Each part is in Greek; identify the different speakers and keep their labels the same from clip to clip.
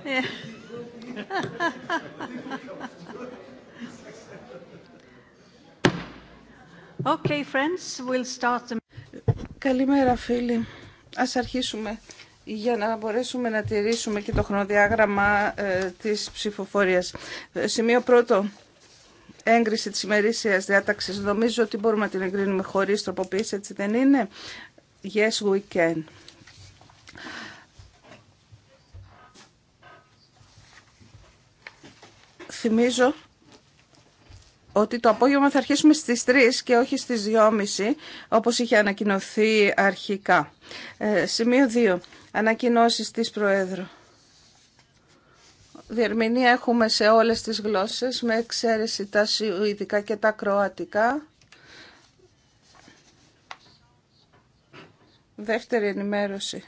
Speaker 1: Okay, friends, we'll start Καλημέρα φίλοι. Ας αρχίσουμε για να μπορέσουμε να τηρήσουμε και το χρονοδιάγραμμα ε, της ψηφοφορίας. Ε, σημείο πρώτο, έγκριση της ημερήσιας διάταξης. Νομίζω ότι μπορούμε να την εγκρίνουμε χωρίς τροποποίηση, έτσι δεν είναι. Yes, we can. Θυμίζω ότι το απόγευμα θα αρχίσουμε στις 3 και όχι στις 2.30 όπως είχε ανακοινωθεί αρχικά. Ε, σημείο 2. Ανακοινώσεις της Προέδρου. Διερμηνία έχουμε σε όλες τις γλώσσες με εξαίρεση τα σιουηδικά και τα κροατικά. Δεύτερη ενημέρωση.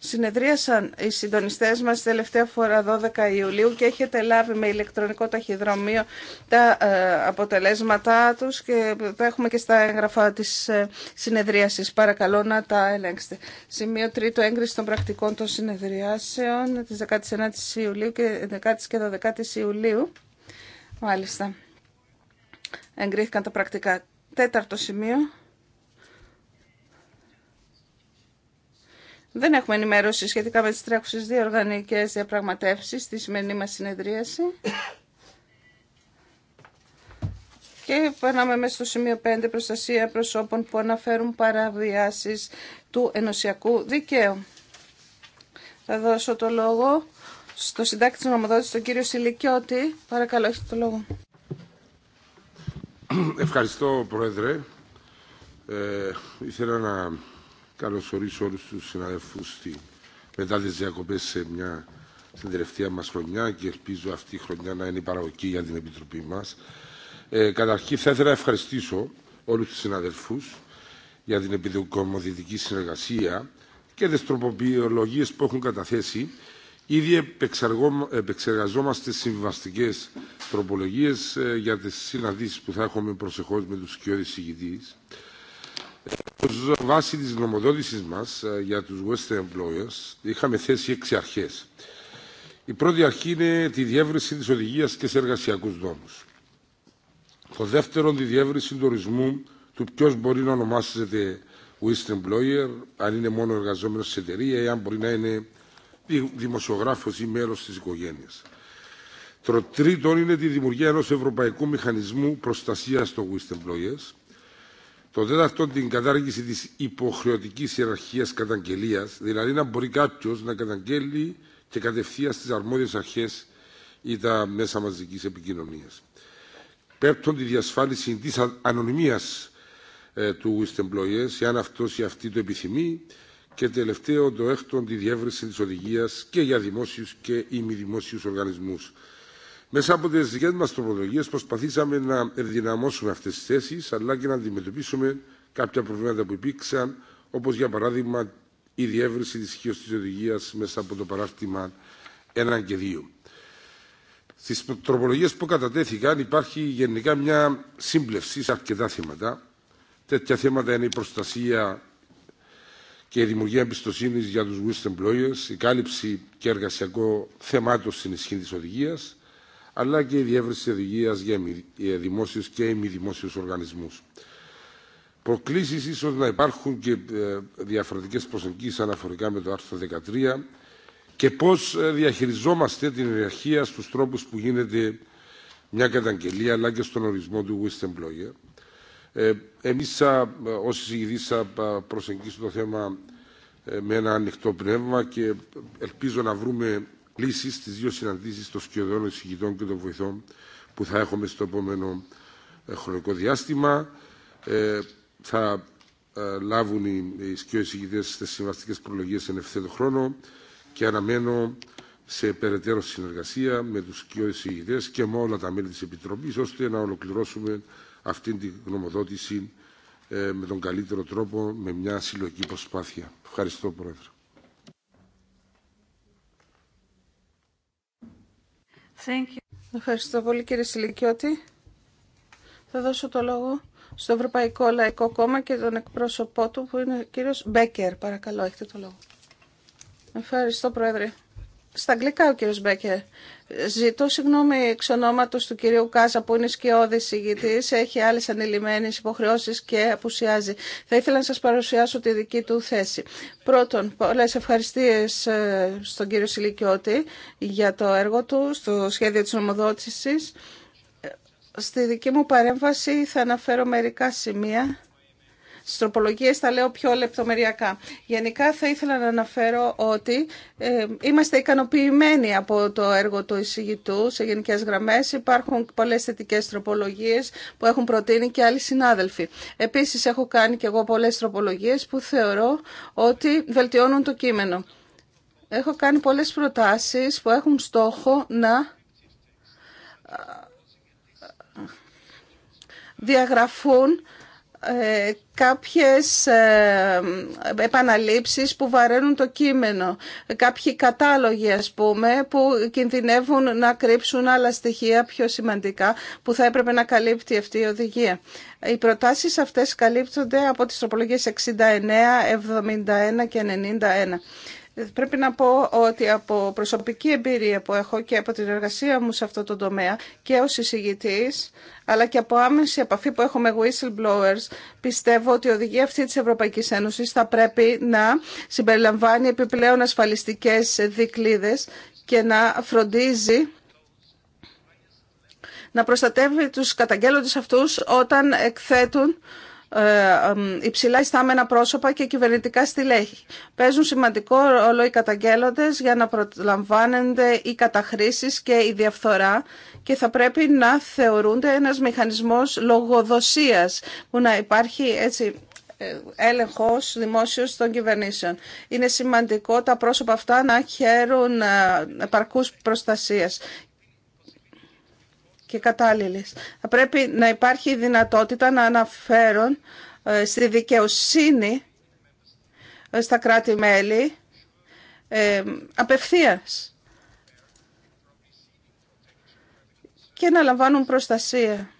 Speaker 1: Συνεδρίασαν οι συντονιστές μας τελευταία φορά 12 Ιουλίου και έχετε λάβει με ηλεκτρονικό ταχυδρομείο τα ε, αποτελέσματά τους και τα έχουμε και στα έγγραφα της ε, συνεδρίασης. Παρακαλώ να τα ελέγξετε. Σημείο τρίτο, έγκριση των πρακτικών των συνεδριάσεων της 19ης Ιουλίου και 11η και 12 η Ιουλίου. Μάλιστα. Εγκρίθηκαν τα πρακτικά. Τέταρτο σημείο. Δεν έχουμε ενημέρωση σχετικά με τις τρέχουσες δύο οργανικές διαπραγματεύσεις στη σημερινή μας συνεδρίαση. Και περνάμε μέσα στο σημείο 5, προστασία προσώπων που αναφέρουν παραβιάσεις του ενωσιακού δικαίου. Θα δώσω το λόγο στο συντάκτη του νομοδότης, τον κύριο Σιλικιώτη. Παρακαλώ, έχετε το λόγο.
Speaker 2: Ευχαριστώ, Πρόεδρε. Ε, ήθελα να καλωσορίσω όλους τους συναδελφούς στη, μετά τις διακοπές σε μια, στην τελευταία μας χρονιά και ελπίζω αυτή η χρονιά να είναι παραγωγική για την Επιτροπή μας. Ε, καταρχήν θα ήθελα να ευχαριστήσω όλους τους συναδελφούς για την επιδοκομοδητική συνεργασία και τις τροποποιολογίες που έχουν καταθέσει. Ήδη επεξεργαζόμαστε συμβαστικές τροπολογίες ε, για τις συναντήσεις που θα έχουμε προσεχώς με τους κοιόδης ηγητής βάση της γνωμοδότησή μας ε, για τους Western Employers είχαμε θέσει έξι αρχές. Η πρώτη αρχή είναι τη διεύρυνση της οδηγίας και σε εργασιακούς δόμους. Το δεύτερο, τη διεύρυνση του ορισμού του ποιο μπορεί να ονομάσεται Western Employer, αν είναι μόνο εργαζόμενο σε εταιρεία ή αν μπορεί να είναι δημοσιογράφος ή μέλος της οικογένειας. Το τρίτο είναι τη δημιουργία ενός ευρωπαϊκού μηχανισμού προστασίας των Western Employers το τέταρτο, την κατάργηση τη υποχρεωτική ιεραρχία καταγγελία, δηλαδή να μπορεί κάποιο να καταγγέλει και κατευθείαν στι αρμόδιε αρχέ ή τα μέσα μαζική επικοινωνία. Πέπτον, τη διασφάλιση τη ανωνυμία ε, του whistleblower, εάν αυτό ή αυτή το επιθυμεί. Και τελευταίο, το έκτον, τη διεύρυνση τη οδηγία και για δημόσιου και ημιδημόσιου οργανισμού. Μέσα από τι δικέ μα τροπολογίε προσπαθήσαμε να ενδυναμώσουμε αυτέ τι θέσει αλλά και να αντιμετωπίσουμε κάποια προβλήματα που υπήρξαν, όπω για παράδειγμα η διεύρυνση τη ισχύω τη οδηγία μέσα από το παράρτημα 1 και 2. Στι τροπολογίε που κατατέθηκαν υπάρχει γενικά μια σύμπλευση σε αρκετά θέματα. Τέτοια θέματα είναι η προστασία και η δημιουργία εμπιστοσύνη για του whistleblowers, η κάλυψη και εργασιακό θεμάτων στην ισχύ τη οδηγία, αλλά και η διεύρυνση οδηγία για ε, δημόσιου και μη δημόσιου οργανισμού. Προκλήσεις ίσως να υπάρχουν και ε, διαφορετικές προσεγγίσεις αναφορικά με το άρθρο 13 και πώς ε, διαχειριζόμαστε την ενεργεία στους τρόπους που γίνεται μια καταγγελία αλλά και στον ορισμό του whistleblower. Ε, εμείς όσοι εισηγητής θα προσεγγίσουμε το θέμα με ένα ανοιχτό πνεύμα και ελπίζω να βρούμε λύσει στι δύο συναντήσει των σκιωδών εισηγητών και των βοηθών που θα έχουμε στο επόμενο ε, χρονικό διάστημα. Ε, θα ε, λάβουν οι σκιώδει εισηγητέ στι συμβαστικέ προλογίε εν ευθέτω χρόνο και αναμένω σε περαιτέρω συνεργασία με του σκιώδει εισηγητέ και με όλα τα μέλη τη Επιτροπή ώστε να ολοκληρώσουμε αυτή την γνωμοδότηση ε, με τον καλύτερο τρόπο, με μια συλλογική προσπάθεια. Ευχαριστώ, Πρόεδρε.
Speaker 1: Ευχαριστώ πολύ κύριε Σιλικιώτη. Θα δώσω το λόγο στο Ευρωπαϊκό Λαϊκό Κόμμα και τον εκπρόσωπό του που είναι ο κύριος Μπέκερ. Παρακαλώ, έχετε το λόγο. Ευχαριστώ Πρόεδρε στα αγγλικά ο κύριος Μπέκερ. Ζητώ συγγνώμη εξ ονόματος του κυρίου Κάζα που είναι σκιώδης ηγητής, έχει άλλες ανηλυμένες υποχρεώσεις και απουσιάζει. Θα ήθελα να σας παρουσιάσω τη δική του θέση. Πρώτον, πολλές ευχαριστίες ε, στον κύριο Σιλικιώτη για το έργο του στο σχέδιο της νομοδότησης. Ε, στη δική μου παρέμβαση θα αναφέρω μερικά σημεία Στι τροπολογίε τα λέω πιο λεπτομεριακά. Γενικά θα ήθελα να αναφέρω ότι ε, είμαστε ικανοποιημένοι από το έργο του εισηγητού σε γενικές γραμμές. Υπάρχουν πολλές θετικέ τροπολογίε που έχουν προτείνει και άλλοι συνάδελφοι. Επίσης έχω κάνει και εγώ πολλές τροπολογίε που θεωρώ ότι βελτιώνουν το κείμενο. Έχω κάνει πολλές προτάσεις που έχουν στόχο να ε, διαγραφούν ε, κάποιες ε, επαναλήψεις που βαραίνουν το κείμενο, κάποιοι κατάλογοι ας πούμε που κινδυνεύουν να κρύψουν άλλα στοιχεία πιο σημαντικά που θα έπρεπε να καλύπτει αυτή η οδηγία. Οι προτάσεις αυτές καλύπτονται από τις τροπολογίες 69, 71 και 91. Πρέπει να πω ότι από προσωπική εμπειρία που έχω και από την εργασία μου σε αυτό το τομέα και ως εισηγητής, αλλά και από άμεση επαφή που έχω με whistleblowers, πιστεύω ότι η οδηγία αυτή της Ευρωπαϊκής Ένωσης θα πρέπει να συμπεριλαμβάνει επιπλέον ασφαλιστικές δικλίδες και να φροντίζει να προστατεύει τους καταγγέλλοντες αυτούς όταν εκθέτουν ε, υψηλά ιστάμενα πρόσωπα και κυβερνητικά στελέχη. Παίζουν σημαντικό ρόλο οι καταγγέλλοντες για να προλαμβάνονται οι καταχρήσεις και η διαφθορά και θα πρέπει να θεωρούνται ένας μηχανισμός λογοδοσίας που να υπάρχει έτσι ε, έλεγχος δημόσιος των κυβερνήσεων. Είναι σημαντικό τα πρόσωπα αυτά να χαίρουν ε, επαρκούς προστασίας και κατάλληλες. Θα πρέπει να υπάρχει δυνατότητα να αναφέρουν ε, στη δικαιοσύνη ε, στα κράτη-μέλη ε, απευθείας και να λαμβάνουν προστασία.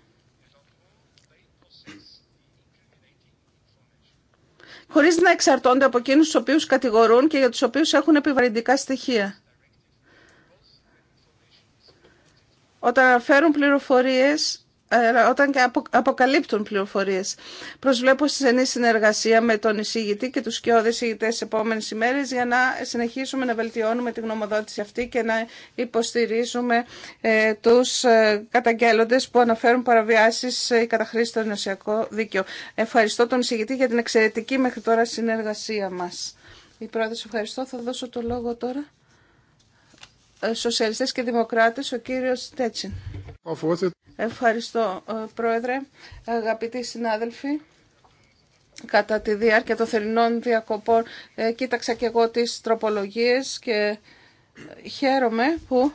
Speaker 1: χωρίς να εξαρτώνται από εκείνους τους οποίους κατηγορούν και για τους οποίους έχουν επιβαρυντικά στοιχεία. όταν φέρουν πληροφορίες, ε, όταν αποκαλύπτουν πληροφορίες. Προσβλέπω στη στενή συνεργασία με τον εισηγητή και τους κοιόδες εισηγητές τις επόμενες ημέρες για να συνεχίσουμε να βελτιώνουμε τη γνωμοδότηση αυτή και να υποστηρίζουμε ε, τους ε, καταγγέλλοντες που αναφέρουν παραβιάσεις ή καταχρήσεις στο ενωσιακό δίκαιο. Ευχαριστώ τον εισηγητή για την εξαιρετική μέχρι τώρα συνεργασία μας. Η πρόεδρος ευχαριστώ. Θα δώσω το λόγο τώρα Σοσιαλιστές και Δημοκράτες, ο κύριος Τέτσιν. Ευχαριστώ, ε, Πρόεδρε. Αγαπητοί συνάδελφοι, κατά τη διάρκεια των θερινών διακοπών ε, κοίταξα και εγώ τις τροπολογίες και ε, χαίρομαι που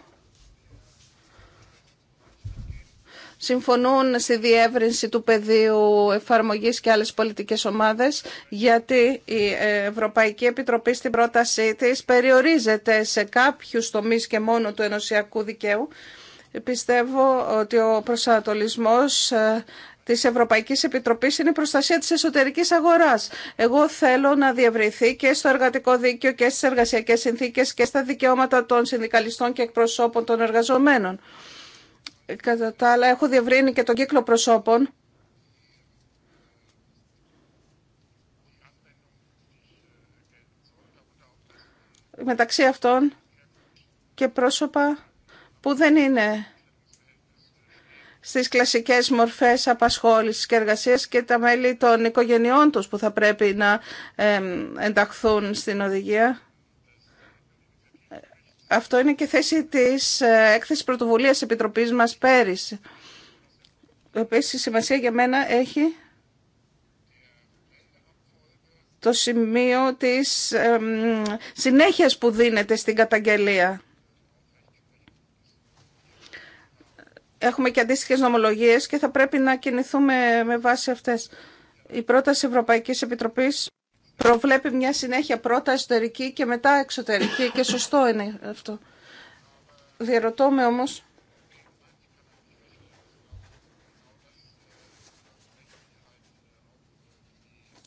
Speaker 1: συμφωνούν στη διεύρυνση του πεδίου εφαρμογής και άλλες πολιτικές ομάδες, γιατί η Ευρωπαϊκή Επιτροπή στην πρότασή της περιορίζεται σε κάποιους τομείς και μόνο του ενωσιακού δικαίου. Πιστεύω ότι ο προσανατολισμός ε, της Ευρωπαϊκής Επιτροπής είναι η προστασία της εσωτερικής αγοράς. Εγώ θέλω να διευρυνθεί και στο εργατικό δίκαιο και στις εργασιακές συνθήκες και στα δικαιώματα των συνδικαλιστών και εκπροσώπων των εργαζομένων. Κατά τα άλλα, έχω διευρύνει και τον κύκλο προσώπων. Μεταξύ αυτών και πρόσωπα που δεν είναι στις κλασικές μορφές απασχόλησης και εργασίας και τα μέλη των οικογενειών τους που θα πρέπει να ενταχθούν στην οδηγία. Αυτό είναι και θέση της ε, έκθεσης πρωτοβουλίας Επιτροπής μας πέρυσι. Επίσης, σημασία για μένα έχει το σημείο της συνέχειας που δίνεται στην καταγγελία. Έχουμε και αντίστοιχες νομολογίες και θα πρέπει να κινηθούμε με βάση αυτές. Η πρόταση Ευρωπαϊκής Επιτροπής προβλέπει μια συνέχεια πρώτα εσωτερική και μετά εξωτερική και σωστό είναι αυτό. Διαρωτώ με όμως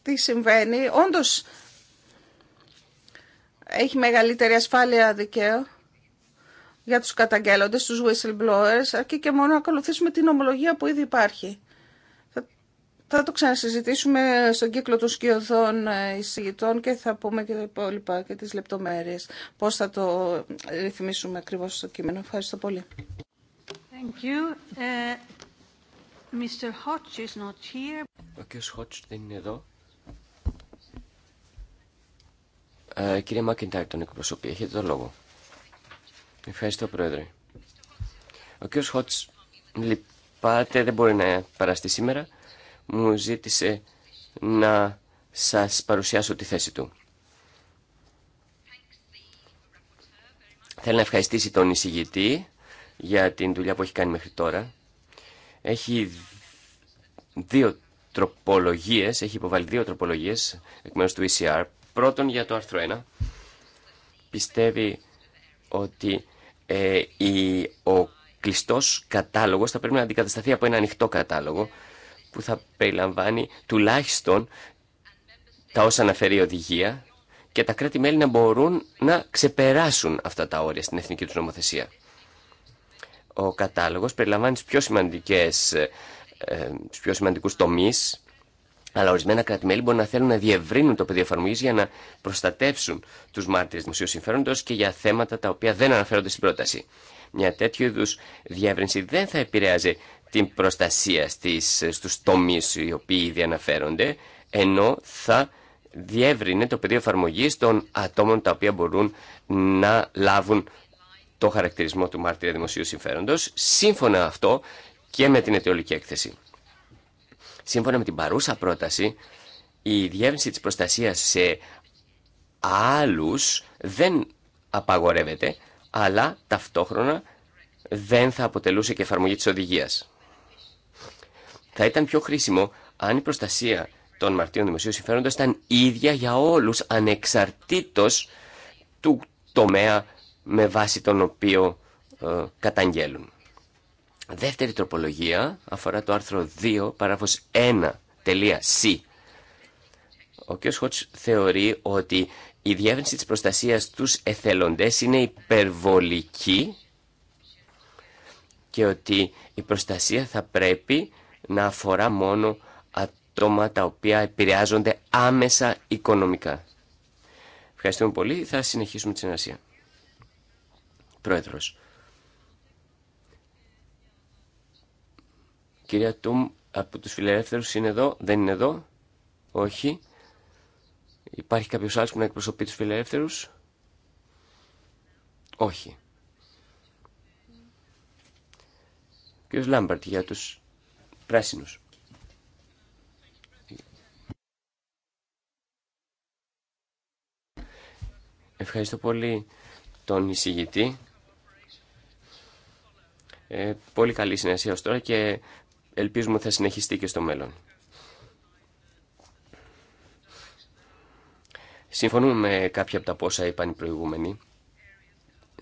Speaker 1: τι συμβαίνει. Όντως έχει μεγαλύτερη ασφάλεια δικαίω για τους καταγγέλλοντες, τους whistleblowers, αρκεί και μόνο να ακολουθήσουμε την ομολογία που ήδη υπάρχει. Θα το ξανασυζητήσουμε στον κύκλο των σκιωδών ε, εισηγητών και θα πούμε και τα υπόλοιπα και τις λεπτομέρειες. Πώς θα το ε, ρυθμίσουμε ακριβώς στο κείμενο. Ευχαριστώ πολύ. Thank you. Uh, ε, Mr. Hodge is not
Speaker 3: here. Ο κ. Hodge δεν είναι εδώ. κύριε Μάκεντάρ, τον εκπροσωπεί. Έχετε το λόγο. Ευχαριστώ, Πρόεδρε. Ο κ. Χότς λυπάται, δεν μπορεί να παραστεί σήμερα μου ζήτησε να σας παρουσιάσω τη θέση του. Θέλω να ευχαριστήσει τον εισηγητή για την δουλειά που έχει κάνει μέχρι τώρα. Έχει δύο τροπολογίες, έχει υποβάλει δύο τροπολογίες εκ μέρους του ECR. Πρώτον για το άρθρο 1. Πιστεύει ότι ε, ο κλειστός κατάλογος θα πρέπει να αντικατασταθεί από ένα ανοιχτό κατάλογο που θα περιλαμβάνει τουλάχιστον τα όσα αναφέρει η οδηγία και τα κράτη-μέλη να μπορούν να ξεπεράσουν αυτά τα όρια στην εθνική του νομοθεσία. Ο κατάλογος περιλαμβάνει πιο σημαντικές, ε, πιο σημαντικούς τομείς, αλλά ορισμένα κράτη-μέλη μπορούν να θέλουν να διευρύνουν το πεδίο εφαρμογή για να προστατεύσουν του μάρτυρε δημοσίου συμφέροντο και για θέματα τα οποία δεν αναφέρονται στην πρόταση. Μια τέτοιου είδου διεύρυνση δεν θα επηρεάζει την προστασία στις, στους τομείς οι οποίοι ήδη αναφέρονται, ενώ θα διεύρυνε το πεδίο εφαρμογή των ατόμων τα οποία μπορούν να λάβουν το χαρακτηρισμό του μάρτυρα δημοσίου συμφέροντος, σύμφωνα αυτό και με την αιτιολική έκθεση. Σύμφωνα με την παρούσα πρόταση, η διεύρυνση της προστασίας σε άλλους δεν απαγορεύεται, αλλά ταυτόχρονα δεν θα αποτελούσε και εφαρμογή της οδηγίας. Θα ήταν πιο χρήσιμο αν η προστασία των μαρτύρων δημοσίου συμφέροντος ήταν ίδια για όλους ανεξαρτήτως του τομέα με βάση τον οποίο ε, καταγγέλουν. Δεύτερη τροπολογία αφορά το άρθρο 2 παράγραφος 1.c. Ο κ. Χότς θεωρεί ότι η διεύρυνση της προστασίας τους εθελοντές είναι υπερβολική και ότι η προστασία θα πρέπει να αφορά μόνο ατόμα τα οποία επηρεάζονται άμεσα οικονομικά. Ευχαριστούμε πολύ. Θα συνεχίσουμε τη συνεργασία. Πρόεδρος. Κυρία Τούμ, από τους φιλελεύθερους είναι εδώ, δεν είναι εδώ, όχι. Υπάρχει κάποιος άλλος που να εκπροσωπεί τους φιλελεύθερους. Όχι. Κύριος Λάμπαρτ, για τους Πράσινος. Ευχαριστώ πολύ τον εισηγητή. Ε, πολύ καλή συνεργασία ως τώρα και ελπίζουμε ότι θα συνεχιστεί και στο μέλλον. Συμφωνούμε με κάποια από τα πόσα είπαν οι προηγούμενοι.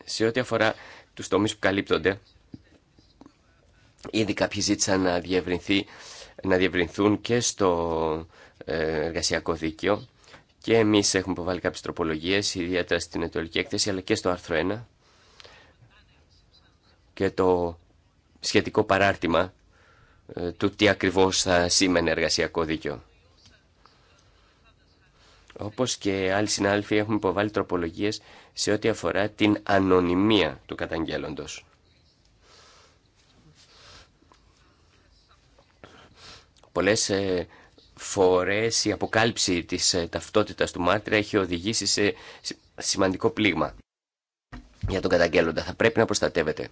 Speaker 3: Σε ό,τι αφορά τους τομείς που καλύπτονται, Ήδη κάποιοι ζήτησαν να, να διευρυνθούν και στο ε, εργασιακό δίκαιο και εμείς έχουμε υποβάλει κάποιες τροπολογίες, ιδιαίτερα στην ετωλική έκθεση, αλλά και στο άρθρο 1 και το σχετικό παράρτημα ε, του τι ακριβώς θα σήμαινε εργασιακό δίκαιο. Όπως και άλλοι συνάδελφοι έχουμε υποβάλει τροπολογίες σε ό,τι αφορά την ανωνυμία του καταγγέλλοντος. Πολλές ε, φορές η αποκάλυψη της ε, ταυτότητας του μάρτυρα έχει οδηγήσει σε σημαντικό πλήγμα για τον καταγγέλλοντα. Θα πρέπει να προστατεύεται.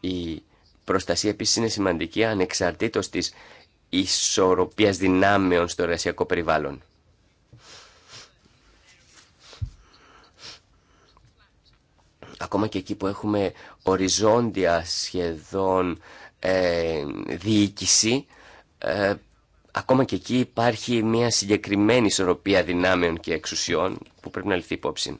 Speaker 3: Η προστασία επίσης είναι σημαντική ανεξαρτήτως της ισορροπίας δυνάμεων στο εργασιακό περιβάλλον. Ακόμα και εκεί που έχουμε οριζόντια σχεδόν ε, διοίκηση, ε, ακόμα και εκεί υπάρχει μια συγκεκριμένη ισορροπία δυνάμεων και εξουσιών που πρέπει να ληφθεί υπόψη.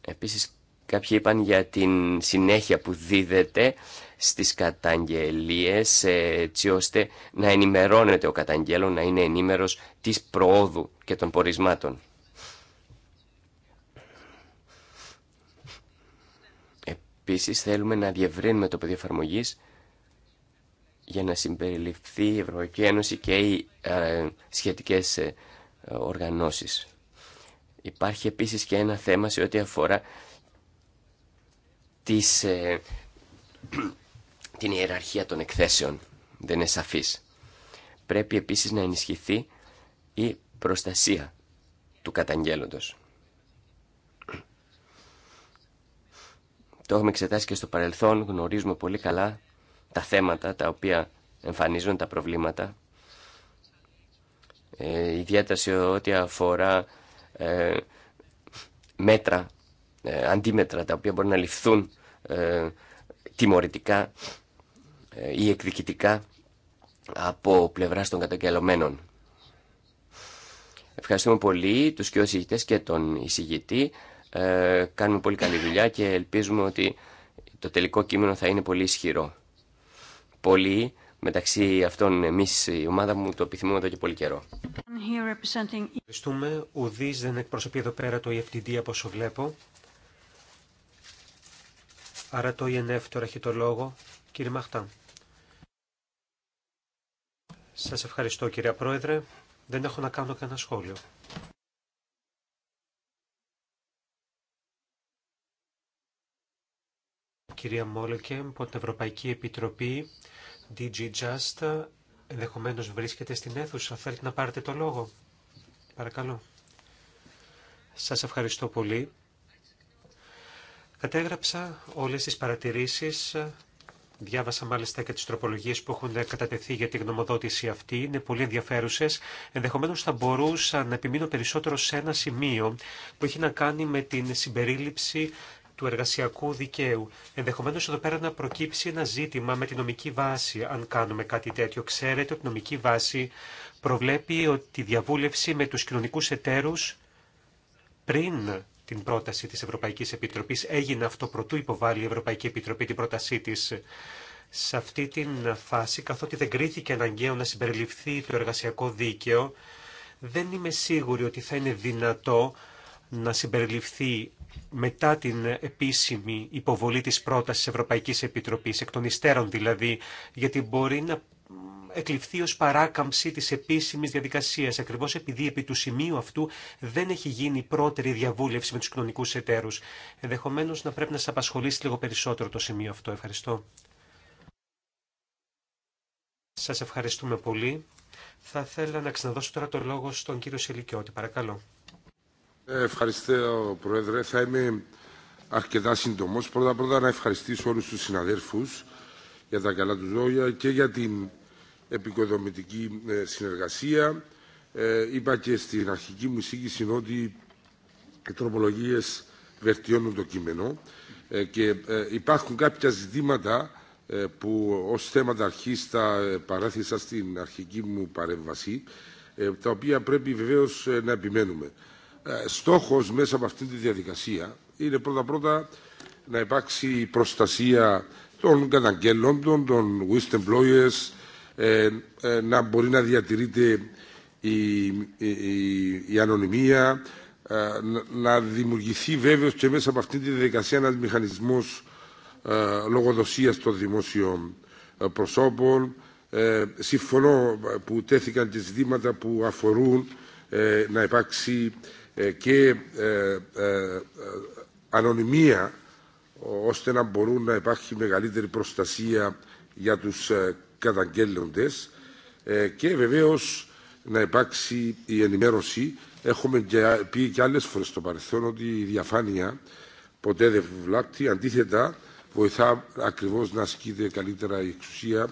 Speaker 3: Επίσης κάποιοι είπαν για την συνέχεια που δίδεται στις καταγγελίες έτσι ώστε να ενημερώνεται ο καταγγέλων, να είναι ενήμερος της προόδου και των πορισμάτων. Επίση θέλουμε να διευρύνουμε το πεδίο εφαρμογή για να συμπεριληφθεί η Ευρωπαϊκή Ένωση και οι ε, σχετικές ε, οργανώσεις. Υπάρχει επίσης και ένα θέμα σε ό,τι αφορά τις, ε, την ιεραρχία των εκθέσεων. Δεν είναι σαφής. Πρέπει επίσης να ενισχυθεί η προστασία του καταγγέλλοντος. Το έχουμε εξετάσει και στο παρελθόν, γνωρίζουμε πολύ καλά τα θέματα τα οποία εμφανίζουν τα προβλήματα. Ε, ιδιαίτερα σε ό,τι αφορά ε, μέτρα, ε, αντίμετρα τα οποία μπορεί να ληφθούν ε, τιμωρητικά ή εκδικητικά από πλευράς των καταγγελωμένων. Ευχαριστούμε πολύ τους και και τον εισηγητή. Ε, κάνουμε πολύ καλή δουλειά και ελπίζουμε ότι το τελικό κείμενο θα είναι πολύ ισχυρό. πολύ μεταξύ αυτών εμείς η ομάδα μου, το επιθυμούμε εδώ και πολύ καιρό.
Speaker 4: Ευχαριστούμε. Ο δεν εκπροσωπεί εδώ πέρα το EFTD από όσο βλέπω. Άρα το ENF τώρα έχει το λόγο. Κύριε Μαχτάν. Σας ευχαριστώ κύριε Πρόεδρε. Δεν έχω να κάνω κανένα σχόλιο. κυρία Μόλεκεμ, από την Ευρωπαϊκή Επιτροπή DG Just ενδεχομένω βρίσκεται στην αίθουσα. Θέλετε να πάρετε το λόγο. Παρακαλώ. Σας ευχαριστώ πολύ. Κατέγραψα όλες τις παρατηρήσεις Διάβασα μάλιστα και τις τροπολογίες που έχουν κατατεθεί για τη γνωμοδότηση αυτή. Είναι πολύ ενδιαφέρουσες. Ενδεχομένως θα μπορούσα να επιμείνω περισσότερο σε ένα σημείο που έχει να κάνει με την συμπερίληψη του εργασιακού δικαίου. Ενδεχομένως εδώ πέρα να προκύψει ένα ζήτημα με την νομική βάση, αν κάνουμε κάτι τέτοιο. Ξέρετε ότι η νομική βάση προβλέπει ότι η διαβούλευση με τους κοινωνικούς εταίρους πριν την πρόταση της Ευρωπαϊκής Επιτροπής έγινε αυτό πρωτού υποβάλει η Ευρωπαϊκή Επιτροπή την πρότασή της σε αυτή την φάση, καθότι δεν κρίθηκε αναγκαίο να συμπεριληφθεί το εργασιακό δίκαιο, δεν είμαι σίγουρη ότι θα είναι δυνατό να συμπεριληφθεί μετά την επίσημη υποβολή της πρότασης Ευρωπαϊκής Επιτροπής, εκ των υστέρων δηλαδή, γιατί μπορεί να εκλειφθεί ως παράκαμψη της επίσημης διαδικασίας, ακριβώς επειδή επί του σημείου αυτού δεν έχει γίνει πρώτερη διαβούλευση με τους κοινωνικούς εταίρους. Ενδεχομένως να πρέπει να σας απασχολήσει λίγο περισσότερο το σημείο αυτό. Ευχαριστώ. Σας ευχαριστούμε πολύ. Θα ήθελα να ξαναδώσω τώρα το λόγο στον κύριο Σελικιώτη. Παρακαλώ.
Speaker 2: Ευχαριστώ, Πρόεδρε. Θα είμαι αρκετά σύντομο. Πρώτα-πρώτα να ευχαριστήσω όλου του συναδέλφου για τα καλά του λόγια και για την επικοδομητική ε, συνεργασία. Ε, είπα και στην αρχική μου εισήγηση ότι οι τροπολογίε βελτιώνουν το κείμενο ε, και ε, υπάρχουν κάποια ζητήματα που ω θέματα αρχή τα παρέθεσα στην αρχική μου παρέμβαση, τα οποία πρέπει βεβαίω να επιμένουμε. Ε, στόχος μέσα από αυτή τη διαδικασία είναι πρώτα-πρώτα να υπάρξει προστασία των καταγγέλλοντων, των whistleblowers, ε, ε, να μπορεί να διατηρείται η, η, ανωνυμία, ε, να δημιουργηθεί βέβαιος και μέσα από αυτή τη διαδικασία ένας μηχανισμός λογοδοσίας των δημόσιων προσώπων. Συμφωνώ που τέθηκαν και ζητήματα που αφορούν να υπάρξει ε, και ε, ε, ανωνυμία ώστε να μπορούν να υπάρχει μεγαλύτερη προστασία για τους καταγγέλλοντες και βεβαίως να υπάρξει η ενημέρωση. Έχουμε πει και άλλες φορές στο παρελθόν ότι η διαφάνεια ποτέ δεν βλάπτει. Αντίθετα, βοηθά ακριβώς να ασκείται καλύτερα η εξουσία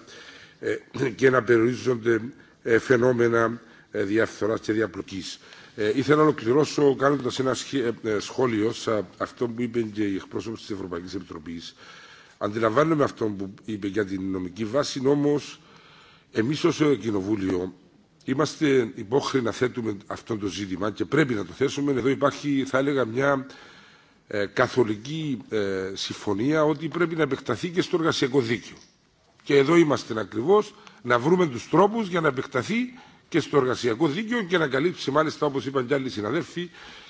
Speaker 2: και να περιορίζονται φαινόμενα διαφθοράς και διαπλοκής. Ε, ήθελα να ολοκληρώσω κάνοντα ένα ε, ε, σχόλιο σε αυτό που είπε και η εκπρόσωπο τη Ευρωπαϊκή Επιτροπή. Αντιλαμβάνομαι αυτό που είπε για την νομική βάση, όμω εμεί ω Κοινοβούλιο είμαστε υπόχρεοι να θέτουμε αυτό το ζήτημα και πρέπει να το θέσουμε. Εδώ υπάρχει, θα έλεγα, μια ε, καθολική συμφωνία ότι πρέπει να επεκταθεί και στο εργασιακό δίκαιο. Και εδώ είμαστε ακριβώ να βρούμε του τρόπου για να επεκταθεί και στο εργασιακό δίκαιο και να καλύψει μάλιστα όπως είπαν και άλλοι συναδέλφοι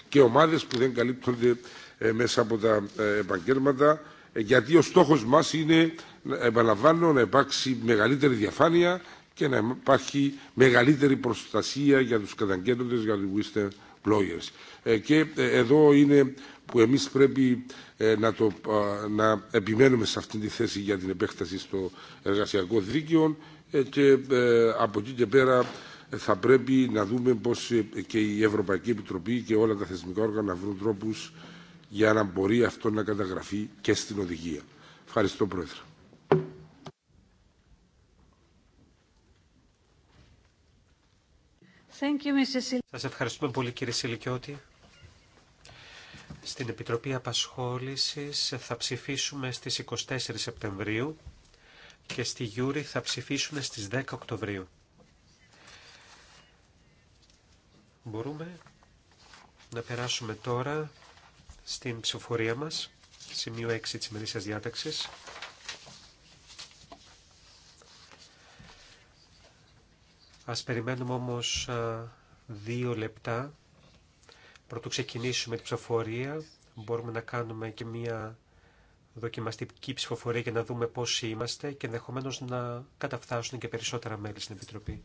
Speaker 2: και ομάδες που δεν καλύπτονται ε, μέσα από τα ε, επαγγέλματα ε, γιατί ο στόχος μας είναι, επαναλαμβάνω, να υπάρξει μεγαλύτερη διαφάνεια και να υπάρχει μεγαλύτερη προστασία για τους καταγγέλλοντες, για τους whistleblowers. Και εδώ είναι που εμείς πρέπει να, το, να επιμένουμε σε αυτή τη θέση για την επέκταση στο εργασιακό δίκαιο και από εκεί και πέρα θα πρέπει να δούμε πώς ε, και η Ευρωπαϊκή Επιτροπή και όλα τα θεσμικά όργανα βρουν τρόπους για να μπορεί αυτό να καταγραφεί και στην οδηγία. Ευχαριστώ, Πρόεδρε.
Speaker 4: Σας ευχαριστούμε πολύ κύριε Σιλικιώτη. Στην Επιτροπή Απασχόλησης θα ψηφίσουμε στις 24 Σεπτεμβρίου και στη Γιούρη θα ψηφίσουμε στις 10 Οκτωβρίου. Μπορούμε να περάσουμε τώρα στην ψηφοφορία μας, σημείο 6 της ημερήσιας διάταξης. Ας περιμένουμε όμως δύο λεπτά. Πρωτού ξεκινήσουμε την ψηφοφορία, μπορούμε να κάνουμε και μία δοκιμαστική ψηφοφορία για να δούμε πόσοι είμαστε και ενδεχομένω να καταφθάσουν και περισσότερα μέλη στην Επιτροπή.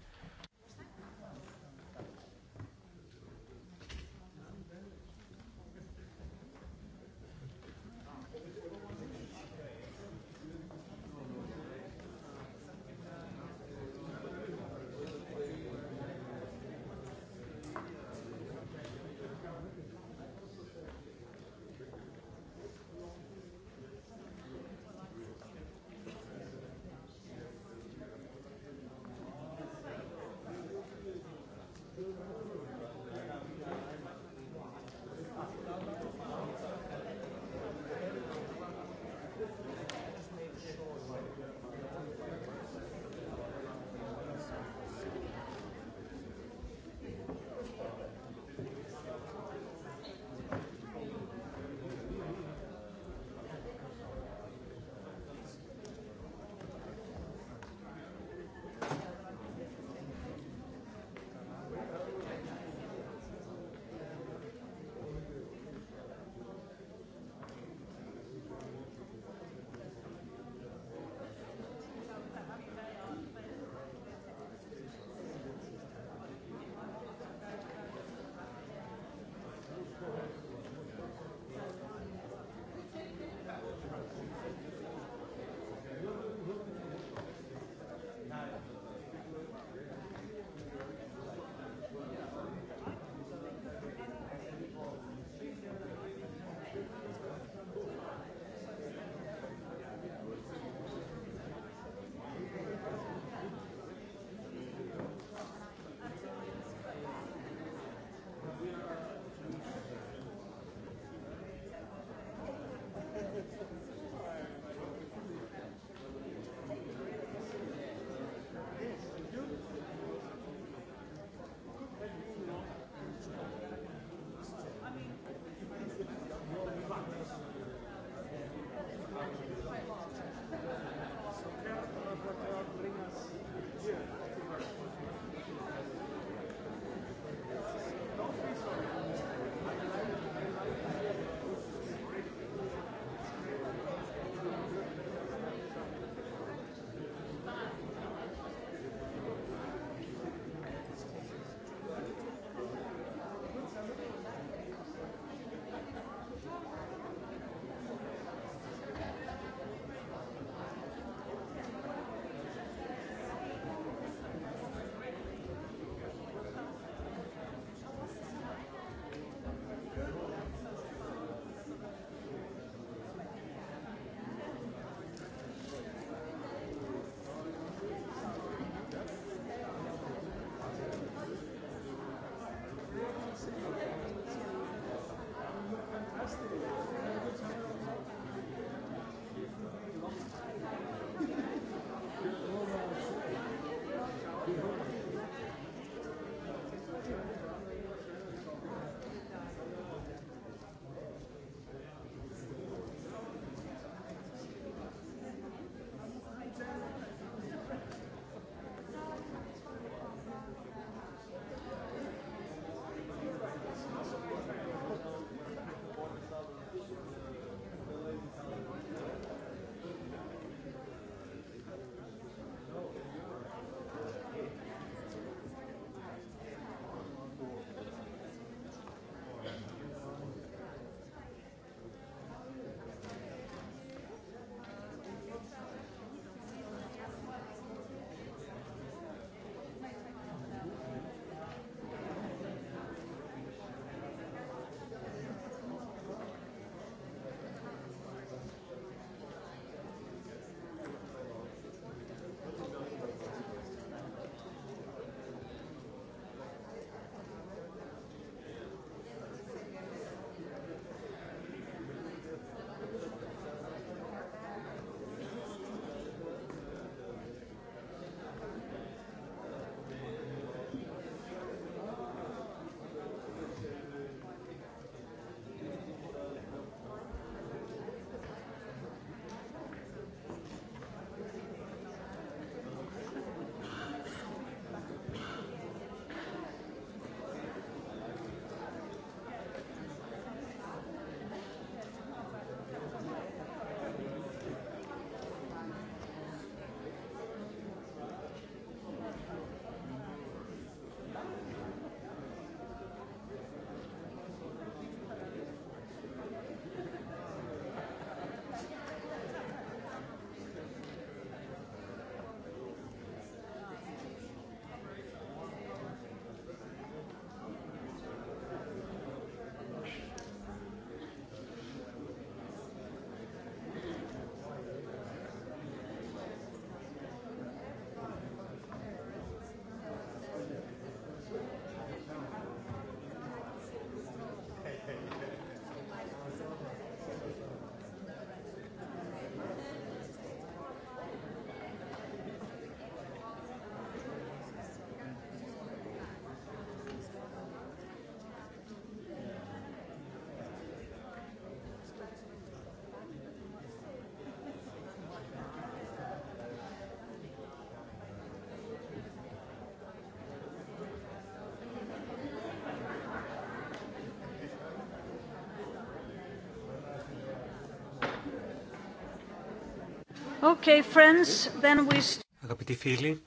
Speaker 1: Okay, friends, then we...
Speaker 4: Αγαπητοί φίλοι,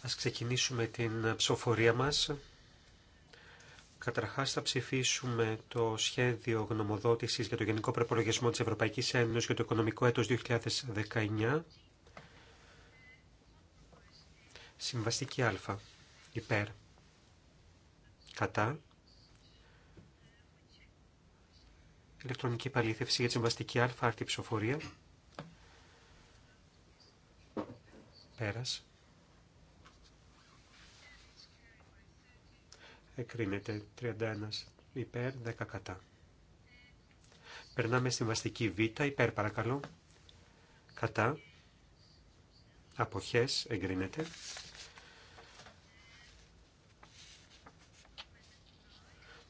Speaker 4: ας ξεκινήσουμε την ψηφοφορία μας. Καταρχάς θα ψηφίσουμε το σχέδιο γνωμοδότησης για το Γενικό Προπολογισμό της Ευρωπαϊκής Ένωσης για το οικονομικό έτος 2019. Συμβαστική Α. Υπέρ. Κατά. Ηλεκτρονική παλήθευση για τη συμβαστική Α. Άρτη ψηφοφορία. Πέρας. Εκρίνεται 31 υπέρ 10 κατά. Περνάμε στη βαστική Β, υπέρ παρακαλώ. Κατά. Αποχές εγκρίνεται.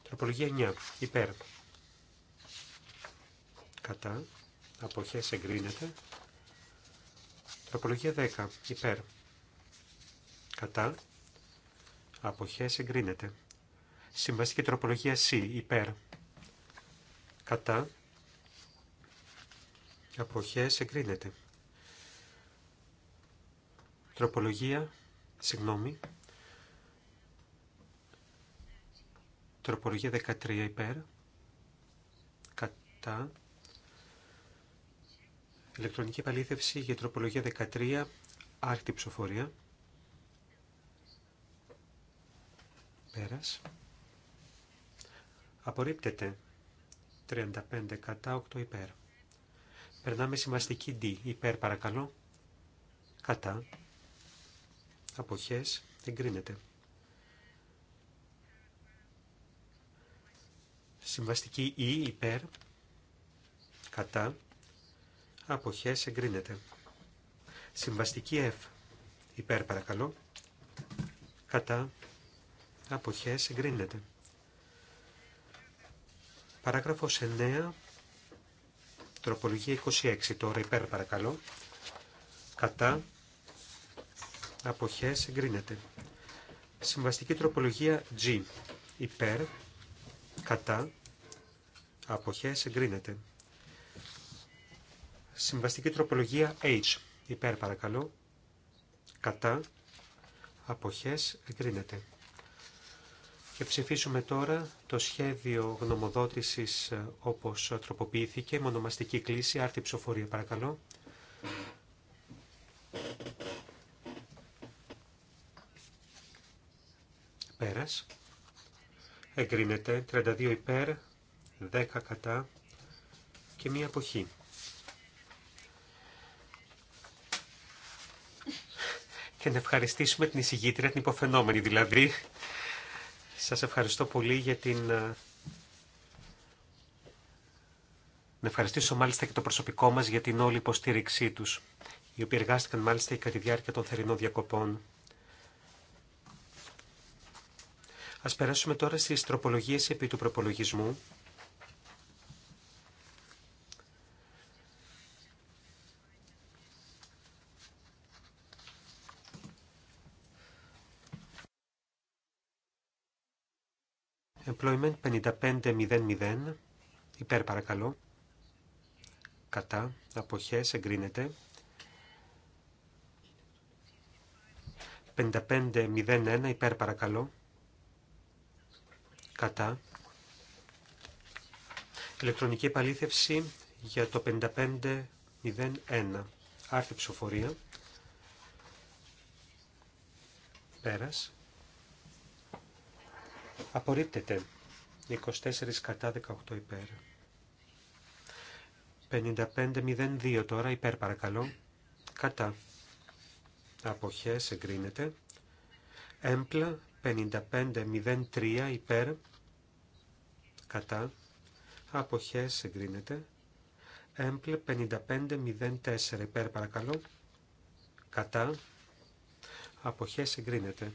Speaker 4: Τροπολογία 9, υπέρ. Κατά. Αποχές εγκρίνεται. Τροπολογία 10. Υπέρ. Κατά. Αποχές εγκρίνεται. Συμβαστική τροπολογία C. Υπέρ. Κατά. Αποχές εγκρίνεται. Τροπολογία. Συγγνώμη. Τροπολογία 13 υπέρ. Κατά. Ηλεκτρονική επαλήθευση για τροπολογία 13, άρχιτη ψηφοφορία. Πέρας. Απορρίπτεται. 35 κατά 8 υπέρ. Περνάμε σημαστική D. Υπέρ παρακαλώ. Κατά. Αποχές. Εγκρίνεται. Συμβαστική E υπέρ. Κατά αποχές εγκρίνεται. Συμβαστική F υπέρ παρακαλώ, κατά αποχές εγκρίνεται. Παράγραφος 9, τροπολογία 26 τώρα υπέρ παρακαλώ, κατά αποχές εγκρίνεται. Συμβαστική τροπολογία G υπέρ, κατά αποχές εγκρίνεται. Συμβαστική τροπολογία H. Υπέρ παρακαλώ. Κατά. Αποχές εγκρίνεται. Και ψηφίσουμε τώρα το σχέδιο γνωμοδότησης ε, όπως τροποποιήθηκε. Μονομαστική κλίση. Άρτη ψηφοφορία παρακαλώ. Πέρας. Εγκρίνεται 32 υπέρ, 10 κατά και μία αποχή. να ευχαριστήσουμε την εισηγήτρια, την υποφαινόμενη δηλαδή. Σας ευχαριστώ πολύ για την... Ε, να ευχαριστήσω μάλιστα και το προσωπικό μας για την όλη υποστήριξή τους, οι οποίοι εργάστηκαν μάλιστα κατά τη διάρκεια των θερινών διακοπών. Ας περάσουμε τώρα στις τροπολογίες επί του προπολογισμού. Employment 5500 υπέρ παρακαλώ. Κατά αποχές εγκρίνεται. 5501 υπέρ παρακαλώ. Κατά. Ηλεκτρονική επαλήθευση για το 5501. Άρθρη ψηφοφορία. Πέρας. Απορρίπτεται. 24 κατά 18 υπέρ. 55-02 τώρα υπέρ παρακαλώ. Κατά. Αποχές εγκρίνεται. Έμπλα 55-03 υπέρ. Κατά. Αποχές εγκρίνεται. Εμπλα. 55 55-04 υπέρ παρακαλώ. Κατά. Αποχές εγκρίνεται.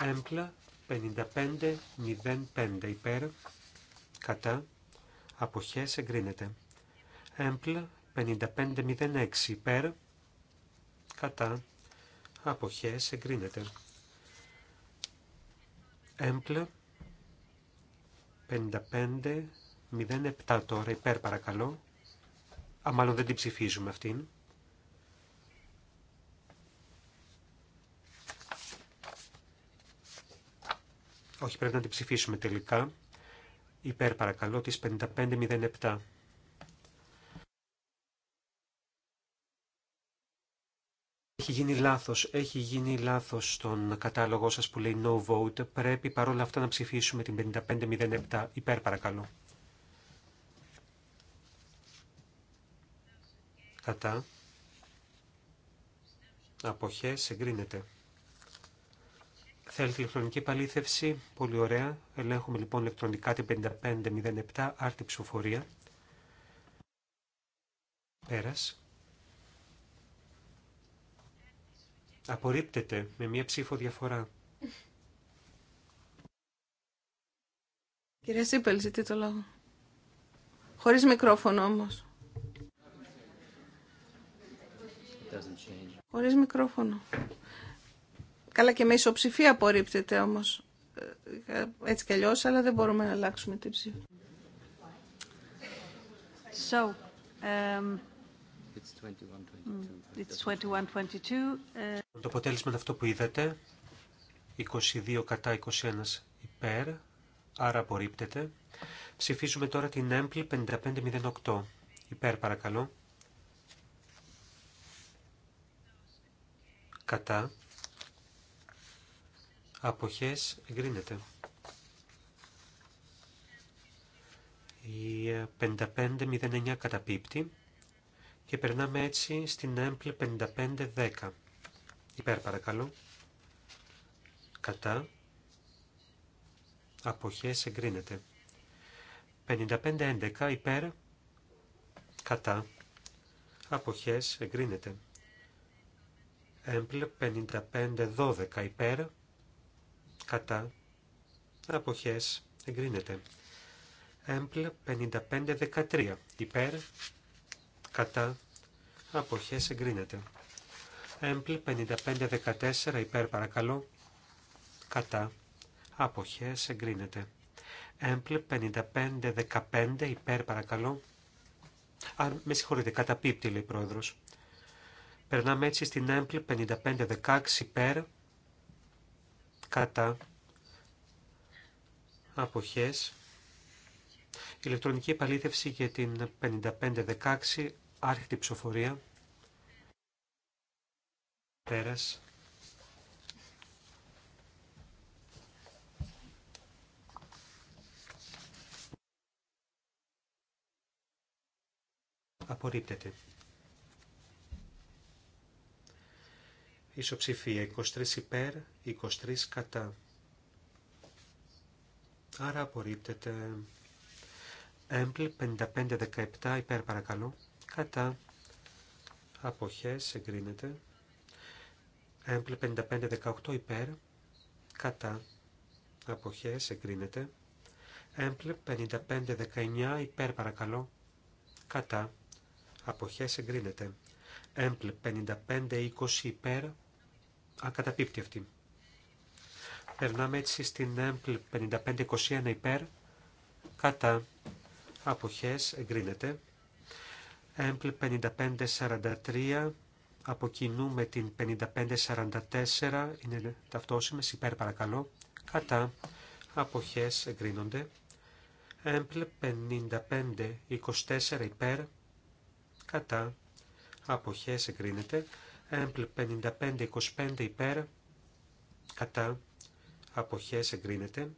Speaker 4: Έμπλα 5505 υπέρ, κατά, αποχές εγκρίνεται. Έμπλ 5506 υπέρ, κατά, αποχές εγκρίνεται. Έμπλ 5507 τώρα υπέρ παρακαλώ. Α, μάλλον δεν την ψηφίζουμε αυτήν. Όχι, πρέπει να την ψηφίσουμε τελικά. Υπέρ παρακαλώ της 5507. Έχει γίνει λάθος, έχει γίνει λάθος στον κατάλογο σας που λέει no vote. Πρέπει παρόλα αυτά να ψηφίσουμε την 5507. Υπέρ παρακαλώ. Κατά. Αποχές εγκρίνεται. Θέλει ηλεκτρονική επαλήθευση. Πολύ ωραία. Ελέγχουμε λοιπόν ηλεκτρονικά την 5507 άρτη ψηφοφορία. Πέρας. Απορρίπτεται με μία ψήφο διαφορά.
Speaker 1: Κυρία Σίπελ, ζητεί το λόγο. Χωρίς μικρόφωνο όμως. Χωρίς μικρόφωνο. Καλά και με ισοψηφία απορρίπτεται όμως. Ε, έτσι κι αλλιώς, αλλά δεν μπορούμε να αλλάξουμε την ψήφια. So, um, it's 21, 22. Mm, it's 21, 22. Uh,
Speaker 4: Το αποτέλεσμα είναι αυτό που είδατε. 22 κατά 21 υπέρ, άρα απορρίπτεται. Ψηφίζουμε τώρα την έμπλη 5508. Υπέρ παρακαλώ. Κατά αποχές εγκρίνεται. Η 5509 καταπίπτει και περνάμε έτσι στην έμπλε 5510. Υπέρ παρακαλώ. Κατά. Αποχές εγκρίνεται. 5511 υπέρ. Κατά. Αποχές εγκρίνεται. Έμπλε 5512 υπέρ κατά, αποχές, εγκρίνεται. Έμπλ 5513, υπέρ, κατά, αποχές, εγκρίνεται. Έμπλ 5514, υπέρ παρακαλώ, κατά, αποχές, εγκρίνεται. Έμπλ 5515, υπέρ παρακαλώ. Α, με συγχωρείτε, καταπίπτει λέει πρόεδρος. Περνάμε έτσι στην έμπλη 5516 υπέρ, κατά αποχές ηλεκτρονική επαλήθευση για την 5516 άρχιτη ψηφοφορία πέρας απορρίπτεται. Ισοψηφία 23 υπέρ, 23 κατά. Άρα απορρίπτεται. Έμπλ 55-17 υπέρ παρακαλώ. Κατά. Αποχές εγκρίνεται. Έμπλ υπέρ. Κατά. Αποχές εγκρίνεται. Έμπλ 55-19 υπέρ παρακαλώ. Κατά. Αποχές εγκρίνεται. 55.20 υπέρ. Ακαταπίπτει αυτή. Περνάμε έτσι στην ΕΜΠΛ 5521 υπέρ, κατά αποχές εγκρίνεται. ΕΜΠΛ 5543 αποκινούμε την 5544 είναι ταυτόσιμες υπέρ παρακαλώ, κατά αποχές εγκρίνονται. ΕΜΠΛ 5524 υπέρ, κατά αποχές εγκρίνεται. ΕΜΠΛ 5525 υπέρ, κατά αποχές εγκρίνεται.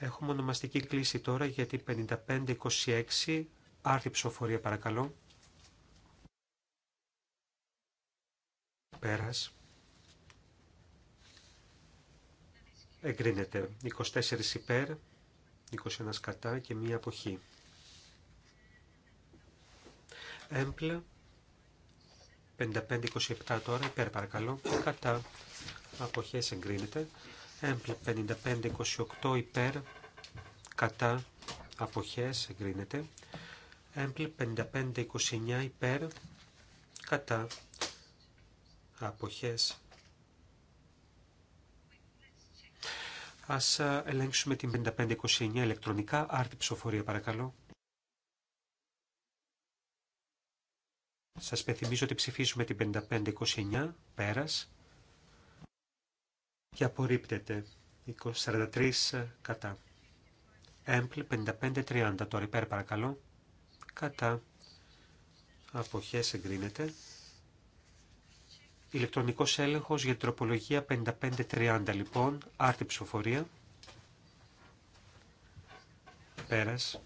Speaker 4: Έχουμε ονομαστική κλίση τώρα τώρα την 5526. Άρτη ψηφοφορία παρακαλώ. Πέρας. Εγκρίνεται. 24 υπέρ, 21 κατά και μία αποχή. Έμπλε. 55-27 τώρα, υπέρ παρακαλώ, κατά αποχές εγκρίνεται. Έμπλε 55-28 υπέρ, κατά, αποχές εγκρίνεται. Έμπλε 55-29 υπέρ, κατά, αποχές. Ας ε, ελέγξουμε την 55-29 ηλεκτρονικά. Άρτη ψηφοφορία παρακαλώ. Σας πεθυμίζω ότι ψηφίζουμε την 5529 29 πέρας και απορρίπτεται. 43 κατα εμπλ 5530 τώρα υπέρ παρακαλώ. Κατά. Αποχές εγκρίνεται. Ηλεκτρονικός έλεγχος για τροπολογία λοιπόν. Άρτη ψηφοφορία. Πέρας.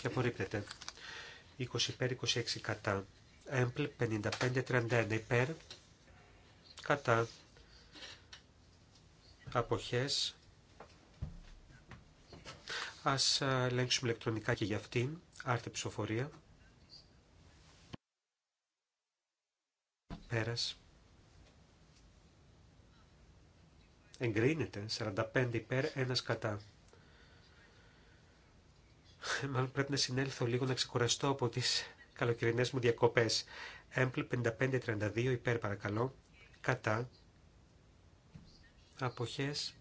Speaker 4: Και απορρίπτεται. 20 υπέρ 26 κατά. Έμπλ 55-31 υπέρ κατά αποχές. Ας ε, ελέγξουμε ηλεκτρονικά και για αυτήν. Άρτη ψηφοφορία. Πέρας. Εγκρίνεται. 45 υπέρ, 1 κατά. Ε, μάλλον πρέπει να συνέλθω λίγο να ξεκουραστώ από τις καλοκαιρινές μου διακοπές. Έμπλ 55-32 υπέρ παρακαλώ κατά, αποχές,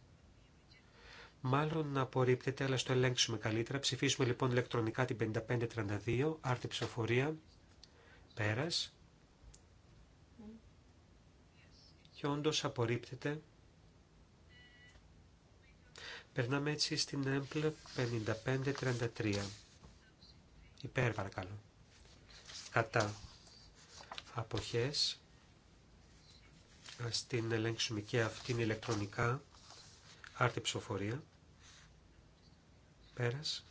Speaker 4: μάλλον να απορρίπτεται, αλλά στο ελέγξουμε καλύτερα. Ψηφίσουμε λοιπόν ηλεκτρονικά την 5532, άρτη ψηφοφορία, πέρας. Και όντως απορρίπτεται. Περνάμε έτσι στην έμπλε 5533. Υπέρ παρακαλώ. Κατά αποχές Ας την ελέγξουμε και αυτήν ηλεκτρονικά. Άρτη ψηφοφορία. Πέρας.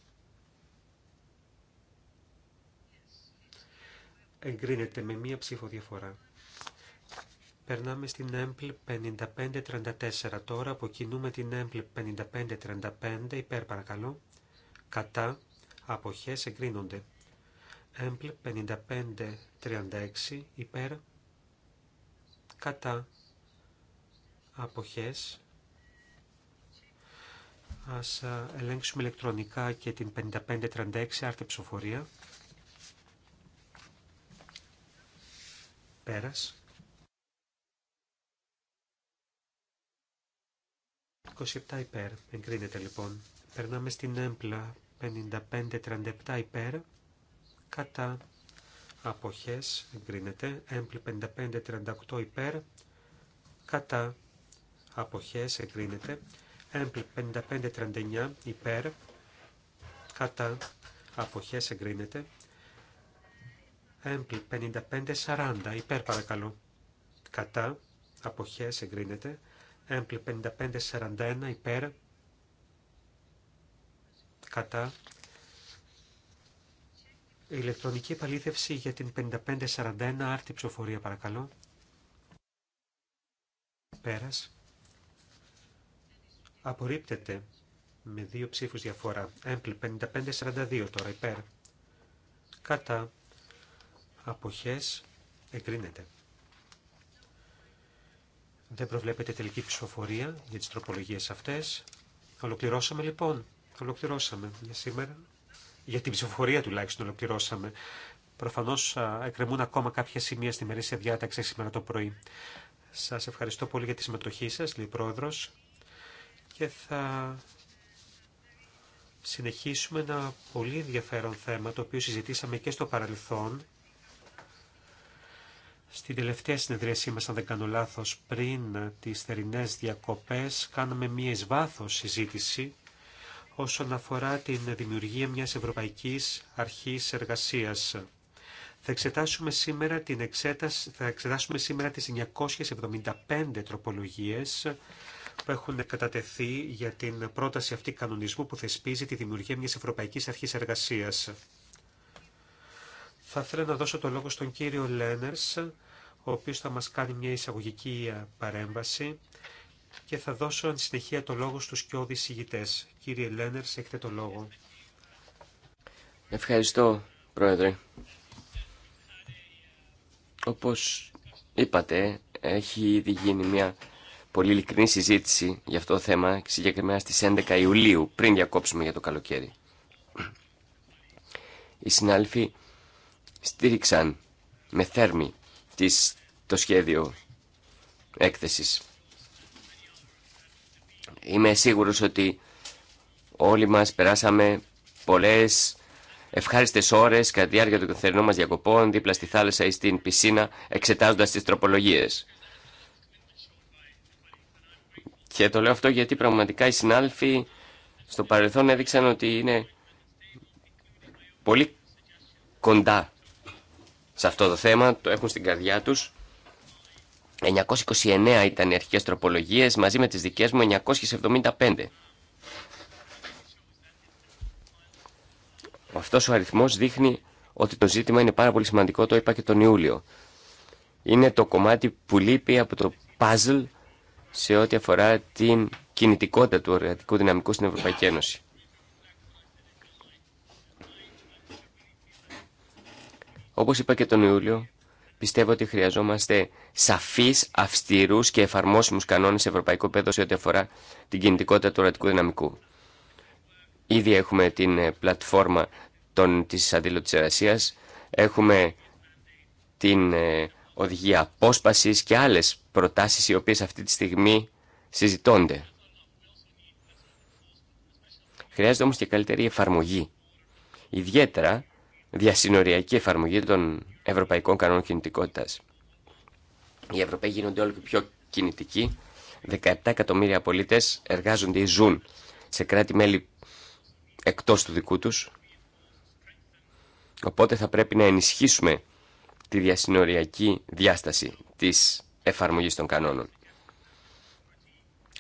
Speaker 4: Εγκρίνεται με μία ψήφο Περνάμε στην έμπλ 5534. Τώρα αποκινούμε την έμπλ 5535. Υπέρ παρακαλώ. Κατά. Αποχές εγκρίνονται. Έμπλ 5536. Υπέρ κατά αποχές. Ας ελέγξουμε ηλεκτρονικά και την 5536 άρθρη ψηφοφορία. Πέρας. 27 υπέρ. Εγκρίνεται λοιπόν. Περνάμε στην έμπλα 5537 υπέρ. Κατά αποχές εγκρίνεται, έμπλη 5538 υπέρ, κατά αποχές εγκρίνεται, έμπλη 5539 υπέρ, κατά αποχές εγκρίνεται, έμπλη 5540 υπέρ παρακαλώ, κατά αποχές εγκρίνεται, έμπλη 5541 υπέρ, κατά Ηλεκτρονική επαλήθευση για την 5541 άρτη ψηφοφορία παρακαλώ. Πέρας. Απορρίπτεται με δύο ψήφους διαφορά. Έμπλη 5542 τώρα υπέρ. Κατά αποχές εγκρίνεται. Δεν προβλέπεται τελική ψηφοφορία για τις τροπολογίες αυτές. Ολοκληρώσαμε λοιπόν. Ολοκληρώσαμε για σήμερα για την ψηφοφορία τουλάχιστον ολοκληρώσαμε. Προφανώ εκκρεμούν ακόμα κάποια σημεία στη μερίσια διάταξη σήμερα το πρωί. Σας ευχαριστώ πολύ για τη συμμετοχή σα, λέει πρόεδρο, και θα συνεχίσουμε ένα πολύ ενδιαφέρον θέμα, το οποίο συζητήσαμε και στο παρελθόν, στην τελευταία συνεδρίασή μας, αν δεν κάνω λάθος, πριν τις θερινές διακοπές, κάναμε μία εις συζήτηση όσον αφορά την δημιουργία μιας Ευρωπαϊκής Αρχής Εργασίας. Θα εξετάσουμε σήμερα, την εξέταση, θα εξετάσουμε σήμερα τις 975 τροπολογίες που έχουν κατατεθεί για την πρόταση αυτή κανονισμού που θεσπίζει τη δημιουργία μιας Ευρωπαϊκής Αρχής Εργασίας. Θα ήθελα να δώσω το λόγο στον κύριο Λένερς, ο οποίος θα μας κάνει μια εισαγωγική παρέμβαση και θα δώσω εν συνεχεία το λόγο στους κοιόδης συγητές. Κύριε Λένερς, έχετε το λόγο.
Speaker 3: Ευχαριστώ, Πρόεδρε. Όπως είπατε, έχει ήδη γίνει μια πολύ ειλικρινή συζήτηση για αυτό το θέμα, συγκεκριμένα στις 11 Ιουλίου, πριν διακόψουμε για το καλοκαίρι. Οι συνάλφοι στήριξαν με θέρμη το σχέδιο έκθεσης Είμαι σίγουρος ότι όλοι μας περάσαμε πολλές ευχάριστες ώρες κατά τη διάρκεια των καθερινών μας διακοπών δίπλα στη θάλασσα ή στην πισίνα εξετάζοντας τις τροπολογίες. Και το λέω αυτό γιατί πραγματικά οι συνάλφοι στο παρελθόν έδειξαν ότι είναι πολύ κοντά σε αυτό το θέμα, το έχουν στην καρδιά τους 929 ήταν οι αρχικέ τροπολογίε μαζί με τις δικές μου 975. Αυτός ο αριθμός δείχνει ότι το ζήτημα είναι πάρα πολύ σημαντικό, το είπα και τον Ιούλιο. Είναι το κομμάτι που λείπει από το puzzle σε ό,τι αφορά την κινητικότητα του εργατικού δυναμικού στην Ευρωπαϊκή Ένωση. Όπως είπα και τον Ιούλιο, πιστεύω ότι χρειαζόμαστε σαφείς, αυστηρούς και εφαρμόσιμου κανόνε σε ευρωπαϊκό πέδο σε ό,τι αφορά την κινητικότητα του ορατικού δυναμικού. Ήδη έχουμε την ε, πλατφόρμα των, της αντίλωτης έχουμε την ε, οδηγία απόσπασης και άλλες προτάσεις οι οποίες αυτή τη στιγμή συζητώνται. Χρειάζεται όμως και καλύτερη εφαρμογή. Ιδιαίτερα διασυνοριακή εφαρμογή των ευρωπαϊκών κανόνων κινητικότητας. Οι Ευρωπαίοι γίνονται όλο και πιο κινητικοί. 17 εκατομμύρια πολίτε εργάζονται ή ζουν σε κράτη-μέλη εκτό του δικού τους. Οπότε θα πρέπει να ενισχύσουμε τη διασυνοριακή διάσταση της εφαρμογής των κανόνων.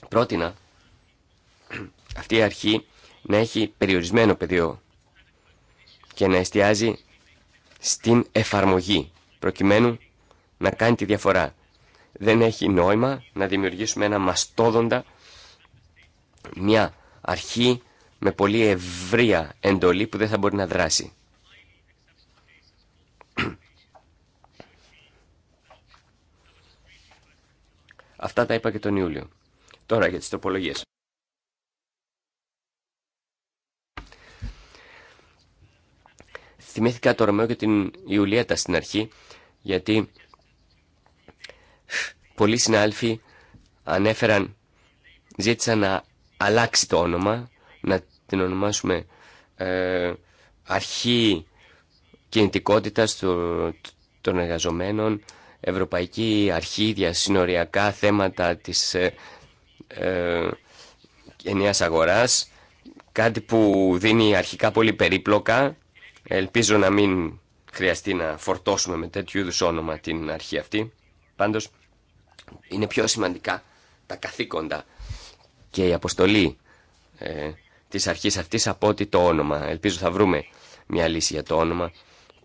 Speaker 3: Πρότεινα αυτή η αρχή να έχει περιορισμένο πεδίο και να εστιάζει στην εφαρμογή, προκειμένου να κάνει τη διαφορά. Δεν έχει νόημα να δημιουργήσουμε ένα μαστόδοντα, μια αρχή με πολύ ευρία εντολή που δεν θα μπορεί να δράσει. Αυτά τα είπα και τον Ιούλιο. Τώρα για τις τροπολογίες. Θυμήθηκα το Ρωμαίο και την Ιουλίατα στην αρχή, γιατί πολλοί συνάλφοι ανέφεραν, ζήτησαν να αλλάξει το όνομα, να την ονομάσουμε ε, αρχή κινητικότητας των εργαζομένων, ευρωπαϊκή αρχή, συνοριακά θέματα της ε, ε, αγοράς, κάτι που δίνει αρχικά πολύ περίπλοκα Ελπίζω να μην χρειαστεί να φορτώσουμε με τέτοιου είδου όνομα την αρχή αυτή. Πάντως είναι πιο σημαντικά τα καθήκοντα και η αποστολή ε, της αρχής αυτής από ότι το όνομα. Ελπίζω θα βρούμε μια λύση για το όνομα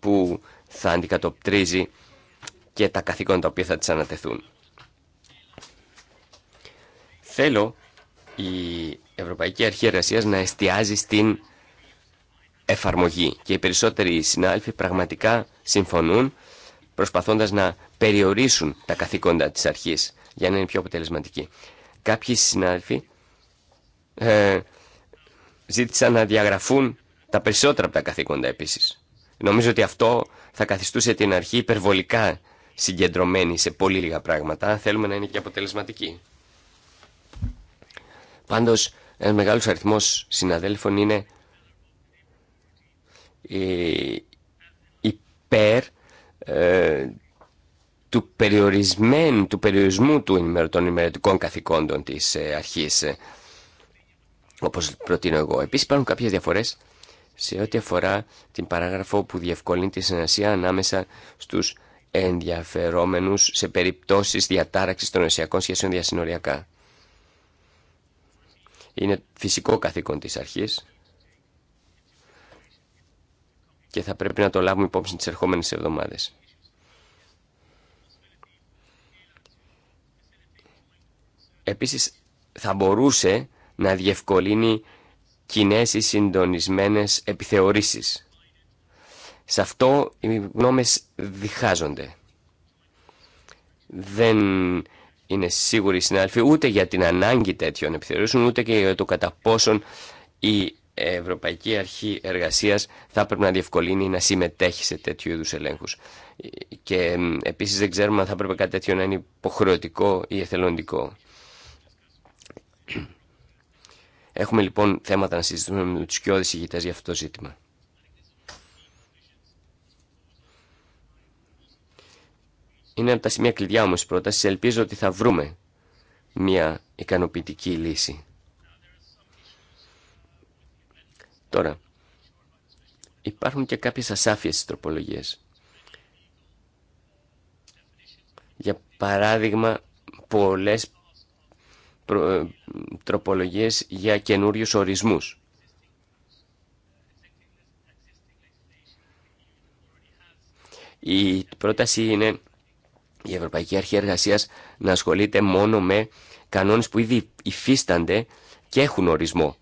Speaker 3: που θα αντικατοπτρίζει και τα καθήκοντα τα οποία θα τη ανατεθούν. Θέλω η Ευρωπαϊκή Αρχή Εργασίας να εστιάζει στην εφαρμογή. Και οι περισσότεροι συνάδελφοι πραγματικά συμφωνούν προσπαθώντας να περιορίσουν τα καθήκοντα της αρχής για να είναι πιο αποτελεσματικοί. Κάποιοι συνάδελφοι ε, ζήτησαν να διαγραφούν τα περισσότερα από τα καθήκοντα επίσης. Νομίζω ότι αυτό θα καθιστούσε την αρχή υπερβολικά συγκεντρωμένη σε πολύ λίγα πράγματα. Θέλουμε να είναι και αποτελεσματική. Πάντως, ένα μεγάλος αριθμός συναδέλφων είναι ε, υπέρ ε, του περιορισμένου, του περιορισμού του, των ενημερωτικών καθηκόντων της ε, αρχής, όπως προτείνω εγώ. Επίσης υπάρχουν κάποιες διαφορές σε ό,τι αφορά την παράγραφο που διευκολύνει τη συνεργασία ανάμεσα στους ενδιαφερόμενους σε περιπτώσεις διατάραξης των ουσιακών σχέσεων διασυνοριακά. Είναι φυσικό καθήκον της αρχής και θα πρέπει να το λάβουμε υπόψη τις ερχόμενες εβδομάδες. Επίσης θα μπορούσε να διευκολύνει κοινέ ή συντονισμένε επιθεωρήσεις. Σε αυτό οι γνώμες διχάζονται. Δεν είναι σίγουροι οι συνάδελφοι ούτε για την ανάγκη τέτοιων επιθεωρήσεων, ούτε και για το κατά πόσον οι Ευρωπαϊκή Αρχή Εργασίας θα πρέπει να διευκολύνει να συμμετέχει σε τέτοιου είδου ελέγχου. Και επίσης δεν ξέρουμε αν θα έπρεπε κάτι τέτοιο να είναι υποχρεωτικό ή εθελοντικό. Έχουμε λοιπόν θέματα να συζητούμε με τους κοιόδης ηγητές για αυτό το ζήτημα. Είναι από τα σημεία κλειδιά όμως πρόταση. Ελπίζω ότι θα βρούμε μια ικανοποιητική λύση. Τώρα, υπάρχουν και κάποιες ασάφειες στις τροπολογίες. Για παράδειγμα, πολλές ε, τροπολογίες για καινούριου ορισμούς. Η πρόταση είναι η Ευρωπαϊκή Αρχή Εργασίας να ασχολείται μόνο με κανόνες που ήδη υφίστανται και έχουν ορισμό.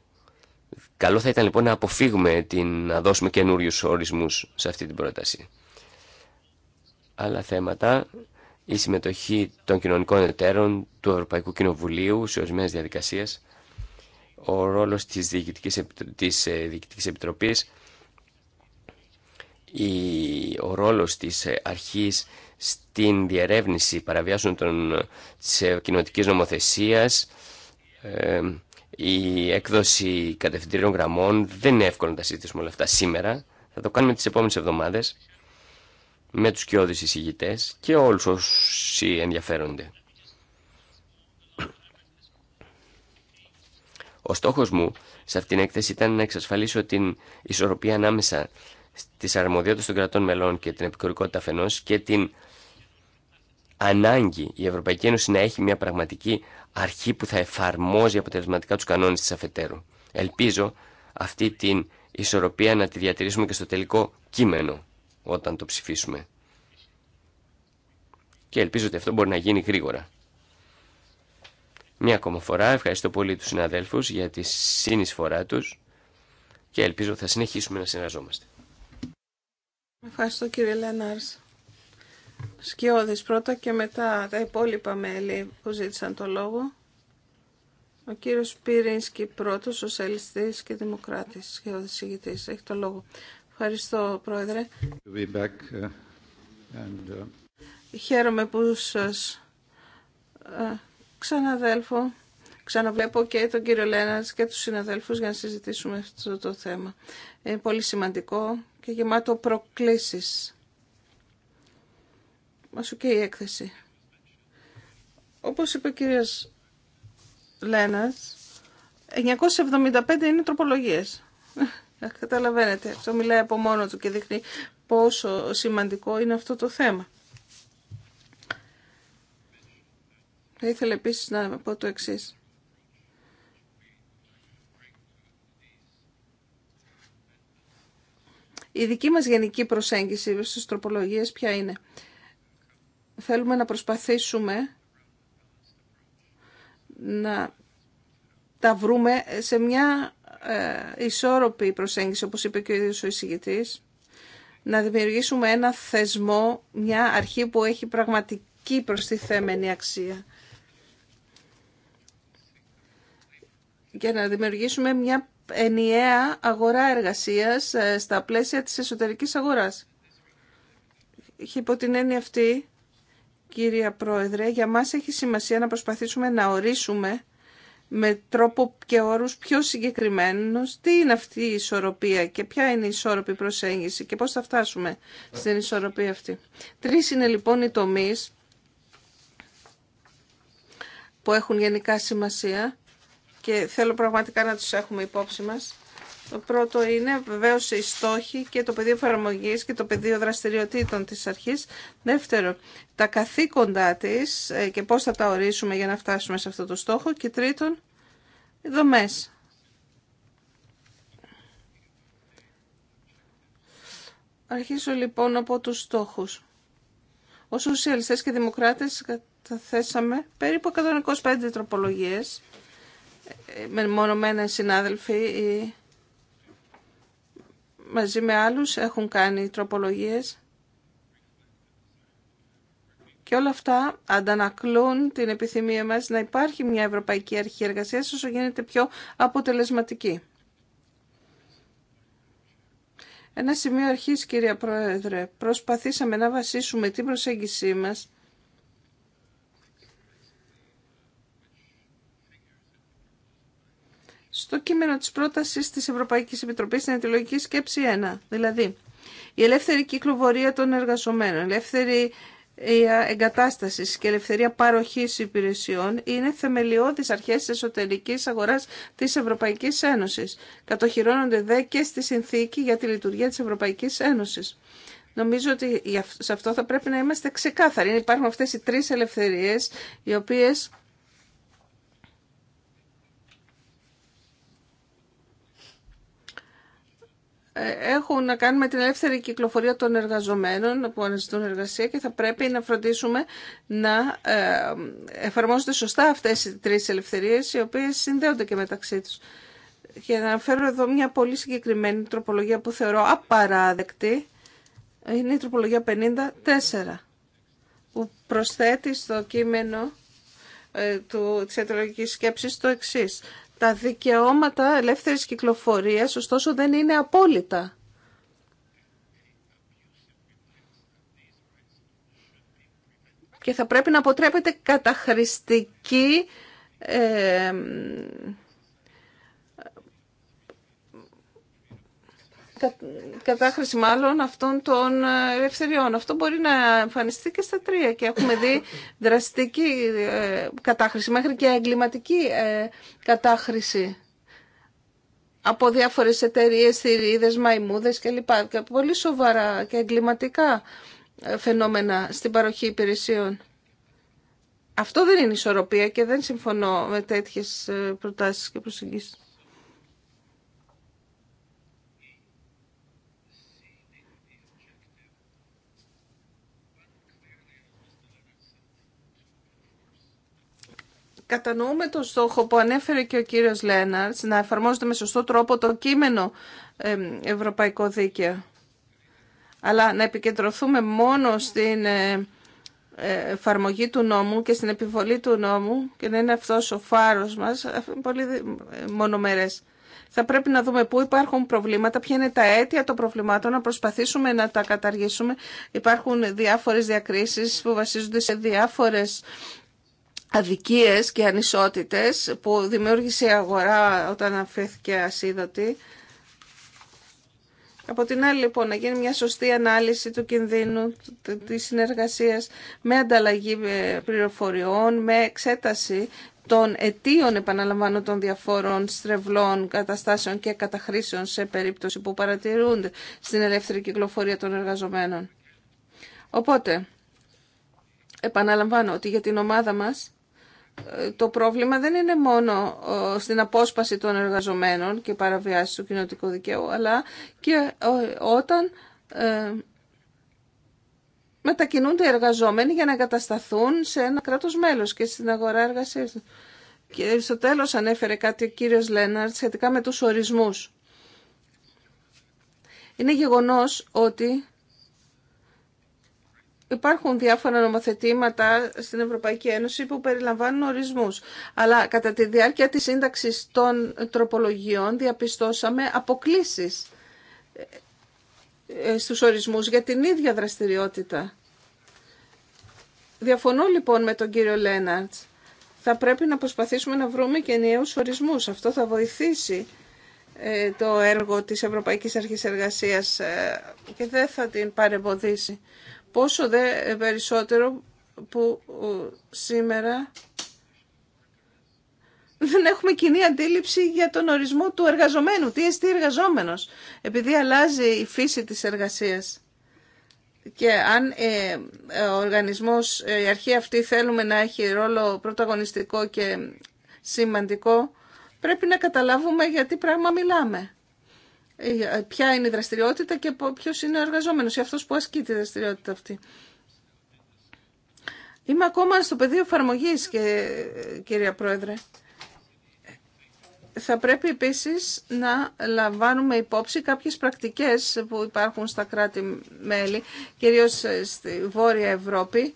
Speaker 3: Καλό θα ήταν λοιπόν να αποφύγουμε την, να δώσουμε καινούριου ορισμούς σε αυτή την πρόταση. Άλλα θέματα, η συμμετοχή των κοινωνικών εταίρων του Ευρωπαϊκού Κοινοβουλίου σε ορισμένε διαδικασίες. ο ρόλος της Διοικητικής, της ε, Διοικητικής Επιτροπής, η, ο ρόλος της ε, αρχής στην διερεύνηση παραβιάσεων των, της ε, νομοθεσία. νομοθεσίας, η έκδοση κατευθυντήριων γραμμών δεν είναι εύκολο να τα συζητήσουμε όλα αυτά σήμερα. Θα το κάνουμε τις επόμενες εβδομάδες με τους κοιόδης εισηγητές και όλους όσοι ενδιαφέρονται. Ο στόχος μου σε αυτήν την έκθεση ήταν να εξασφαλίσω την ισορροπία ανάμεσα στις αρμοδιότητες των κρατών μελών και την επικορικότητα αφενός και την ανάγκη η Ευρωπαϊκή Ένωση να έχει μια πραγματική αρχή που θα εφαρμόζει αποτελεσματικά τους κανόνες της αφετέρου. Ελπίζω αυτή την ισορροπία να τη διατηρήσουμε και στο τελικό κείμενο όταν το ψηφίσουμε. Και ελπίζω ότι αυτό μπορεί να γίνει γρήγορα. Μια ακόμα φορά ευχαριστώ πολύ τους συναδέλφους για τη συνεισφορά τους και ελπίζω θα συνεχίσουμε να συνεργαζόμαστε.
Speaker 1: Ευχαριστώ κύριε Λέναρς. Σκιώδης πρώτα και μετά τα υπόλοιπα μέλη που ζήτησαν το λόγο. Ο κύριος Πυρίνσκι πρώτος, σοσιαλιστής και δημοκράτης, σκιώδης ηγητής. Έχει το λόγο. Ευχαριστώ, Πρόεδρε.
Speaker 2: Uh, and...
Speaker 3: Uh,
Speaker 1: Χαίρομαι που σας ε, ξαναδέλφω. Ξαναβλέπω και τον κύριο Λένας και τους συναδέλφους για να συζητήσουμε αυτό το θέμα. Είναι πολύ σημαντικό και γεμάτο προκλήσεις Μα σου και η έκθεση. Όπως είπε ο κύριο Λένας, 975 είναι τροπολογίες. Καταλαβαίνετε, αυτό μιλάει από μόνο του και δείχνει πόσο σημαντικό είναι αυτό το θέμα. Θα ήθελα επίση να πω το εξή. Η δική μας γενική προσέγγιση στις τροπολογίες ποια είναι θέλουμε να προσπαθήσουμε να τα βρούμε σε μια ε, ισόρροπη προσέγγιση, όπως είπε και ο ίδιος ο εισηγητής, να δημιουργήσουμε ένα θεσμό, μια αρχή που έχει πραγματική προστιθέμενη αξία. Και να δημιουργήσουμε μια ενιαία αγορά εργασίας ε, στα πλαίσια της εσωτερικής αγοράς. Και υπό την έννοια αυτή κύρια Πρόεδρε. Για μας έχει σημασία να προσπαθήσουμε να ορίσουμε με τρόπο και όρους πιο συγκεκριμένους τι είναι αυτή η ισορροπία και ποια είναι η ισόρροπη προσέγγιση και πώς θα φτάσουμε στην ισορροπία αυτή. Τρεις είναι λοιπόν οι τομείς που έχουν γενικά σημασία και θέλω πραγματικά να τους έχουμε υπόψη μας. Το πρώτο είναι βεβαίω οι στόχοι και το πεδίο εφαρμογή και το πεδίο δραστηριοτήτων της αρχής. Δεύτερο, τα καθήκοντά της ε, και πώς θα τα ορίσουμε για να φτάσουμε σε αυτό το στόχο. Και τρίτον, οι δομές. Αρχίζω λοιπόν από του στόχους. Ω σοσιαλιστέ και δημοκράτε καταθέσαμε περίπου 125 τροπολογίε. Ε, με μονομένες συνάδελφοι μαζί με άλλους έχουν κάνει τροπολογίες και όλα αυτά αντανακλούν την επιθυμία μας να υπάρχει μια Ευρωπαϊκή Αρχή Εργασίας όσο γίνεται πιο αποτελεσματική. Ένα σημείο αρχής, κυρία Πρόεδρε, προσπαθήσαμε να βασίσουμε την προσέγγισή μας στο κείμενο της πρότασης της Ευρωπαϊκής Επιτροπής στην Αιτιολογική Σκέψη 1. Δηλαδή, η ελεύθερη κυκλοφορία των εργαζομένων, η ελεύθερη εγκατάσταση και η ελευθερία παροχής υπηρεσιών είναι θεμελιώδεις αρχές της εσωτερικής αγοράς της Ευρωπαϊκής Ένωσης. Κατοχυρώνονται δε και στη συνθήκη για τη λειτουργία της Ευρωπαϊκής Ένωσης. Νομίζω ότι σε αυτό θα πρέπει να είμαστε ξεκάθαροι. Υπάρχουν αυτές οι τρεις ελευθερίες οι οποίες Ε, έχουν να κάνουν με την ελεύθερη κυκλοφορία των εργαζομένων που αναζητούν εργασία και θα πρέπει να φροντίσουμε να ε, εφαρμόζονται σωστά αυτές οι τρεις ελευθερίες οι οποίες συνδέονται και μεταξύ τους. Και να αναφέρω εδώ μια πολύ συγκεκριμένη τροπολογία που θεωρώ απαράδεκτη. Είναι η τροπολογία 54 που προσθέτει στο κείμενο ε, του, της σκέψης το εξής. Τα δικαιώματα ελεύθερης κυκλοφορίας, ωστόσο, δεν είναι απόλυτα. Και θα πρέπει να αποτρέπεται καταχρηστική ε, κατάχρηση μάλλον αυτών των ε, ελευθεριών. Αυτό μπορεί να εμφανιστεί και στα τρία και έχουμε δει δραστική ε, κατάχρηση μέχρι και εγκληματική ε, κατάχρηση από διάφορες εταιρείες, θηρίδες, μαϊμούδες κλπ. Πολύ σοβαρά και εγκληματικά φαινόμενα στην παροχή υπηρεσιών. Αυτό δεν είναι ισορροπία και δεν συμφωνώ με τέτοιες προτάσεις και προσεγγίσεις. κατανοούμε το στόχο που ανέφερε και ο κύριος Λέναρτς να εφαρμόζεται με σωστό τρόπο το κείμενο ευρωπαϊκό δίκαιο. Αλλά να επικεντρωθούμε μόνο στην ε, ε, εφαρμογή του νόμου και στην επιβολή του νόμου και να είναι αυτός ο φάρος μας, ε, πολύ μονομερές. Θα πρέπει να δούμε πού υπάρχουν προβλήματα, ποια είναι τα αίτια των προβλημάτων, να προσπαθήσουμε να τα καταργήσουμε. Υπάρχουν διάφορες διακρίσεις που βασίζονται σε διάφορες αδικίες και ανισότητες που δημιούργησε η αγορά όταν αφήθηκε ασίδωτη. Από την άλλη λοιπόν να γίνει μια σωστή ανάλυση του κινδύνου, της συνεργασίας με ανταλλαγή ε, πληροφοριών, με εξέταση των αιτίων, επαναλαμβάνω, των διαφόρων στρεβλών, καταστάσεων και καταχρήσεων σε περίπτωση που παρατηρούνται στην ελεύθερη κυκλοφορία των εργαζομένων. Οπότε, επαναλαμβάνω ότι για την ομάδα μας το πρόβλημα δεν είναι μόνο ε, στην απόσπαση των εργαζομένων και παραβιάσει του κοινωτικού δικαίου, αλλά και ε, όταν ε, μετακινούνται οι εργαζόμενοι για να κατασταθούν σε ένα κράτος μέλος και στην αγορά εργασίας. Και στο τέλος ανέφερε κάτι ο κύριος Λέναρτ σχετικά με τους ορισμούς. Είναι γεγονός ότι Υπάρχουν διάφορα νομοθετήματα στην Ευρωπαϊκή Ένωση που περιλαμβάνουν ορισμούς, αλλά κατά τη διάρκεια της σύνταξης των τροπολογιών διαπιστώσαμε αποκλήσεις ε, στους ορισμούς για την ίδια δραστηριότητα. Διαφωνώ λοιπόν με τον κύριο Λέναρτ, Θα πρέπει να προσπαθήσουμε να βρούμε και νέους ορισμούς. Αυτό θα βοηθήσει ε, το έργο της Ευρωπαϊκής Αρχής Εργασίας ε, και δεν θα την παρεμποδίσει πόσο δε περισσότερο που σήμερα δεν έχουμε κοινή αντίληψη για τον ορισμό του εργαζομένου. Τι εστί εργαζόμενος, επειδή αλλάζει η φύση της εργασίας. Και αν ε, ε, ο οργανισμός, ε, η αρχή αυτή θέλουμε να έχει ρόλο πρωταγωνιστικό και σημαντικό, πρέπει να καταλάβουμε γιατί πράγμα μιλάμε ποια είναι η δραστηριότητα και ποιο είναι ο εργαζόμενος ή αυτός που ασκεί τη δραστηριότητα αυτή. Είμαι ακόμα στο πεδίο εφαρμογή, κυρία Πρόεδρε. Θα πρέπει επίσης να λαμβάνουμε υπόψη κάποιες πρακτικές που υπάρχουν στα κράτη-μέλη, κυρίως στη Βόρεια Ευρώπη,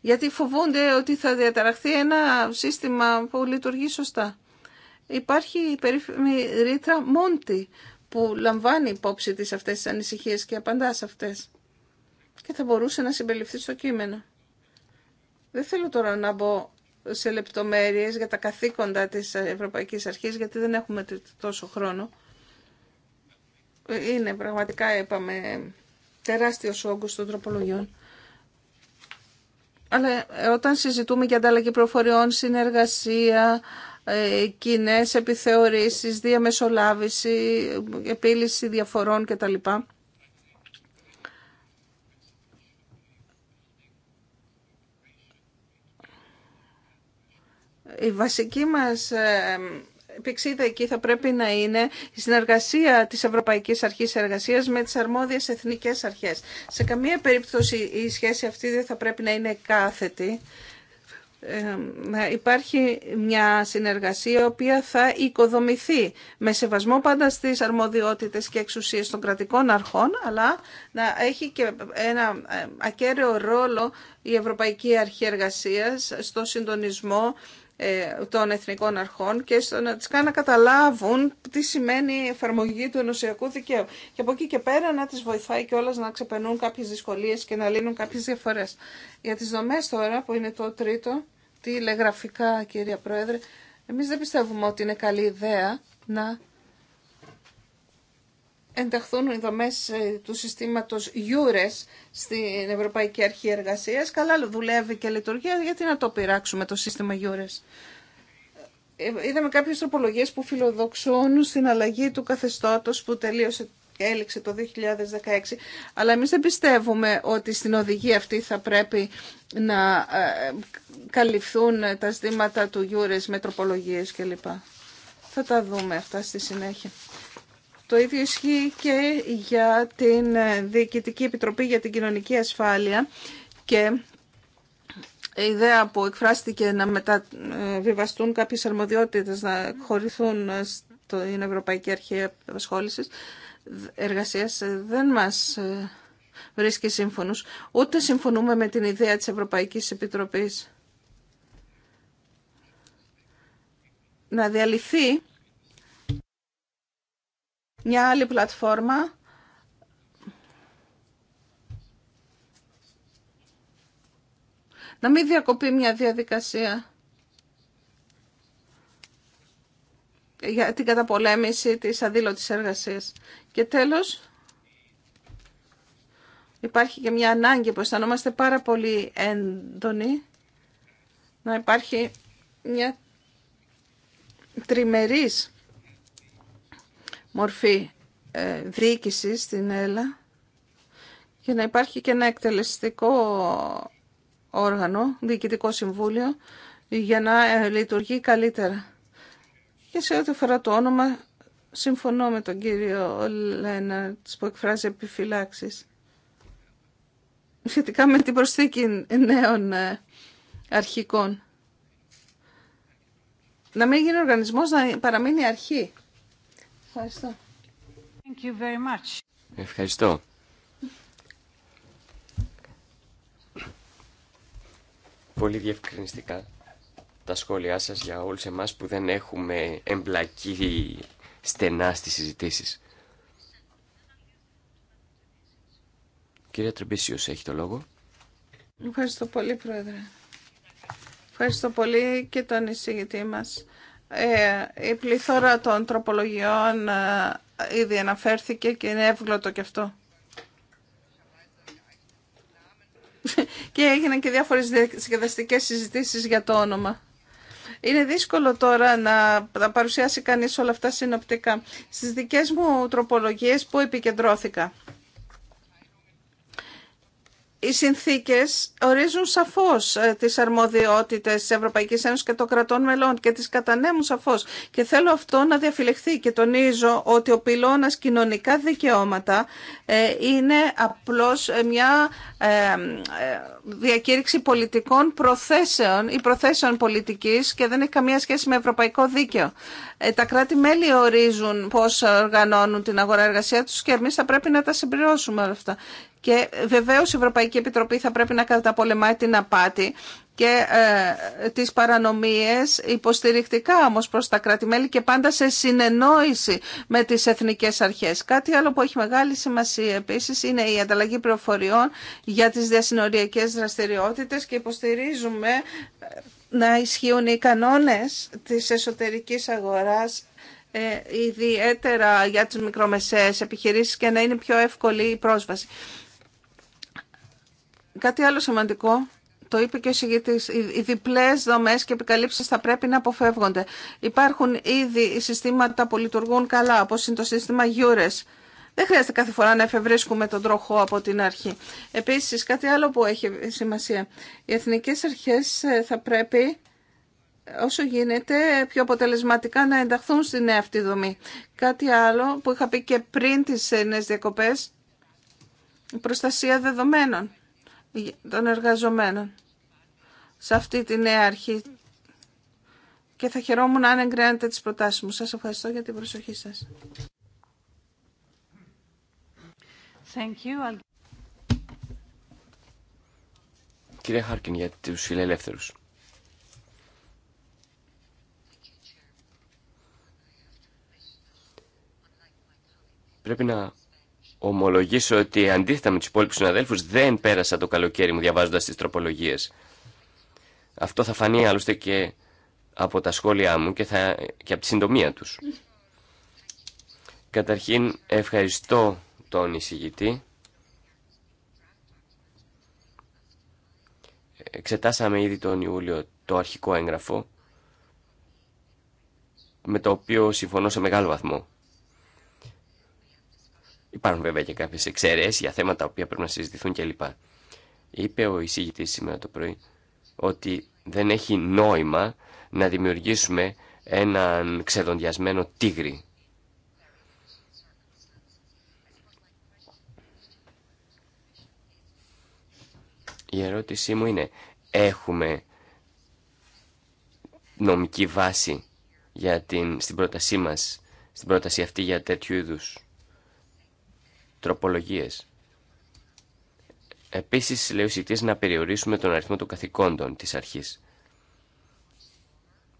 Speaker 1: γιατί φοβούνται ότι θα διαταραχθεί ένα σύστημα που λειτουργεί σωστά. Υπάρχει η περίφημη ρήτρα Μόντι που λαμβάνει υπόψη της αυτές τις ανησυχίες και απαντά σε αυτές και θα μπορούσε να συμπεριληφθεί στο κείμενο. Δεν θέλω τώρα να μπω σε λεπτομέρειες για τα καθήκοντα της Ευρωπαϊκής Αρχής γιατί δεν έχουμε τόσο χρόνο. Είναι πραγματικά, είπαμε, τεράστιος όγκος των τροπολογιών. Αλλά όταν συζητούμε για ανταλλαγή προφοριών, συνεργασία, ε, κοινέ επιθεωρήσεις, διαμεσολάβηση, επίλυση διαφορών κτλ. Η βασική μας ε, πηξίδα εκεί θα πρέπει να είναι η συνεργασία της Ευρωπαϊκής Αρχή Εργασία με τις αρμόδιες εθνικές αρχές. Σε καμία περίπτωση η σχέση αυτή δεν θα πρέπει να είναι κάθετη. Ε, υπάρχει μια συνεργασία η οποία θα οικοδομηθεί με σεβασμό πάντα στις αρμοδιότητες και εξουσίες των κρατικών αρχών αλλά να έχει και ένα ε, ακέραιο ρόλο η Ευρωπαϊκή Αρχή Εργασίας στο συντονισμό ε, των εθνικών αρχών και στο να τις κάνει να καταλάβουν τι σημαίνει η εφαρμογή του ενωσιακού δικαίου. Και από εκεί και πέρα να τις βοηθάει και όλες να ξεπερνούν κάποιες δυσκολίες και να λύνουν κάποιες διαφορές. Για τις δομές τώρα που είναι το τρίτο, τηλεγραφικά κυρία Πρόεδρε, εμείς δεν πιστεύουμε ότι είναι καλή ιδέα να ενταχθούν οι δομές ε, του συστήματος EURES στην Ευρωπαϊκή Αρχή Εργασίας. Καλά δουλεύει και λειτουργεί, γιατί να το πειράξουμε το σύστημα EURES. Ε, είδαμε κάποιες τροπολογίες που φιλοδοξούν στην αλλαγή του καθεστώτος που τελείωσε έληξε το 2016, αλλά εμείς δεν πιστεύουμε ότι στην οδηγία αυτή θα πρέπει να ε, καλυφθούν τα ζητήματα του με τροπολογίες κλπ. Θα τα δούμε αυτά στη συνέχεια. Το ίδιο ισχύει και για την Διοικητική Επιτροπή για την Κοινωνική Ασφάλεια και η ιδέα που εκφράστηκε να μεταβιβαστούν κάποιες αρμοδιότητες, να χωριθούν στην Ευρωπαϊκή Αρχή Επασχόλησης Εργασίας δεν μας βρίσκει σύμφωνος. Ούτε συμφωνούμε με την ιδέα της Ευρωπαϊκής Επιτροπής να διαλυθεί μια άλλη πλατφόρμα να μην διακοπεί μια διαδικασία για την καταπολέμηση της αδήλωτης εργασίας. Και τέλος, υπάρχει και μια ανάγκη που αισθανόμαστε πάρα πολύ έντονοι να υπάρχει μια τριμερής μορφή ε, στην ΕΛΑ και να υπάρχει και ένα εκτελεστικό όργανο, διοικητικό συμβούλιο, για να ε, λειτουργεί καλύτερα. Και σε ό,τι αφορά το όνομα, συμφωνώ με τον κύριο Λένα που εκφράζει επιφυλάξεις σχετικά με την προσθήκη νέων ε, αρχικών. Να μην γίνει οργανισμός, να παραμείνει αρχή. Ευχαριστώ.
Speaker 3: Ευχαριστώ. Πολύ διευκρινιστικά τα σχόλιά σας για όλους εμάς που δεν έχουμε εμπλακεί στενά στις συζητήσεις. Κυρία Τρεμπίσιος, έχει το λόγο.
Speaker 1: Ευχαριστώ πολύ, Πρόεδρε. Ευχαριστώ πολύ και τον εισηγητή μας ε, η πληθώρα των τροπολογιών ε, ήδη αναφέρθηκε και είναι εύγλωτο και αυτό. και έγιναν και διάφορες συγκεκριστικές συζητήσεις για το όνομα. Είναι δύσκολο τώρα να, να παρουσιάσει κανείς όλα αυτά συνοπτικά. Στις δικές μου τροπολογίες που επικεντρώθηκα οι συνθήκες ορίζουν σαφώς ε, τις αρμοδιότητες της Ευρωπαϊκής Ένωσης και των κρατών μελών και τις κατανέμουν σαφώς. Και θέλω αυτό να διαφυλεχθεί και τονίζω ότι ο πυλώνας κοινωνικά δικαιώματα ε, είναι απλώς ε, μια διακήρυξη πολιτικών προθέσεων ή προθέσεων πολιτικής και δεν έχει καμία σχέση με ευρωπαϊκό δίκαιο. Τα κράτη-μέλη ορίζουν πώς οργανώνουν την αγορά εργασία τους και εμείς θα πρέπει να τα συμπληρώσουμε όλα αυτά. Και βεβαίω η Ευρωπαϊκή Επιτροπή θα πρέπει να καταπολεμάει την απάτη και ε, τις παρανομίες υποστηρικτικά όμως προς τα κράτη-μέλη και πάντα σε συνεννόηση με τις εθνικές αρχές. Κάτι άλλο που έχει μεγάλη σημασία επίσης είναι η ανταλλαγή πληροφοριών για τις διασυνοριακές δραστηριότητες και υποστηρίζουμε να ισχύουν οι κανόνες της εσωτερικής αγοράς ε, ιδιαίτερα για τις μικρομεσαίες επιχειρήσεις και να είναι πιο εύκολη η πρόσβαση. Κάτι άλλο σημαντικό, το είπε και ο συγγετής, οι διπλέ δομέ και επικαλύψεις θα πρέπει να αποφεύγονται. Υπάρχουν ήδη συστήματα που λειτουργούν καλά, όπω είναι το σύστημα Eures. Δεν χρειάζεται κάθε φορά να εφευρίσκουμε τον τροχό από την αρχή. Επίση, κάτι άλλο που έχει σημασία. Οι εθνικέ αρχέ ε, θα πρέπει όσο γίνεται πιο αποτελεσματικά να ενταχθούν στην νέα αυτή δομή. Κάτι άλλο που είχα πει και πριν τις νέες διακοπές, προστασία δεδομένων των εργαζομένων σε αυτή τη νέα αρχή και θα χαιρόμουν αν εγκρίνετε τις προτάσεις μου. Σας ευχαριστώ για την προσοχή σας. Thank you.
Speaker 3: Κύριε Χάρκιν για τους φιλελεύθερους. Πρέπει να ομολογήσω ότι αντίθετα με του υπόλοιπου συναδέλφους δεν πέρασα το καλοκαίρι μου διαβάζοντα τι τροπολογίες. Αυτό θα φανεί άλλωστε και από τα σχόλιά μου και, θα, και από τη συντομία τους. Καταρχήν ευχαριστώ τον εισηγητή. Εξετάσαμε ήδη τον Ιούλιο το αρχικό έγγραφο με το οποίο συμφωνώ σε μεγάλο βαθμό. Υπάρχουν βέβαια και κάποιες εξαιρέσει για θέματα που πρέπει να συζητηθούν κλπ. Είπε ο εισηγητή σήμερα το πρωί ότι δεν έχει νόημα να δημιουργήσουμε έναν ξεδοντιασμένο τίγρη. Η ερώτησή μου είναι, έχουμε νομική βάση για την, στην πρότασή μας, στην πρόταση αυτή για τέτοιου είδους τροπολογίες. Επίσης, λέει ο να περιορίσουμε τον αριθμό των καθηκόντων της αρχής.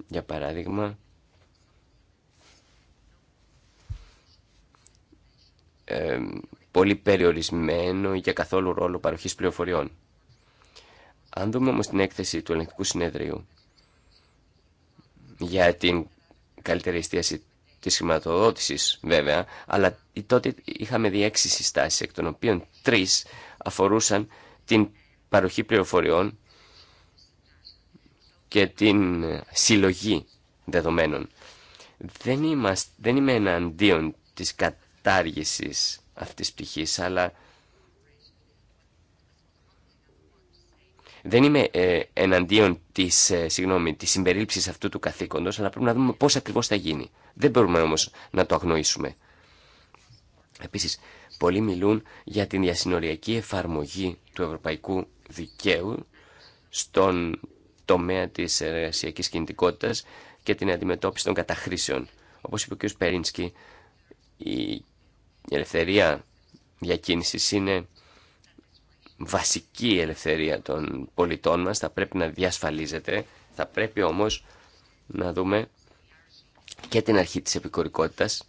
Speaker 3: Για παράδειγμα, πολύ περιορισμένο για καθόλου ρόλο παροχής πληροφοριών. Αν δούμε όμως την έκθεση του ελεγκτικού συνέδριου για την καλύτερη εστίαση της χρηματοδότησης βέβαια, αλλά τότε είχαμε διέξι συστάσεις, εκ των οποίων τρεις αφορούσαν την παροχή πληροφοριών και την ε, συλλογή δεδομένων. Δεν, είμαστε, δεν είμαι εναντίον της κατάργησης αυτής της πτυχής, αλλά Δεν είμαι ε, εναντίον της, ε, της συμπερίληψης αυτού του καθήκοντος, αλλά πρέπει να δούμε πώς ακριβώς θα γίνει. Δεν μπορούμε όμως να το αγνοήσουμε. Επίσης, πολλοί μιλούν για την διασυνοριακή εφαρμογή του ευρωπαϊκού δικαίου στον τομέα της εργασιακή κινητικότητα και την αντιμετώπιση των καταχρήσεων. Όπως είπε ο κ. Περίνσκι, η ελευθερία διακίνησης είναι βασική ελευθερία των πολιτών μας, θα πρέπει να διασφαλίζεται, θα πρέπει όμως να δούμε και την αρχή της επικορικότητας.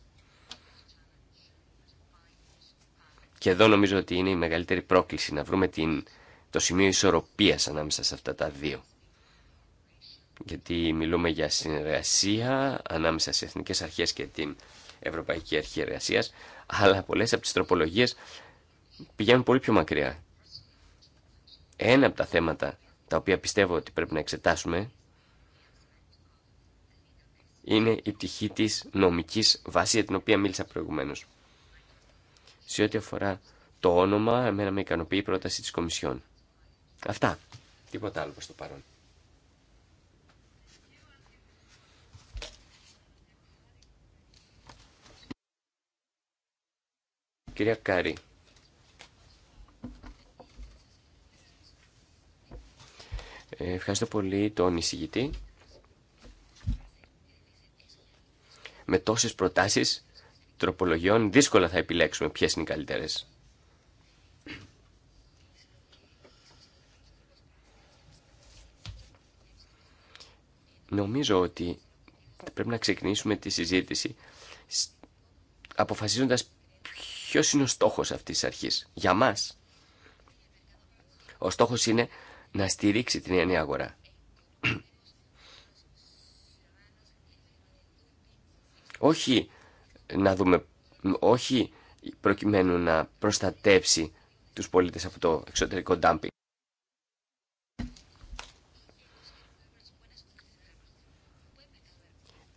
Speaker 3: Και εδώ νομίζω ότι είναι η μεγαλύτερη πρόκληση, να βρούμε την, το σημείο ισορροπίας ανάμεσα σε αυτά τα δύο. Γιατί μιλούμε για συνεργασία ανάμεσα σε εθνικές αρχές και την Ευρωπαϊκή Αρχή Εργασίας, αλλά πολλές από τις τροπολογίες πηγαίνουν πολύ πιο μακριά ένα από τα θέματα τα οποία πιστεύω ότι πρέπει να εξετάσουμε είναι η πτυχή της νομικής βάσης για την οποία μίλησα προηγουμένως. Σε ό,τι αφορά το όνομα, εμένα με ικανοποιεί η πρόταση της Κομισιόν. Αυτά. Τίποτα άλλο προς το παρόν. Κυρία Κάρη. Ευχαριστώ πολύ τον εισηγητή. Με τόσες προτάσεις τροπολογιών δύσκολα θα επιλέξουμε ποιες είναι οι καλύτερες. Νομίζω ότι πρέπει να ξεκινήσουμε τη συζήτηση αποφασίζοντας ποιος είναι ο στόχος αυτής της αρχής. Για μας ο στόχος είναι να στηρίξει την ενιαία αγορά. όχι να δούμε, όχι προκειμένου να προστατέψει τους πολίτες από το εξωτερικό ντάμπινγκ.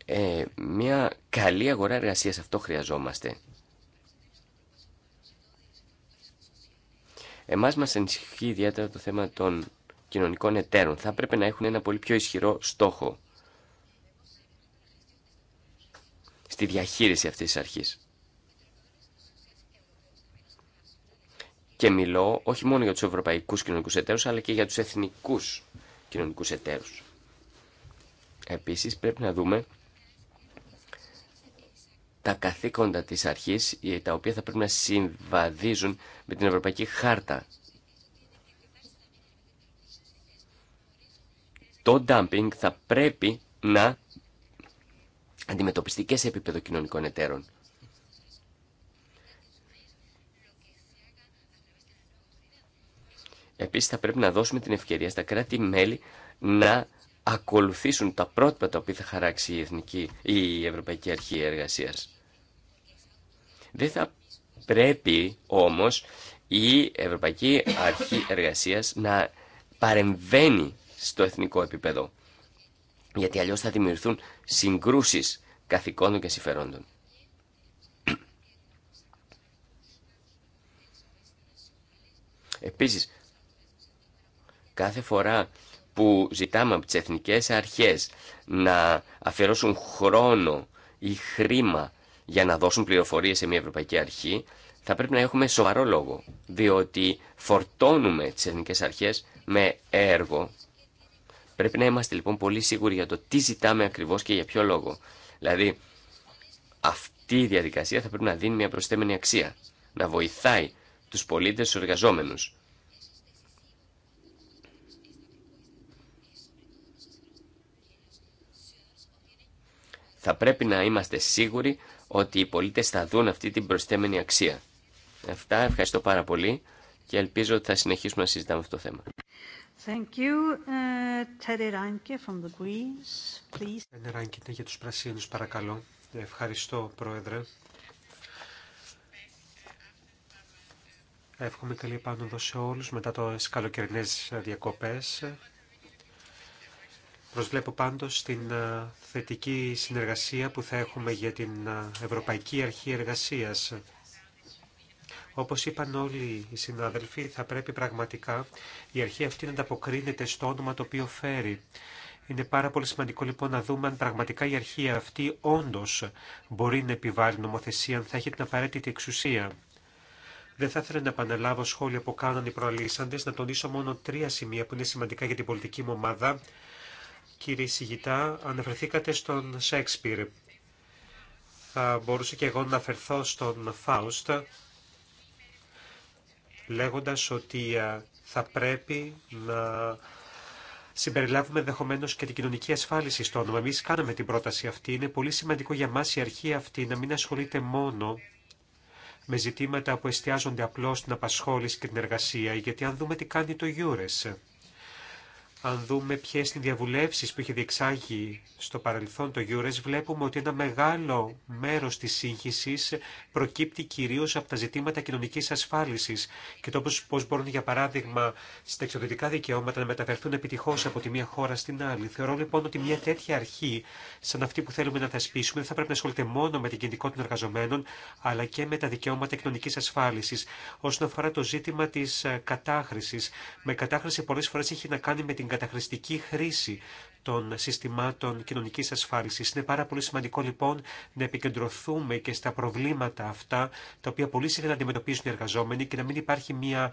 Speaker 3: Ε, μια καλή αγορά εργασίας, αυτό χρειαζόμαστε. Εμάς μας ενισχύει ιδιαίτερα το θέμα των κοινωνικών εταίρων. Θα πρέπει να έχουν ένα πολύ πιο ισχυρό στόχο στη διαχείριση αυτής της αρχής. Και μιλώ όχι μόνο για τους ευρωπαϊκούς κοινωνικούς εταίρους, αλλά και για τους εθνικούς κοινωνικούς εταίρους. Επίσης πρέπει να δούμε τα καθήκοντα της αρχής, τα οποία θα πρέπει να συμβαδίζουν με την Ευρωπαϊκή Χάρτα το dumping θα πρέπει να αντιμετωπιστεί και σε επίπεδο κοινωνικών εταίρων. Επίσης θα πρέπει να δώσουμε την ευκαιρία στα κράτη-μέλη να ακολουθήσουν τα πρότυπα τα οποία θα χαράξει η, Εθνική, η Ευρωπαϊκή Αρχή Εργασίας. Δεν θα πρέπει όμως η Ευρωπαϊκή Αρχή Εργασίας να παρεμβαίνει στο εθνικό επίπεδο. Γιατί αλλιώς θα δημιουργηθούν συγκρούσεις καθηκόντων και συμφερόντων. Επίσης, κάθε φορά που ζητάμε από τις εθνικές αρχές να αφιερώσουν χρόνο ή χρήμα για να δώσουν πληροφορίες σε μια ευρωπαϊκή αρχή, θα πρέπει να έχουμε σοβαρό λόγο, διότι φορτώνουμε τις εθνικές αρχές με έργο Πρέπει να είμαστε λοιπόν πολύ σίγουροι για το τι ζητάμε ακριβώς και για ποιο λόγο. Δηλαδή, αυτή η διαδικασία θα πρέπει να δίνει μια προσθέμενη αξία, να βοηθάει τους πολίτες, του εργαζόμενου. Θα πρέπει να είμαστε σίγουροι ότι οι πολίτες θα δουν αυτή την προσθέμενη αξία. Αυτά ευχαριστώ πάρα πολύ και ελπίζω ότι θα συνεχίσουμε να συζητάμε αυτό το θέμα.
Speaker 1: Thank you. Uh, Ranke from the Greens, please.
Speaker 4: Ranke, ναι, για τους πρασίνους, παρακαλώ. Ευχαριστώ, Πρόεδρε. Εύχομαι καλή επάνωδο σε όλους μετά το καλοκαιρινές διακοπές. Προσβλέπω πάντως την θετική συνεργασία που θα έχουμε για την Ευρωπαϊκή Αρχή Εργασίας. Όπως είπαν όλοι οι συνάδελφοι, θα πρέπει πραγματικά η αρχή αυτή να ανταποκρίνεται στο όνομα το οποίο φέρει. Είναι πάρα πολύ σημαντικό λοιπόν να δούμε αν πραγματικά η αρχή αυτή όντως μπορεί να επιβάλλει νομοθεσία, αν θα έχει την απαραίτητη εξουσία. Δεν θα ήθελα να επαναλάβω σχόλια που κάναν οι προαλήσαντες, να τονίσω μόνο τρία σημεία που είναι σημαντικά για την πολιτική μου ομάδα. Κύριε Σιγητά, αναφερθήκατε στον Σέξπιρ. Θα μπορούσα και εγώ να αφερθώ στον Φάουστ λέγοντας ότι ε, θα πρέπει να συμπεριλάβουμε ενδεχομένω και την κοινωνική ασφάλιση στο όνομα. Εμεί κάναμε την πρόταση αυτή. Είναι πολύ σημαντικό για μα η αρχή αυτή να μην ασχολείται μόνο με ζητήματα που εστιάζονται απλώ στην απασχόληση και την εργασία, γιατί αν δούμε τι κάνει το Eures, αν δούμε ποιε είναι οι διαβουλεύσει που είχε διεξάγει στο παρελθόν το Γιούρε, βλέπουμε ότι ένα μεγάλο μέρο τη σύγχυση προκύπτει κυρίω από τα ζητήματα κοινωνική ασφάλιση και το πώ μπορούν, για παράδειγμα, στα εξωτερικά δικαιώματα να μεταφερθούν επιτυχώ από τη μία χώρα στην άλλη. Θεωρώ λοιπόν ότι μια τέτοια αρχή, σαν αυτή που θέλουμε να θεσπίσουμε, δεν θα πρέπει να ασχολείται μόνο με την κινητικό των εργαζομένων, αλλά και με τα δικαιώματα κοινωνική ασφάλιση. Όσον αφορά το ζήτημα τη ε, κατάχρηση, με κατάχρηση πολλέ φορέ έχει να κάνει με την καταχρηστική χρήση των συστημάτων κοινωνικής ασφάλισης. Είναι πάρα πολύ σημαντικό λοιπόν να επικεντρωθούμε και στα προβλήματα αυτά, τα οποία πολύ συχνά αντιμετωπίζουν οι εργαζόμενοι και να μην υπάρχει μια,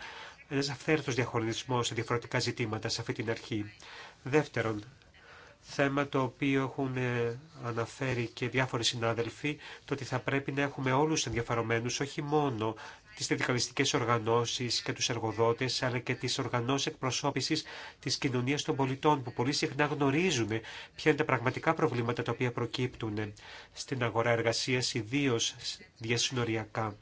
Speaker 4: ένας αυθαίρετος διαχωρισμός σε διαφορετικά ζητήματα σε αυτή την αρχή. Δεύτερον, θέμα το οποίο έχουν ε, αναφέρει και διάφοροι συνάδελφοι, το ότι θα πρέπει να έχουμε όλους ενδιαφερομένους, όχι μόνο τις συνδικαλιστικές οργανώσεις και τους εργοδότες, αλλά και τις οργανώσεις εκπροσώπησης της κοινωνίας των πολιτών, που πολύ συχνά γνωρίζουν ποια είναι τα πραγματικά προβλήματα τα οποία προκύπτουν στην αγορά εργασίας, ιδίω διασυνοριακά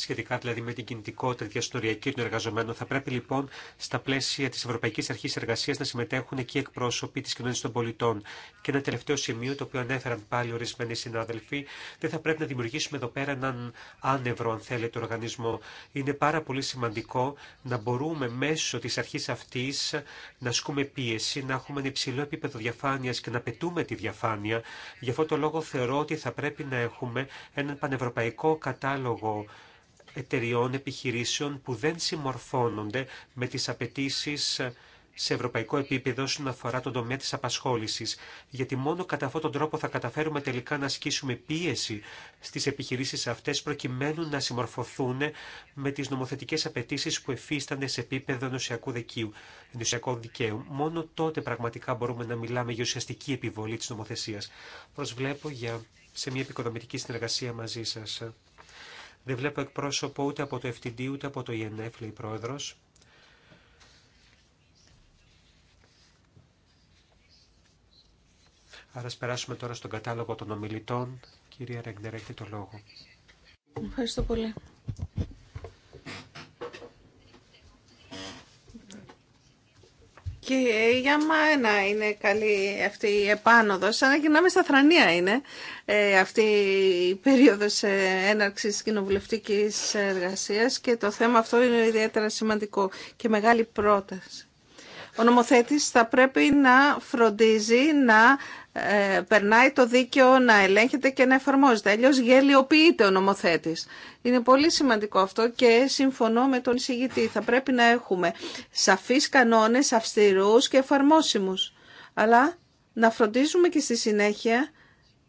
Speaker 4: σχετικά δηλαδή με την κινητικότητα διαστοριακή των εργαζομένων. Θα πρέπει λοιπόν στα πλαίσια τη Ευρωπαϊκή Αρχή Εργασία να συμμετέχουν και εκπρόσωποι τη κοινωνία των πολιτών. Και ένα τελευταίο σημείο, το οποίο ανέφεραν πάλι ορισμένοι συνάδελφοι, δεν θα πρέπει να δημιουργήσουμε εδώ πέρα έναν άνευρο, αν θέλετε, οργανισμό. Είναι πάρα πολύ σημαντικό να μπορούμε μέσω τη αρχή αυτή να ασκούμε πίεση, να έχουμε ένα υψηλό επίπεδο διαφάνεια και να πετούμε τη διαφάνεια. Γι' αυτό το λόγο θεωρώ θα πρέπει να έχουμε έναν πανευρωπαϊκό κατάλογο εταιριών, επιχειρήσεων που δεν συμμορφώνονται με τις απαιτήσει σε ευρωπαϊκό επίπεδο όσον αφορά τον τομέα της απασχόλησης, γιατί μόνο κατά αυτόν τον τρόπο θα καταφέρουμε τελικά να ασκήσουμε πίεση στις επιχειρήσεις αυτές προκειμένου να συμμορφωθούν με τις νομοθετικές απαιτήσεις που εφίστανται σε επίπεδο ενωσιακού δικαίου. δικαίου. Μόνο τότε πραγματικά μπορούμε να μιλάμε για ουσιαστική επιβολή της νομοθεσίας. Προσβλέπω για σε μια επικοδομητική συνεργασία μαζί σας. Δεν βλέπω εκπρόσωπο ούτε από το FTD ούτε από το ΙΕΝΕΦ, e λέει πρόεδρος. Άρα ας περάσουμε τώρα στον κατάλογο των ομιλητών. Κυρία Ρέγνερ, έχετε το λόγο.
Speaker 1: Ευχαριστώ πολύ. Και για μένα είναι καλή αυτή η επάνωδο. σαν να στα θρανία είναι ε, αυτή η περίοδος ε, έναρξης κοινοβουλευτική εργασίας και το θέμα αυτό είναι ιδιαίτερα σημαντικό και μεγάλη πρόταση ο νομοθέτης θα πρέπει να φροντίζει να ε, περνάει το δίκαιο, να ελέγχεται και να εφαρμόζεται. Αλλιώς γελιοποιείται ο νομοθέτης. Είναι πολύ σημαντικό αυτό και συμφωνώ με τον εισηγητή. Θα πρέπει να έχουμε σαφείς κανόνες, αυστηρούς και εφαρμόσιμους. Αλλά να φροντίζουμε και στη συνέχεια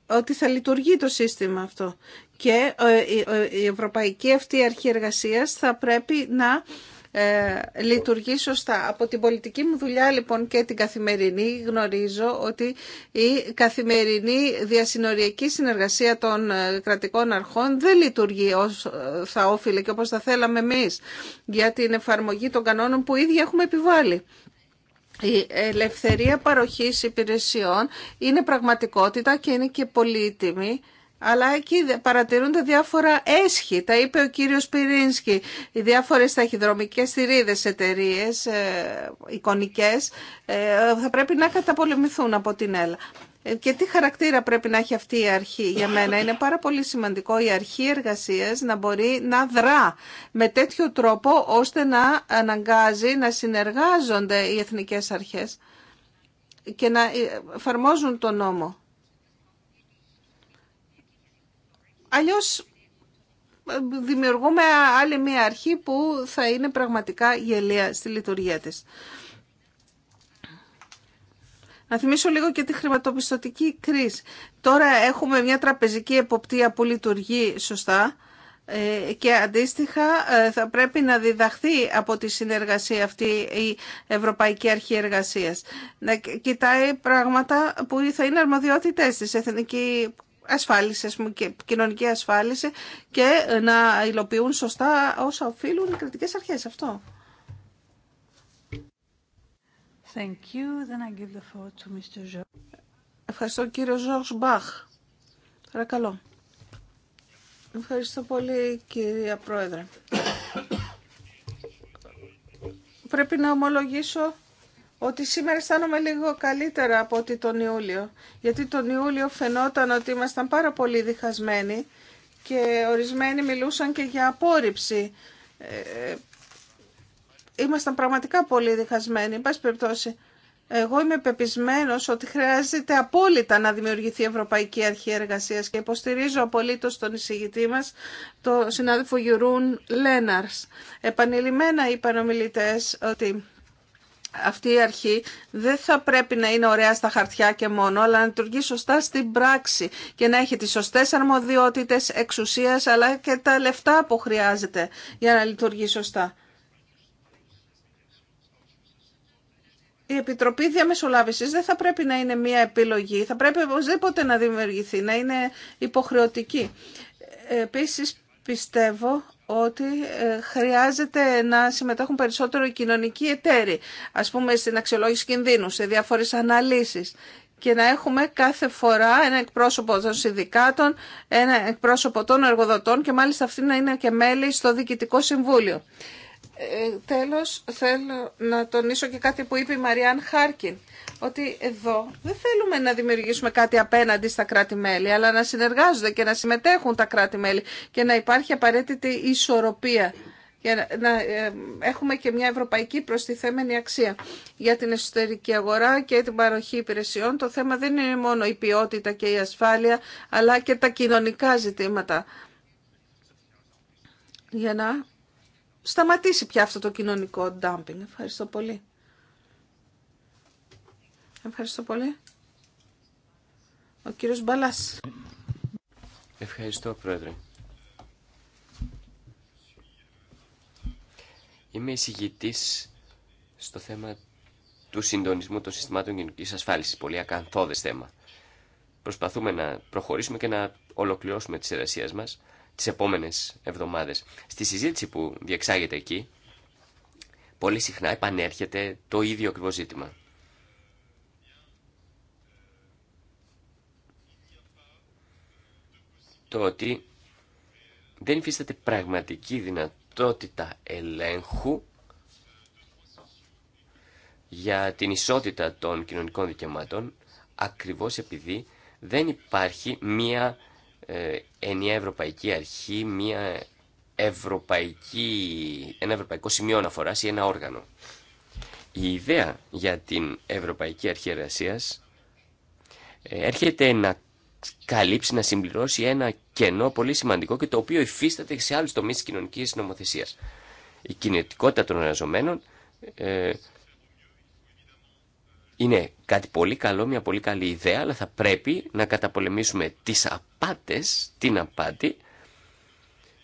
Speaker 1: ότι θα λειτουργεί το σύστημα αυτό. Και ε, ε, η Ευρωπαϊκή αυτή αρχή εργασίας θα πρέπει να ε, λειτουργεί σωστά. Από την πολιτική μου δουλειά λοιπόν και την καθημερινή γνωρίζω ότι η καθημερινή διασυνοριακή συνεργασία των ε, κρατικών αρχών δεν λειτουργεί όσο ε, θα όφιλε και όπως θα θέλαμε εμείς για την εφαρμογή των κανόνων που ήδη έχουμε επιβάλει. Η ελευθερία παροχής υπηρεσιών είναι πραγματικότητα και είναι και πολύτιμη αλλά εκεί παρατηρούνται διάφορα έσχη, τα είπε ο κύριος Πυρίνσκι, οι διάφορες ταχυδρομικές θηρίδες εταιρείε, ε, εικονικές, ε, θα πρέπει να καταπολεμηθούν από την ΕΛΑ. Ε, και τι χαρακτήρα πρέπει να έχει αυτή η αρχή για μένα. Είναι πάρα πολύ σημαντικό η αρχή εργασίας να μπορεί να δρά με τέτοιο τρόπο ώστε να αναγκάζει να συνεργάζονται οι εθνικές αρχές και να εφαρμόζουν τον νόμο. Αλλιώς ε, δημιουργούμε άλλη μία αρχή που θα είναι πραγματικά γελία στη λειτουργία της. Να θυμίσω λίγο και τη χρηματοπιστωτική κρίση. Τώρα έχουμε μια τραπεζική εποπτεία που λειτουργεί σωστά ε, και αντίστοιχα ε, θα πρέπει να διδαχθεί από τη συνεργασία αυτή η Ευρωπαϊκή Αρχή Εργασίας. Να κοιτάει πράγματα που θα είναι αρμοδιότητές της, εθνική ασφάλιση, και κοινωνική ασφάλιση και ε, να υλοποιούν σωστά όσα οφείλουν οι κρατικές αρχές. Αυτό. Thank you. Then I give the floor to Mr. Ευχαριστώ κύριο Ζορς Μπαχ. Παρακαλώ. Ευχαριστώ πολύ κυρία Πρόεδρε. Πρέπει να ομολογήσω ότι σήμερα αισθάνομαι λίγο καλύτερα από ότι τον Ιούλιο. Γιατί τον Ιούλιο φαινόταν ότι ήμασταν πάρα πολύ διχασμένοι και ορισμένοι μιλούσαν και για απόρριψη. Ε, ήμασταν πραγματικά πολύ διχασμένοι. Εν περιπτώσει, εγώ είμαι πεπισμένο ότι χρειάζεται απόλυτα να δημιουργηθεί η Ευρωπαϊκή Αρχή εργασία και υποστηρίζω απολύτω τον εισηγητή μα τον συνάδελφο Γιουρούν Λέναρ. Επανειλημμένα είπαν ομιλητέ ότι αυτή η αρχή δεν θα πρέπει να είναι ωραία στα χαρτιά και μόνο, αλλά να λειτουργεί σωστά στην πράξη και να έχει τις σωστές αρμοδιότητες εξουσίας, αλλά και τα λεφτά που χρειάζεται για να λειτουργεί σωστά. Η Επιτροπή Διαμεσολάβησης δεν θα πρέπει να είναι μία επιλογή, θα πρέπει οπωσδήποτε να δημιουργηθεί, να είναι υποχρεωτική. Επίσης πιστεύω ότι ε, χρειάζεται να συμμετέχουν περισσότερο οι κοινωνικοί εταίροι, ας πούμε στην αξιολόγηση κινδύνου, σε διάφορες αναλύσεις και να έχουμε κάθε φορά ένα εκπρόσωπο των συνδικάτων, ένα εκπρόσωπο των εργοδοτών και μάλιστα αυτή να είναι και μέλη στο Διοικητικό Συμβούλιο. Ε, τέλος, θέλω να τονίσω και κάτι που είπε η Μαριάν Χάρκιν ότι εδώ δεν θέλουμε να δημιουργήσουμε κάτι απέναντι στα κράτη-μέλη, αλλά να συνεργάζονται και να συμμετέχουν τα κράτη-μέλη και να υπάρχει απαραίτητη ισορροπία για να ε, έχουμε και μια ευρωπαϊκή προστιθέμενη αξία για την εσωτερική αγορά και την παροχή υπηρεσιών. Το θέμα δεν είναι μόνο η ποιότητα και η ασφάλεια, αλλά και τα κοινωνικά ζητήματα. Για να σταματήσει πια αυτό το κοινωνικό ντάμπινγκ. Ευχαριστώ πολύ. Ευχαριστώ πολύ. Ο κύριος Μπαλάς.
Speaker 3: Ευχαριστώ, Πρόεδρε. Είμαι εισηγητής στο θέμα του συντονισμού των συστημάτων κοινωνική ασφάλισης. Πολύ ακαθόδε θέμα. Προσπαθούμε να προχωρήσουμε και να ολοκληρώσουμε τις εργασίες μας τις επόμενες εβδομάδες. Στη συζήτηση που διεξάγεται εκεί, πολύ συχνά επανέρχεται το ίδιο ακριβώ ζήτημα. το ότι δεν υφίσταται πραγματική δυνατότητα ελέγχου για την ισότητα των κοινωνικών δικαιωμάτων ακριβώς επειδή δεν υπάρχει μία ε, ενιαία ευρωπαϊκή αρχή, μία ευρωπαϊκή, ένα ευρωπαϊκό σημείο αναφοράς ή ένα όργανο. Η ιδέα για την Ευρωπαϊκή Αρχή Εργασίας ε, έρχεται να καλύψει, να συμπληρώσει ένα κενό πολύ σημαντικό και το οποίο υφίσταται σε άλλου τομεί τη κοινωνική νομοθεσίας. Η κινητικότητα των εργαζομένων ε, είναι κάτι πολύ καλό, μια πολύ καλή ιδέα, αλλά θα πρέπει να καταπολεμήσουμε τις απάτες, την απάτη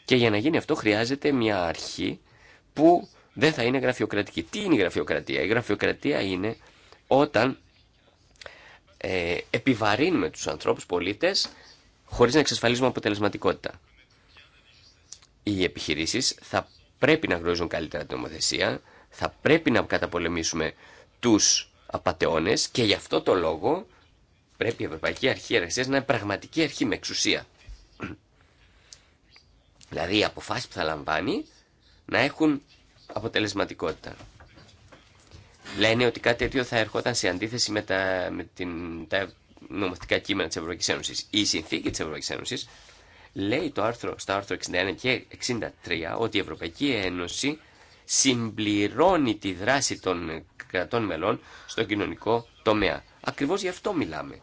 Speaker 3: και για να γίνει αυτό χρειάζεται μια αρχή που δεν θα είναι γραφειοκρατική. Τι είναι η γραφειοκρατία? Η γραφειοκρατία είναι όταν ε, επιβαρύνουμε τους ανθρώπους πολίτες χωρίς να εξασφαλίζουμε αποτελεσματικότητα. Οι επιχειρήσεις θα πρέπει να γνωρίζουν καλύτερα την νομοθεσία, θα πρέπει να καταπολεμήσουμε τους απαταιώνες και γι' αυτό το λόγο πρέπει η Ευρωπαϊκή Αρχή Εργασία να είναι πραγματική αρχή με εξουσία. Δηλαδή οι αποφάσεις που θα λαμβάνει να έχουν αποτελεσματικότητα λένε ότι κάτι τέτοιο θα ερχόταν σε αντίθεση με τα, με την, νομοθετικά κείμενα τη Ευρωπαϊκή Ένωση ή Η συνθήκη τη Ευρωπαϊκή Ένωση. λέει το άρθρο, στο άρθρο 61 και 63 ότι η Ευρωπαϊκή Ένωση συμπληρώνει τη δράση των κρατών μελών στο κοινωνικό τομέα. Ακριβώς γι' αυτό μιλάμε.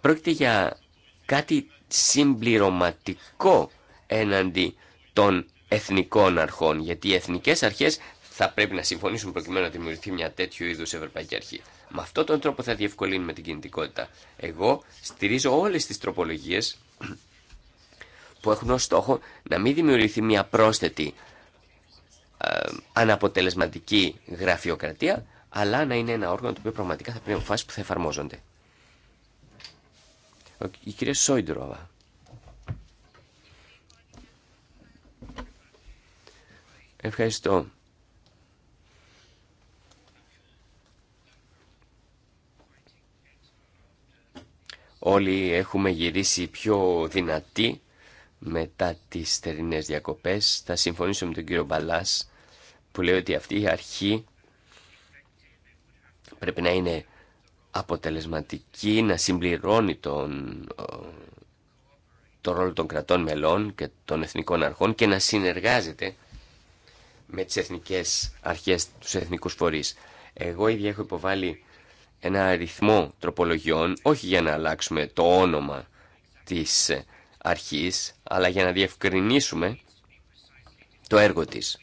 Speaker 3: Πρόκειται για κάτι συμπληρωματικό έναντι των εθνικών αρχών, γιατί οι εθνικές αρχές θα πρέπει να συμφωνήσουν προκειμένου να δημιουργηθεί μια τέτοιου είδους ευρωπαϊκή αρχή. Με αυτόν τον τρόπο θα διευκολύνουμε την κινητικότητα. Εγώ στηρίζω όλες τις τροπολογίες που έχουν ως στόχο να μην δημιουργηθεί μια πρόσθετη ε, αναποτελεσματική γραφειοκρατία, αλλά να είναι ένα όργανο το οποίο πραγματικά θα πρέπει να αποφάσει που θα εφαρμόζονται. Η κυρία Σόιντροβα. Ευχαριστώ. Όλοι έχουμε γυρίσει πιο δυνατοί μετά τις θερινές διακοπές. Θα συμφωνήσω με τον κύριο Μπαλάς που λέει ότι αυτή η αρχή πρέπει να είναι αποτελεσματική, να συμπληρώνει τον, το ρόλο των κρατών μελών και των εθνικών αρχών και να συνεργάζεται με τις εθνικές αρχές, τους εθνικούς φορείς. Εγώ ήδη έχω υποβάλει ένα αριθμό τροπολογιών, όχι για να αλλάξουμε το όνομα της αρχής, αλλά για να διευκρινίσουμε το έργο της.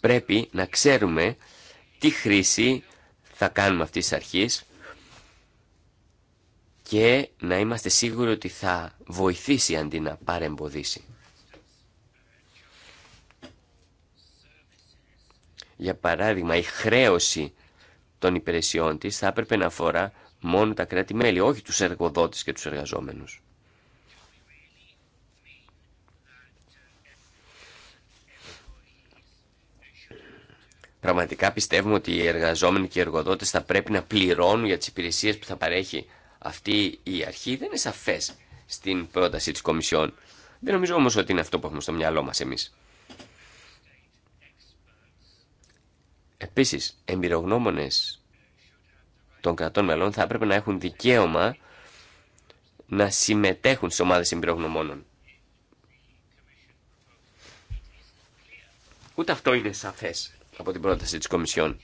Speaker 3: Πρέπει να ξέρουμε τι χρήση θα κάνουμε αυτής της αρχής και να είμαστε σίγουροι ότι θα βοηθήσει αντί να παρεμποδίσει. Για παράδειγμα, η χρέωση των υπηρεσιών της θα έπρεπε να αφορά μόνο τα κράτη-μέλη, όχι τους εργοδότες και τους εργαζόμενους. Πραγματικά πιστεύουμε ότι οι εργαζόμενοι και οι εργοδότες θα πρέπει να πληρώνουν για τις υπηρεσίες που θα παρέχει αυτή η αρχή δεν είναι σαφέ στην πρόταση τη Κομισιόν. Δεν νομίζω όμω ότι είναι αυτό που έχουμε στο μυαλό μας εμεί. Επίση, εμπειρογνώμονε των κρατών μελών θα έπρεπε να έχουν δικαίωμα να συμμετέχουν στις ομάδε εμπειρογνωμόνων. Ούτε αυτό είναι σαφές από την πρόταση τη Κομισιόν.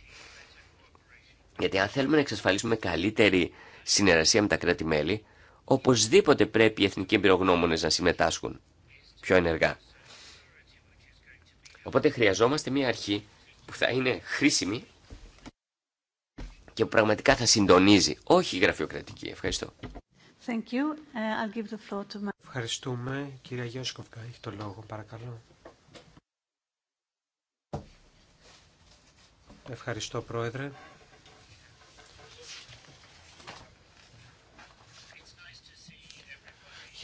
Speaker 3: Γιατί αν θέλουμε να εξασφαλίσουμε καλύτερη συνεργασία με τα κράτη-μέλη, οπωσδήποτε πρέπει οι εθνικοί εμπειρογνώμονες να συμμετάσχουν πιο ενεργά. Οπότε χρειαζόμαστε μια αρχή που θα είναι χρήσιμη και που πραγματικά θα συντονίζει, όχι γραφειοκρατική. Ευχαριστώ.
Speaker 1: Thank you. Uh, I'll give the floor to...
Speaker 4: Ευχαριστούμε. Κυρία Γιώσκοφκα, έχει το λόγο, παρακαλώ. Ευχαριστώ, Πρόεδρε.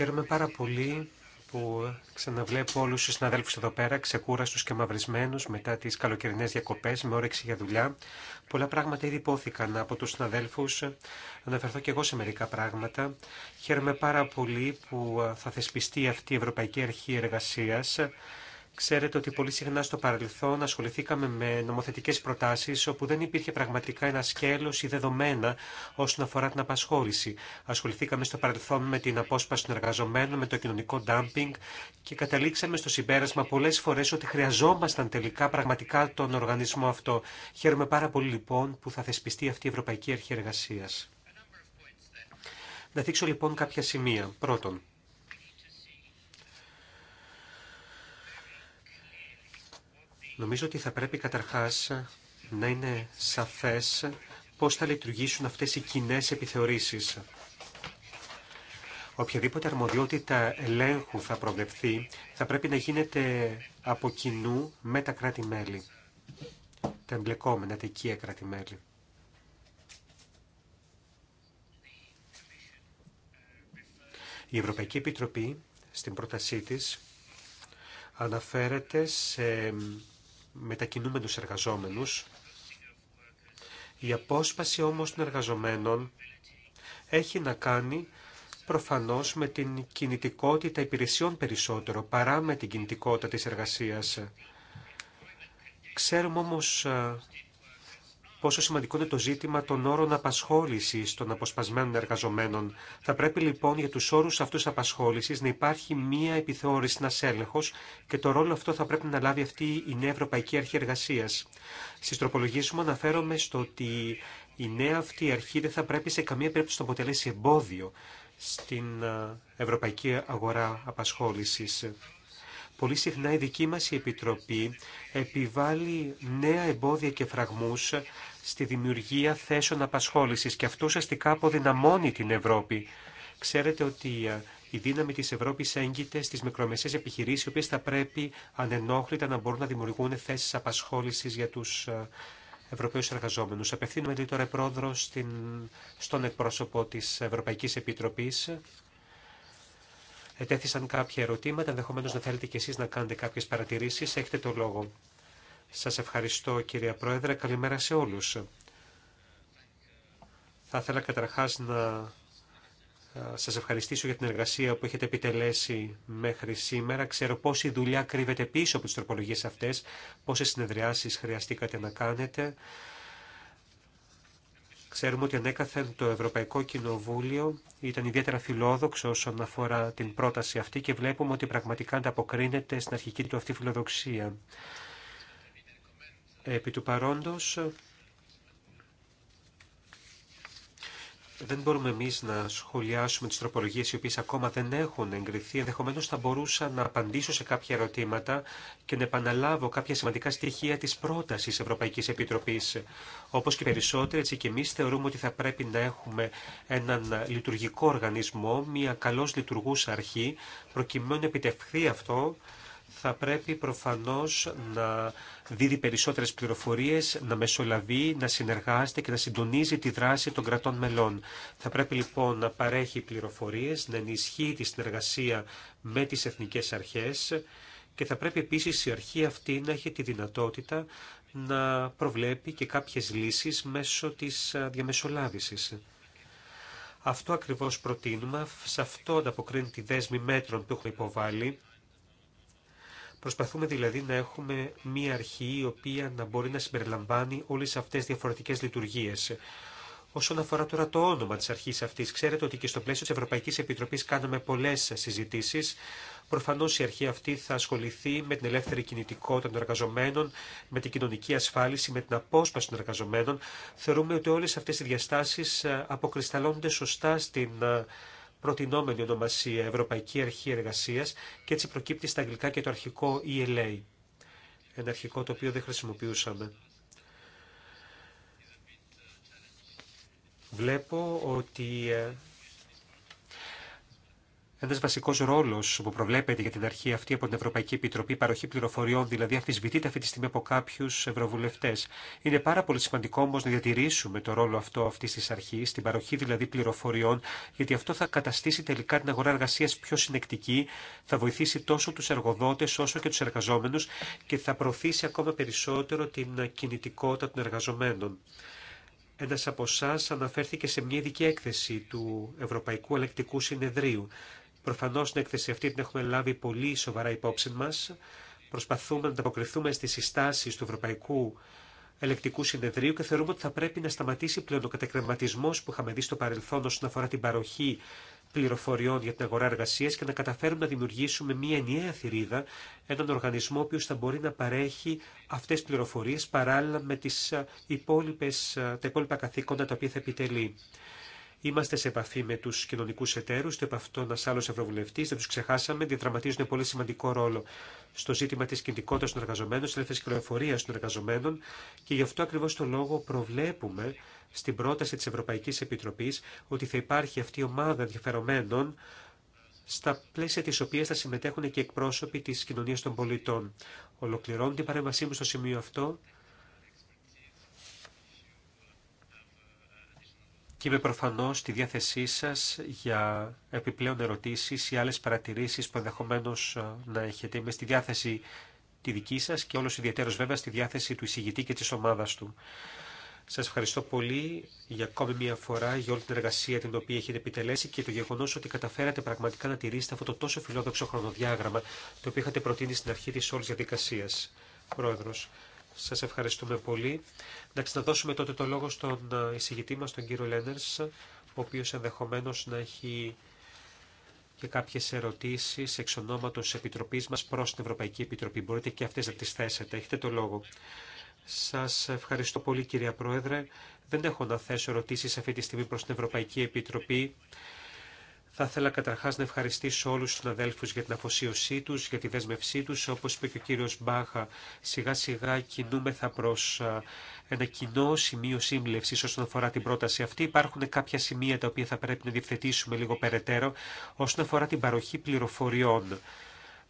Speaker 4: Χαίρομαι πάρα πολύ που ξαναβλέπω όλους τους συναδέλφους εδώ πέρα, ξεκούραστους και μαυρισμένους μετά τις καλοκαιρινές διακοπές, με όρεξη για δουλειά. Πολλά πράγματα ήδη υπόθηκαν από τους συναδέλφους. Αναφερθώ και εγώ σε μερικά πράγματα. Χαίρομαι πάρα πολύ που θα θεσπιστεί αυτή η Ευρωπαϊκή Αρχή Εργασίας Ξέρετε ότι πολύ συχνά στο παρελθόν ασχοληθήκαμε με νομοθετικές προτάσεις όπου δεν υπήρχε πραγματικά ένα σκέλος ή δεδομένα όσον αφορά την απασχόληση. Ασχοληθήκαμε στο παρελθόν με την απόσπαση των εργαζομένων, με το κοινωνικό ντάμπινγκ και καταλήξαμε στο συμπέρασμα πολλές φορές ότι χρειαζόμασταν τελικά πραγματικά τον οργανισμό αυτό. Χαίρομαι πάρα πολύ λοιπόν που θα θεσπιστεί αυτή η Ευρωπαϊκή Αρχή Εργασίας. Να δείξω λοιπόν κάποια σημεία. Πρώτον, Νομίζω ότι θα πρέπει καταρχάς να είναι σαφές πώς θα λειτουργήσουν αυτές οι κοινέ επιθεωρήσεις. Οποιαδήποτε αρμοδιότητα ελέγχου θα προβλεφθεί, θα πρέπει να γίνεται από κοινού με τα κράτη-μέλη, τα εμπλεκόμενα, τα οικία κράτη-μέλη. Η Ευρωπαϊκή Επιτροπή στην πρότασή της αναφέρεται σε μετακινούμενους εργαζόμενους. Η απόσπαση όμως των εργαζομένων έχει να κάνει προφανώς με την κινητικότητα υπηρεσιών περισσότερο παρά με την κινητικότητα της εργασίας. Ξέρουμε όμως ε, πόσο σημαντικό είναι το ζήτημα των όρων απασχόληση των αποσπασμένων εργαζομένων. Θα πρέπει λοιπόν για του όρου αυτού απασχόληση να υπάρχει μία επιθεώρηση, ένα έλεγχο και το ρόλο αυτό θα πρέπει να λάβει αυτή η νέα Ευρωπαϊκή Αρχή Εργασία. Στι τροπολογίε μου αναφέρομαι στο ότι η νέα αυτή αρχή δεν θα πρέπει σε καμία περίπτωση να αποτελέσει εμπόδιο στην ευρωπαϊκή αγορά Απασχόληση. Πολύ συχνά η δική μας η Επιτροπή επιβάλλει νέα εμπόδια και φραγμούς στη δημιουργία θέσεων απασχόλησης και αυτό ουσιαστικά αποδυναμώνει την Ευρώπη. Ξέρετε ότι ε, η δύναμη της Ευρώπης έγκυται στις μικρομεσαίες επιχειρήσεις, οι οποίες θα πρέπει ανενόχλητα να μπορούν να δημιουργούν θέσεις απασχόλησης για τους ε, Ευρωπαίους εργαζόμενους. Απευθύνουμε λέει, τώρα πρόεδρο στην... στον εκπρόσωπο της Ευρωπαϊκής Επιτροπής. Ετέθησαν κάποια ερωτήματα, ενδεχομένω να θέλετε κι εσείς να κάνετε κάποιες παρατηρήσεις. Έχετε το λόγο. Σας ευχαριστώ κυρία Πρόεδρε. Καλημέρα σε όλους. Θα ήθελα καταρχάς να σας ευχαριστήσω για την εργασία που έχετε επιτελέσει μέχρι σήμερα. Ξέρω πόση δουλειά κρύβεται πίσω από τις τροπολογίες αυτές, πόσες συνεδριάσεις χρειαστήκατε να κάνετε. Ξέρουμε ότι ανέκαθεν το Ευρωπαϊκό Κοινοβούλιο ήταν ιδιαίτερα φιλόδοξο όσον αφορά την πρόταση αυτή και βλέπουμε ότι πραγματικά ανταποκρίνεται στην αρχική του αυτή φιλοδοξία. Επί του παρόντος δεν μπορούμε εμείς να σχολιάσουμε τις τροπολογίες οι οποίες ακόμα δεν έχουν εγκριθεί. Ενδεχομένως θα μπορούσα να απαντήσω σε κάποια ερωτήματα και να επαναλάβω κάποια σημαντικά στοιχεία της πρότασης Ευρωπαϊκής Επιτροπής. Όπως και περισσότερο, έτσι και εμείς θεωρούμε ότι θα πρέπει να έχουμε έναν λειτουργικό οργανισμό, μια καλώς λειτουργούσα αρχή, προκειμένου να επιτευχθεί αυτό θα πρέπει προφανώς να δίδει περισσότερες πληροφορίες, να μεσολαβεί, να συνεργάζεται και να συντονίζει τη δράση των κρατών μελών. Θα πρέπει λοιπόν να παρέχει πληροφορίες, να ενισχύει τη συνεργασία με τις εθνικές αρχές και θα πρέπει επίσης η αρχή αυτή να έχει τη δυνατότητα να προβλέπει και κάποιες λύσεις μέσω της διαμεσολάβησης. Αυτό ακριβώς προτείνουμε, σε αυτό ανταποκρίνει τη δέσμη μέτρων που έχουμε υποβάλει Προσπαθούμε δηλαδή να έχουμε μία αρχή η οποία να μπορεί να συμπεριλαμβάνει όλες αυτές τις διαφορετικές λειτουργίες. Όσον αφορά τώρα το όνομα της αρχής αυτής, ξέρετε ότι και στο πλαίσιο της Ευρωπαϊκής Επιτροπής κάναμε πολλές συζητήσεις. Προφανώς η αρχή αυτή θα ασχοληθεί με την ελεύθερη κινητικότητα των εργαζομένων, με την κοινωνική ασφάλιση, με την απόσπαση των εργαζομένων. Θεωρούμε ότι όλες αυτές οι διαστάσεις ε, αποκρισταλώνονται σωστά στην ε, προτινόμενη ονομασία Ευρωπαϊκή Αρχή Εργασία και έτσι προκύπτει στα αγγλικά και το αρχικό ELA, ένα αρχικό το οποίο δεν χρησιμοποιούσαμε. Βλέπω ότι ε, ένα βασικό ρόλο που προβλέπεται για την αρχή αυτή από την Ευρωπαϊκή Επιτροπή, παροχή πληροφοριών, δηλαδή αφισβητείται αυτή τη στιγμή από κάποιου ευρωβουλευτέ. Είναι πάρα πολύ σημαντικό όμω να διατηρήσουμε το ρόλο αυτό αυτή τη αρχή, την παροχή δηλαδή πληροφοριών, γιατί αυτό θα καταστήσει τελικά την αγορά εργασία πιο συνεκτική, θα βοηθήσει τόσο του εργοδότε όσο και του εργαζόμενου και θα προωθήσει ακόμα περισσότερο την κινητικότητα των εργαζομένων. Ένα από εσά αναφέρθηκε σε μια ειδική έκθεση του Ευρωπαϊκού Ελεκτικού Συνεδρίου. Προφανώ την έκθεση αυτή την έχουμε λάβει πολύ σοβαρά υπόψη μα. Προσπαθούμε να ανταποκριθούμε στι συστάσει του Ευρωπαϊκού Ελεκτικού Συνεδρίου και θεωρούμε ότι θα πρέπει να σταματήσει πλέον ο κατακρεματισμό που είχαμε δει στο παρελθόν όσον αφορά την παροχή πληροφοριών για την αγορά εργασία και να καταφέρουμε να δημιουργήσουμε μια ενιαία θηρίδα, έναν οργανισμό ο οποίο θα μπορεί να παρέχει αυτέ τις πληροφορίες παράλληλα με τις ε, υπόλοιπες, ε, τα υπόλοιπα καθήκοντα τα οποία θα επιτελεί. Είμαστε σε επαφή με του κοινωνικού εταίρου, το επαυτό ένα άλλο Ευρωβουλευτή, δεν του ξεχάσαμε, διαδραματίζουν πολύ σημαντικό ρόλο στο ζήτημα τη κινητικότητα των εργαζομένων, τη ελεύθερη κυκλοφορία των εργαζομένων και γι' αυτό ακριβώ το λόγο προβλέπουμε στην πρόταση τη Ευρωπαϊκή Επιτροπή ότι θα υπάρχει αυτή η ομάδα ενδιαφερομένων στα πλαίσια τη οποία θα συμμετέχουν και εκπρόσωποι τη κοινωνία των πολιτών. Ολοκληρώνω την παρέμβασή μου στο σημείο αυτό, και είμαι προφανώ στη διάθεσή σα για επιπλέον ερωτήσει ή άλλε παρατηρήσει που ενδεχομένω ε, να έχετε. Είμαι στη διάθεση τη δική σα και όλο ιδιαίτερο βέβαια στη διάθεση του εισηγητή και τη ομάδα του. Σα ευχαριστώ πολύ για ακόμη μια φορά για όλη την εργασία την οποία έχετε επιτελέσει και το γεγονό ότι καταφέρατε πραγματικά να τηρήσετε αυτό το τόσο φιλόδοξο χρονοδιάγραμμα το οποίο είχατε προτείνει στην αρχή τη όλη διαδικασία, Πρόεδρος. Σας ευχαριστούμε πολύ. Να δώσουμε τότε το λόγο στον ε, εισηγητή μας, τον κύριο Λένερς, ο οποίος ενδεχομένως να έχει και κάποιες ερωτήσεις εξ ονόματος Επιτροπής μας προς την Ευρωπαϊκή Επιτροπή. Μπορείτε και αυτές να τις θέσετε. Έχετε το λόγο. Σας ευχαριστώ πολύ κυρία Πρόεδρε. Δεν έχω να θέσω ερωτήσεις αυτή τη στιγμή προς την Ευρωπαϊκή Επιτροπή. Θα ήθελα καταρχάς να ευχαριστήσω όλου του αδέλφου για την αφοσίωσή του, για τη δέσμευσή του. Όπω είπε και ο κύριο Μπάχα, σιγά σιγά κινούμεθα προ ένα κοινό σημείο σύμβλεψη όσον αφορά την πρόταση αυτή. Υπάρχουν κάποια σημεία τα οποία θα πρέπει να διευθετήσουμε λίγο περαιτέρω όσον αφορά την παροχή πληροφοριών.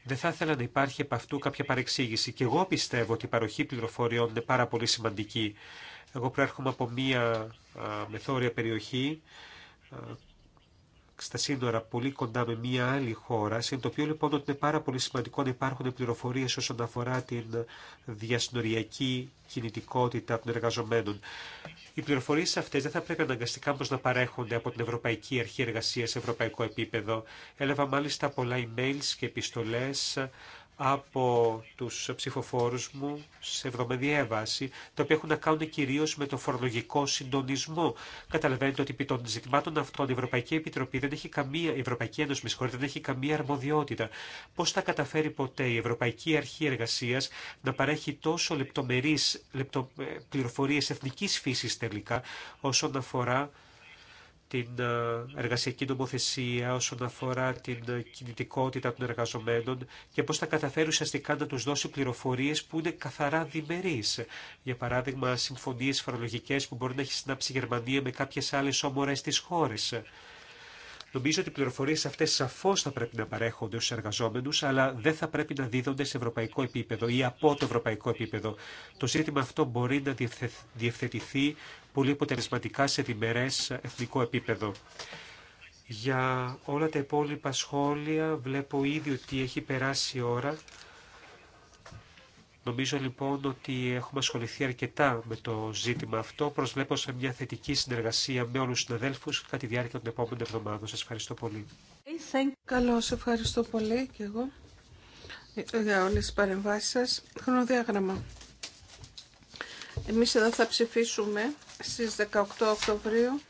Speaker 4: Δεν θα ήθελα να υπάρχει επ' αυτού κάποια παρεξήγηση. Και εγώ πιστεύω ότι η παροχή πληροφοριών είναι πάρα πολύ σημαντική. Εγώ προέρχομαι από μία μεθόρια περιοχή στα σύνορα πολύ κοντά με μια άλλη χώρα, συνειδητοποιώ λοιπόν ότι είναι πάρα πολύ σημαντικό να υπάρχουν πληροφορίε όσον αφορά την διασυνοριακή κινητικότητα των εργαζομένων. Οι πληροφορίε αυτέ δεν θα πρέπει αναγκαστικά όμω να παρέχονται από την Ευρωπαϊκή Αρχή Εργασία σε ευρωπαϊκό επίπεδο. Έλαβα μάλιστα πολλά emails και επιστολέ από τους ψηφοφόρους μου σε εβδομαδιαία βάση, τα οποία έχουν να κάνουν κυρίως με το φορολογικό συντονισμό. Καταλαβαίνετε ότι επί των ζητημάτων αυτών η Ευρωπαϊκή Επιτροπή δεν έχει καμία, Ευρωπαϊκή Ένωση δεν έχει καμία αρμοδιότητα. Πώς θα καταφέρει ποτέ η Ευρωπαϊκή Αρχή Εργασίας να παρέχει τόσο λεπτομερείς λεπτο, ε, πληροφορίες εθνικής φύσης τελικά όσον αφορά την ε, εργασιακή νομοθεσία, όσον αφορά την ε, κινητικότητα των εργαζομένων και πώς θα καταφέρει ουσιαστικά να τους δώσει πληροφορίες που είναι καθαρά διμερείς. Για παράδειγμα, συμφωνίες φορολογικές που μπορεί να έχει συνάψει η Γερμανία με κάποιες άλλες όμορες της χώρες. Νομίζω ότι οι πληροφορίε αυτέ σαφώ θα πρέπει να παρέχονται στου εργαζόμενου, αλλά δεν θα πρέπει να δίδονται σε ευρωπαϊκό επίπεδο ή από το ευρωπαϊκό επίπεδο. Το ζήτημα αυτό μπορεί να διευθετηθεί πολύ αποτελεσματικά σε διμερέ εθνικό επίπεδο. Για όλα τα υπόλοιπα σχόλια βλέπω ήδη ότι έχει περάσει η ώρα. Νομίζω λοιπόν ότι έχουμε ασχοληθεί αρκετά με το ζήτημα αυτό. Προσβλέπω σε μια θετική συνεργασία με όλους τους συναδέλφους κατά τη διάρκεια των επόμενων εβδομάδων. Σας ευχαριστώ πολύ.
Speaker 1: Καλώ ευχαριστώ πολύ και εγώ για όλες τις παρεμβάσεις σας. Χρονοδιάγραμμα. Εμείς εδώ θα ψηφίσουμε στις 18 Οκτωβρίου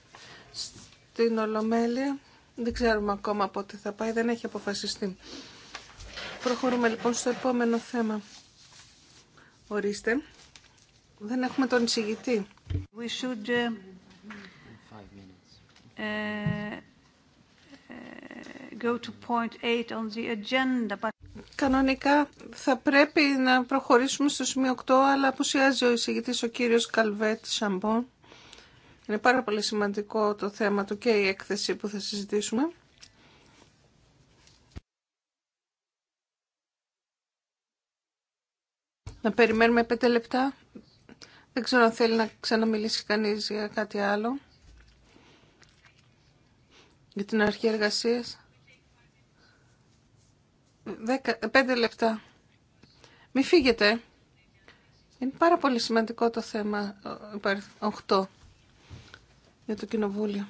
Speaker 1: στην Ολομέλεια. Δεν ξέρουμε ακόμα πότε θα πάει, δεν έχει αποφασιστεί. Προχωρούμε λοιπόν στο επόμενο θέμα. Ορίστε. Δεν έχουμε τον εισηγητή. Κανονικά θα πρέπει να προχωρήσουμε στο σημείο 8, αλλά αποσιάζει ο εισηγητής ο κύριος Καλβέτ Σαμπό. Είναι πάρα πολύ σημαντικό το θέμα του και η έκθεση που θα συζητήσουμε. Να περιμένουμε πέντε λεπτά. Δεν ξέρω αν θέλει να ξαναμιλήσει κανείς για κάτι άλλο. Για την αρχή εργασίας. Δέκα, πέντε λεπτά. Μη φύγετε. Είναι πάρα πολύ σημαντικό το θέμα 8 για το Κοινοβούλιο.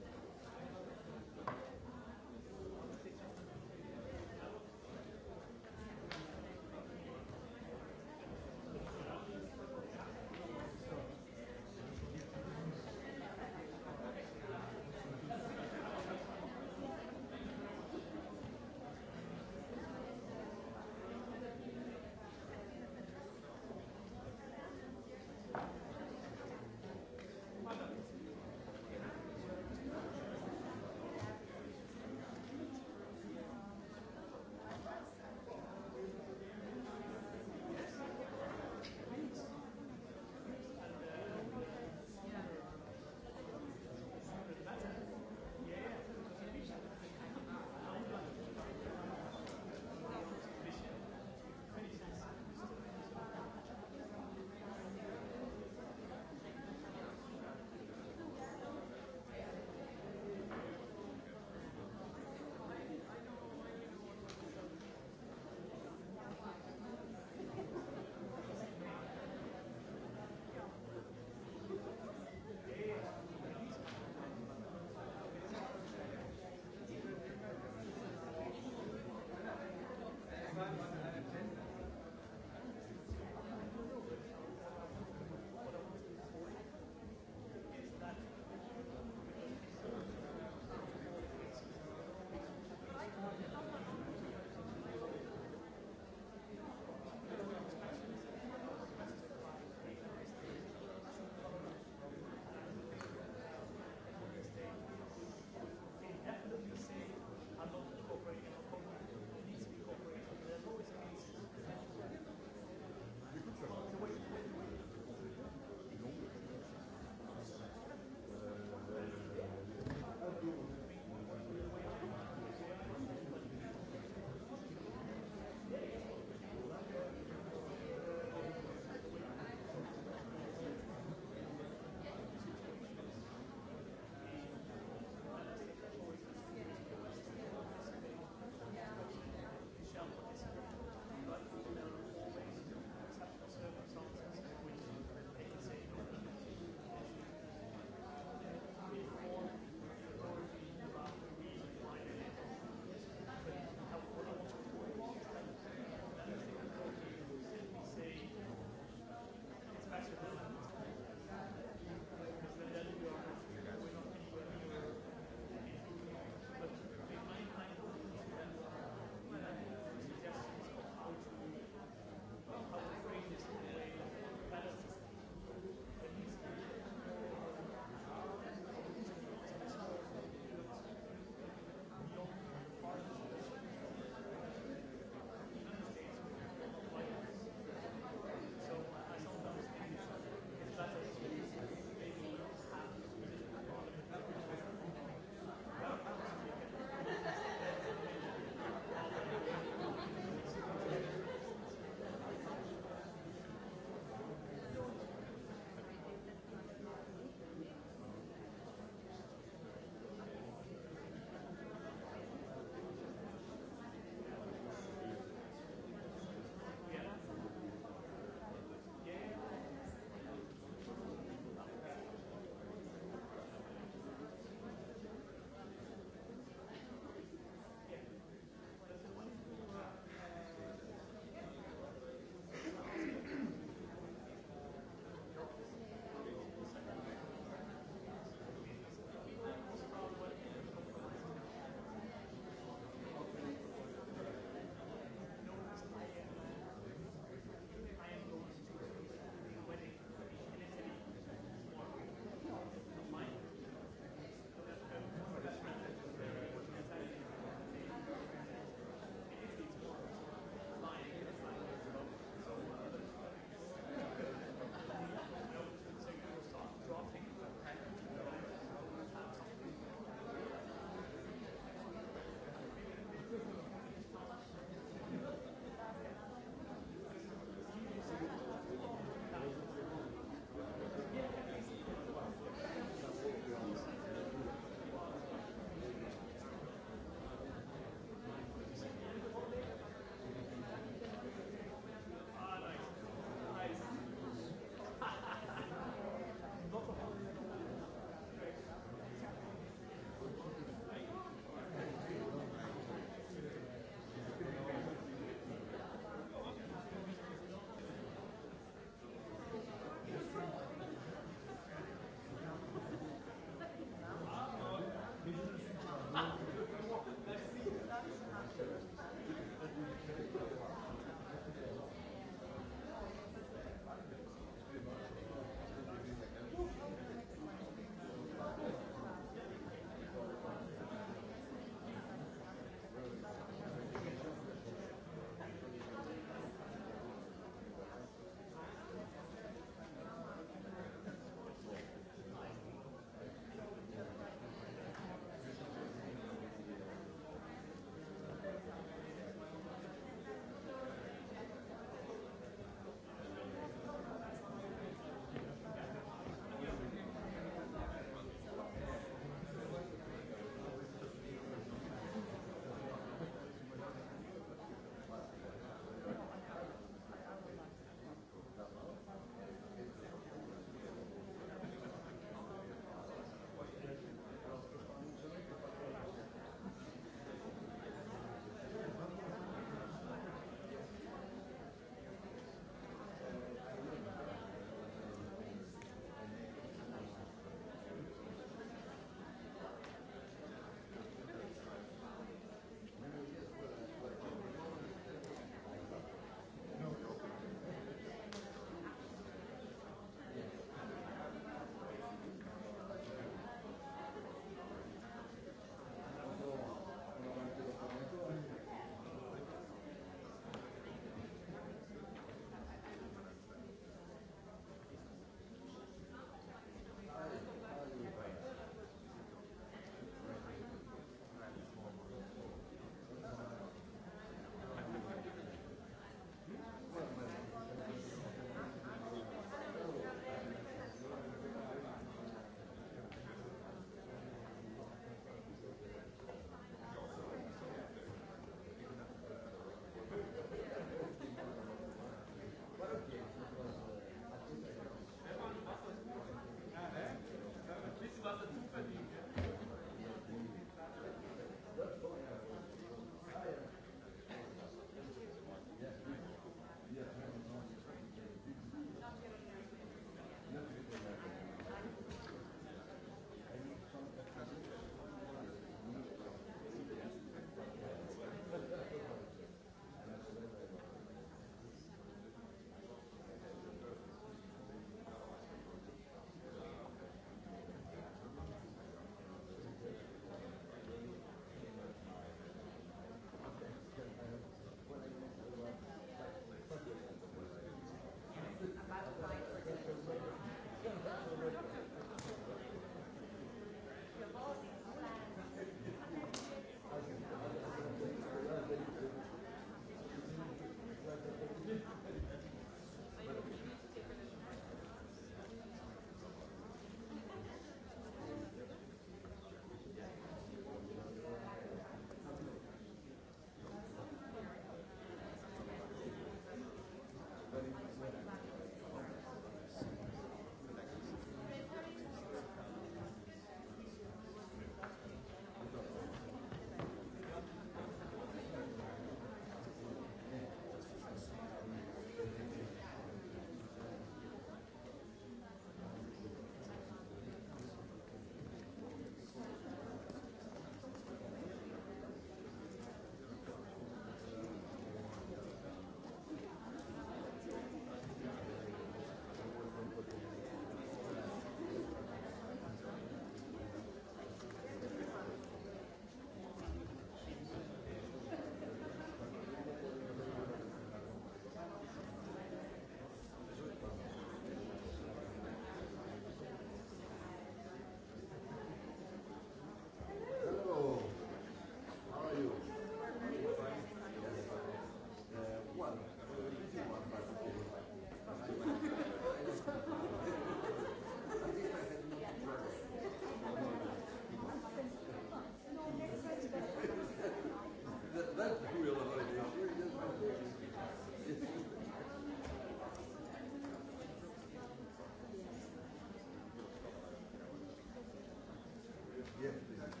Speaker 1: Yeah, please.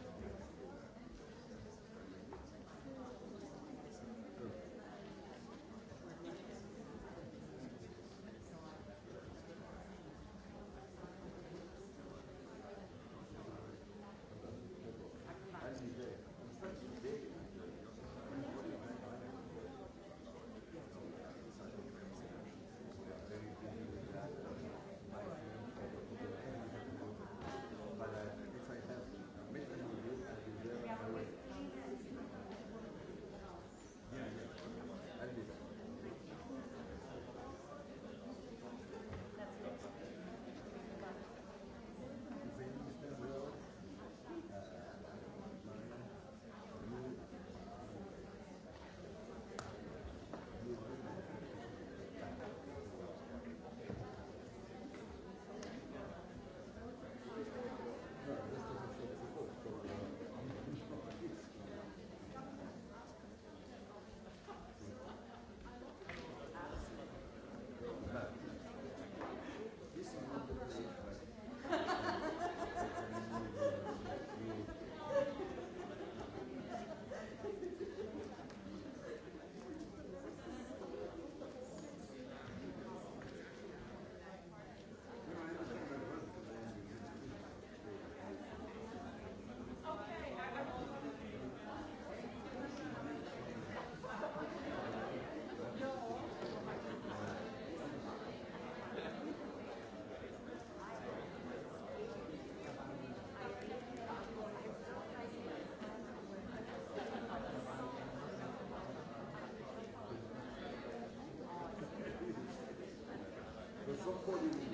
Speaker 2: What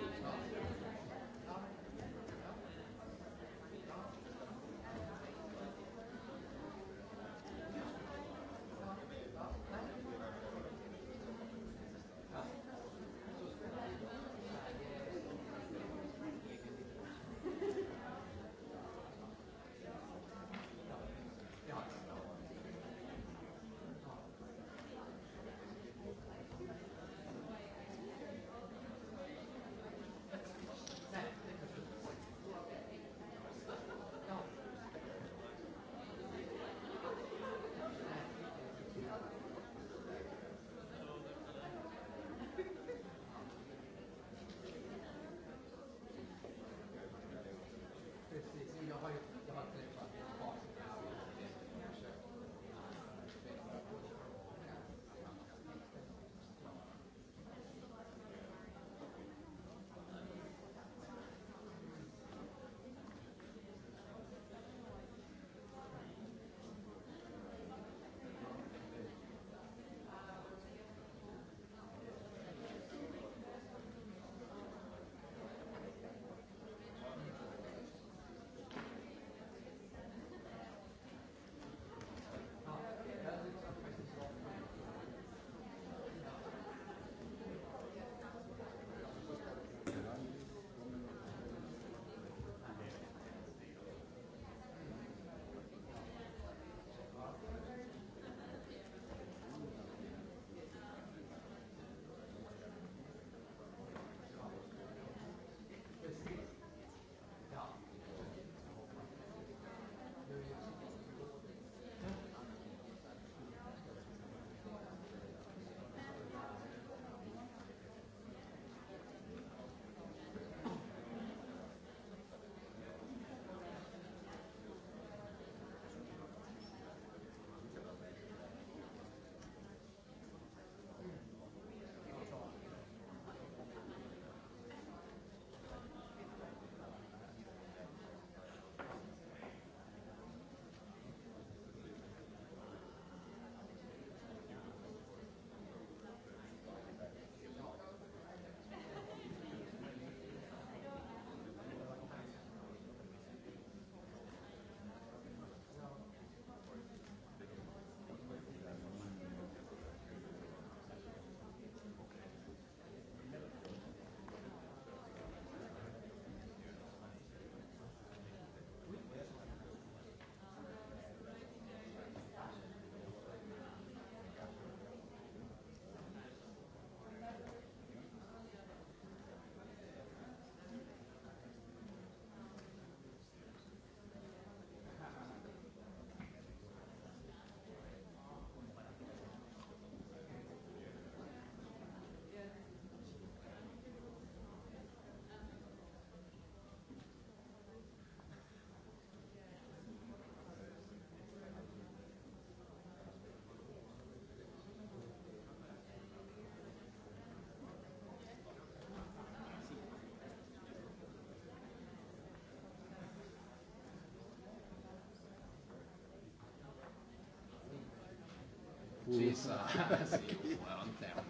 Speaker 2: pour... C'est ça, c'est
Speaker 4: au long terme.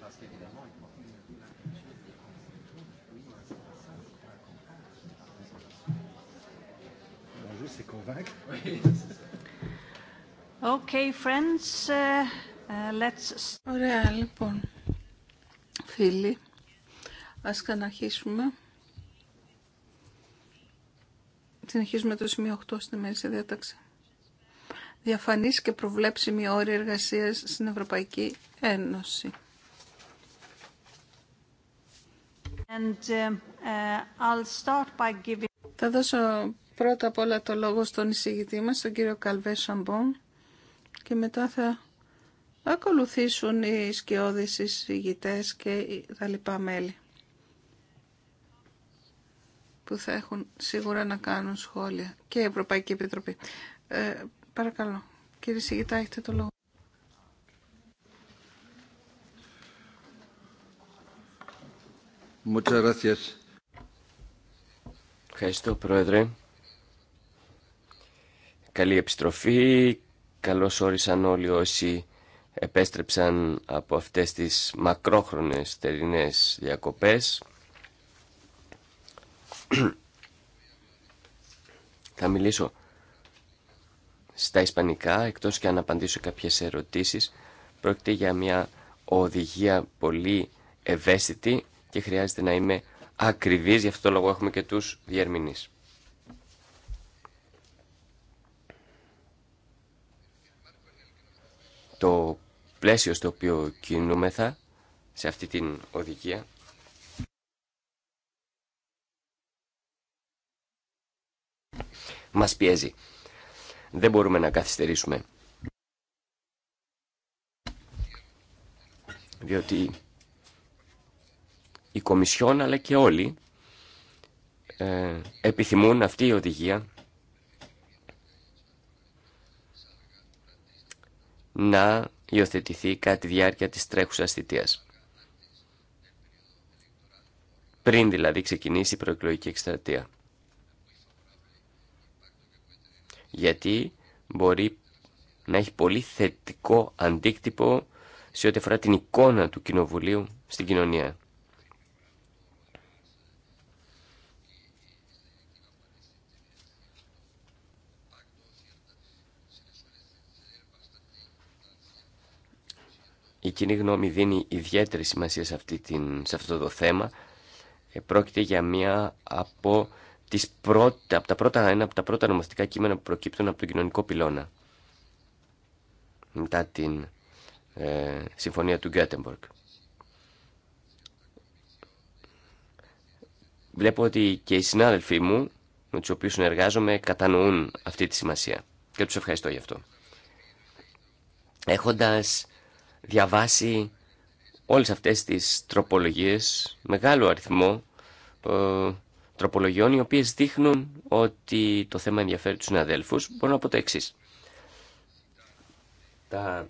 Speaker 4: Parce qu'évidemment, il faut...
Speaker 2: Oui, c'est convaincre.
Speaker 1: OK, friends, uh, let's... Ωραία, λοιπόν. Φίλοι, ας ξαναρχίσουμε. Συνεχίζουμε το σημείο 8 στη μέση διάταξη διαφανής και προβλέψιμη όρη εργασίας στην Ευρωπαϊκή Ένωση. And, uh, I'll start Θα δώσω πρώτα απ' όλα το λόγο στον εισηγητή μας, τον κύριο Καλβέ Σαμπόν και μετά θα ακολουθήσουν οι σκιώδεις εισηγητές και τα λοιπά μέλη που θα έχουν σίγουρα να κάνουν σχόλια και η Ευρωπαϊκή Επιτροπή. Ε, Παρακαλώ. Κύριε Σιγητά, έχετε το λόγο.
Speaker 3: Ευχαριστώ, Πρόεδρε. Καλή επιστροφή. Καλώς όρισαν όλοι όσοι επέστρεψαν από αυτές τις μακρόχρονες τερινές διακοπές. Θα μιλήσω στα ισπανικά, εκτός και αν απαντήσω κάποιες ερωτήσεις. Πρόκειται για μια οδηγία πολύ ευαίσθητη και χρειάζεται να είμαι ακριβής, γι' αυτό το λόγο έχουμε και τους διερμηνείς. Το πλαίσιο στο οποίο κινούμεθα σε αυτή την οδηγία μας πιέζει. Δεν μπορούμε να καθυστερήσουμε. Διότι η Κομισιόν αλλά και όλοι ε, επιθυμούν αυτή η οδηγία να υιοθετηθεί κατά τη διάρκεια της τρέχουσας θητείας. Πριν δηλαδή ξεκινήσει η προεκλογική εκστρατεία. γιατί μπορεί να έχει πολύ θετικό αντίκτυπο σε ό,τι αφορά την εικόνα του Κοινοβουλίου στην κοινωνία. Η κοινή γνώμη δίνει ιδιαίτερη σημασία σε, αυτή την, αυτό το θέμα. Ε, πρόκειται για μία από τις πρώτα, από τα πρώτα, ένα από τα πρώτα νομοθετικά κείμενα που προκύπτουν από τον κοινωνικό πυλώνα μετά την ε, συμφωνία του Γκέτεμπορκ. Βλέπω ότι και οι συνάδελφοί μου με τους οποίους συνεργάζομαι κατανοούν αυτή τη σημασία και τους ευχαριστώ γι' αυτό. Έχοντας διαβάσει όλες αυτές τις τροπολογίες, μεγάλο αριθμό, ε, τροπολογιών οι οποίες δείχνουν ότι το θέμα ενδιαφέρει τους συναδέλφους. Μπορώ να πω το εξή. Τα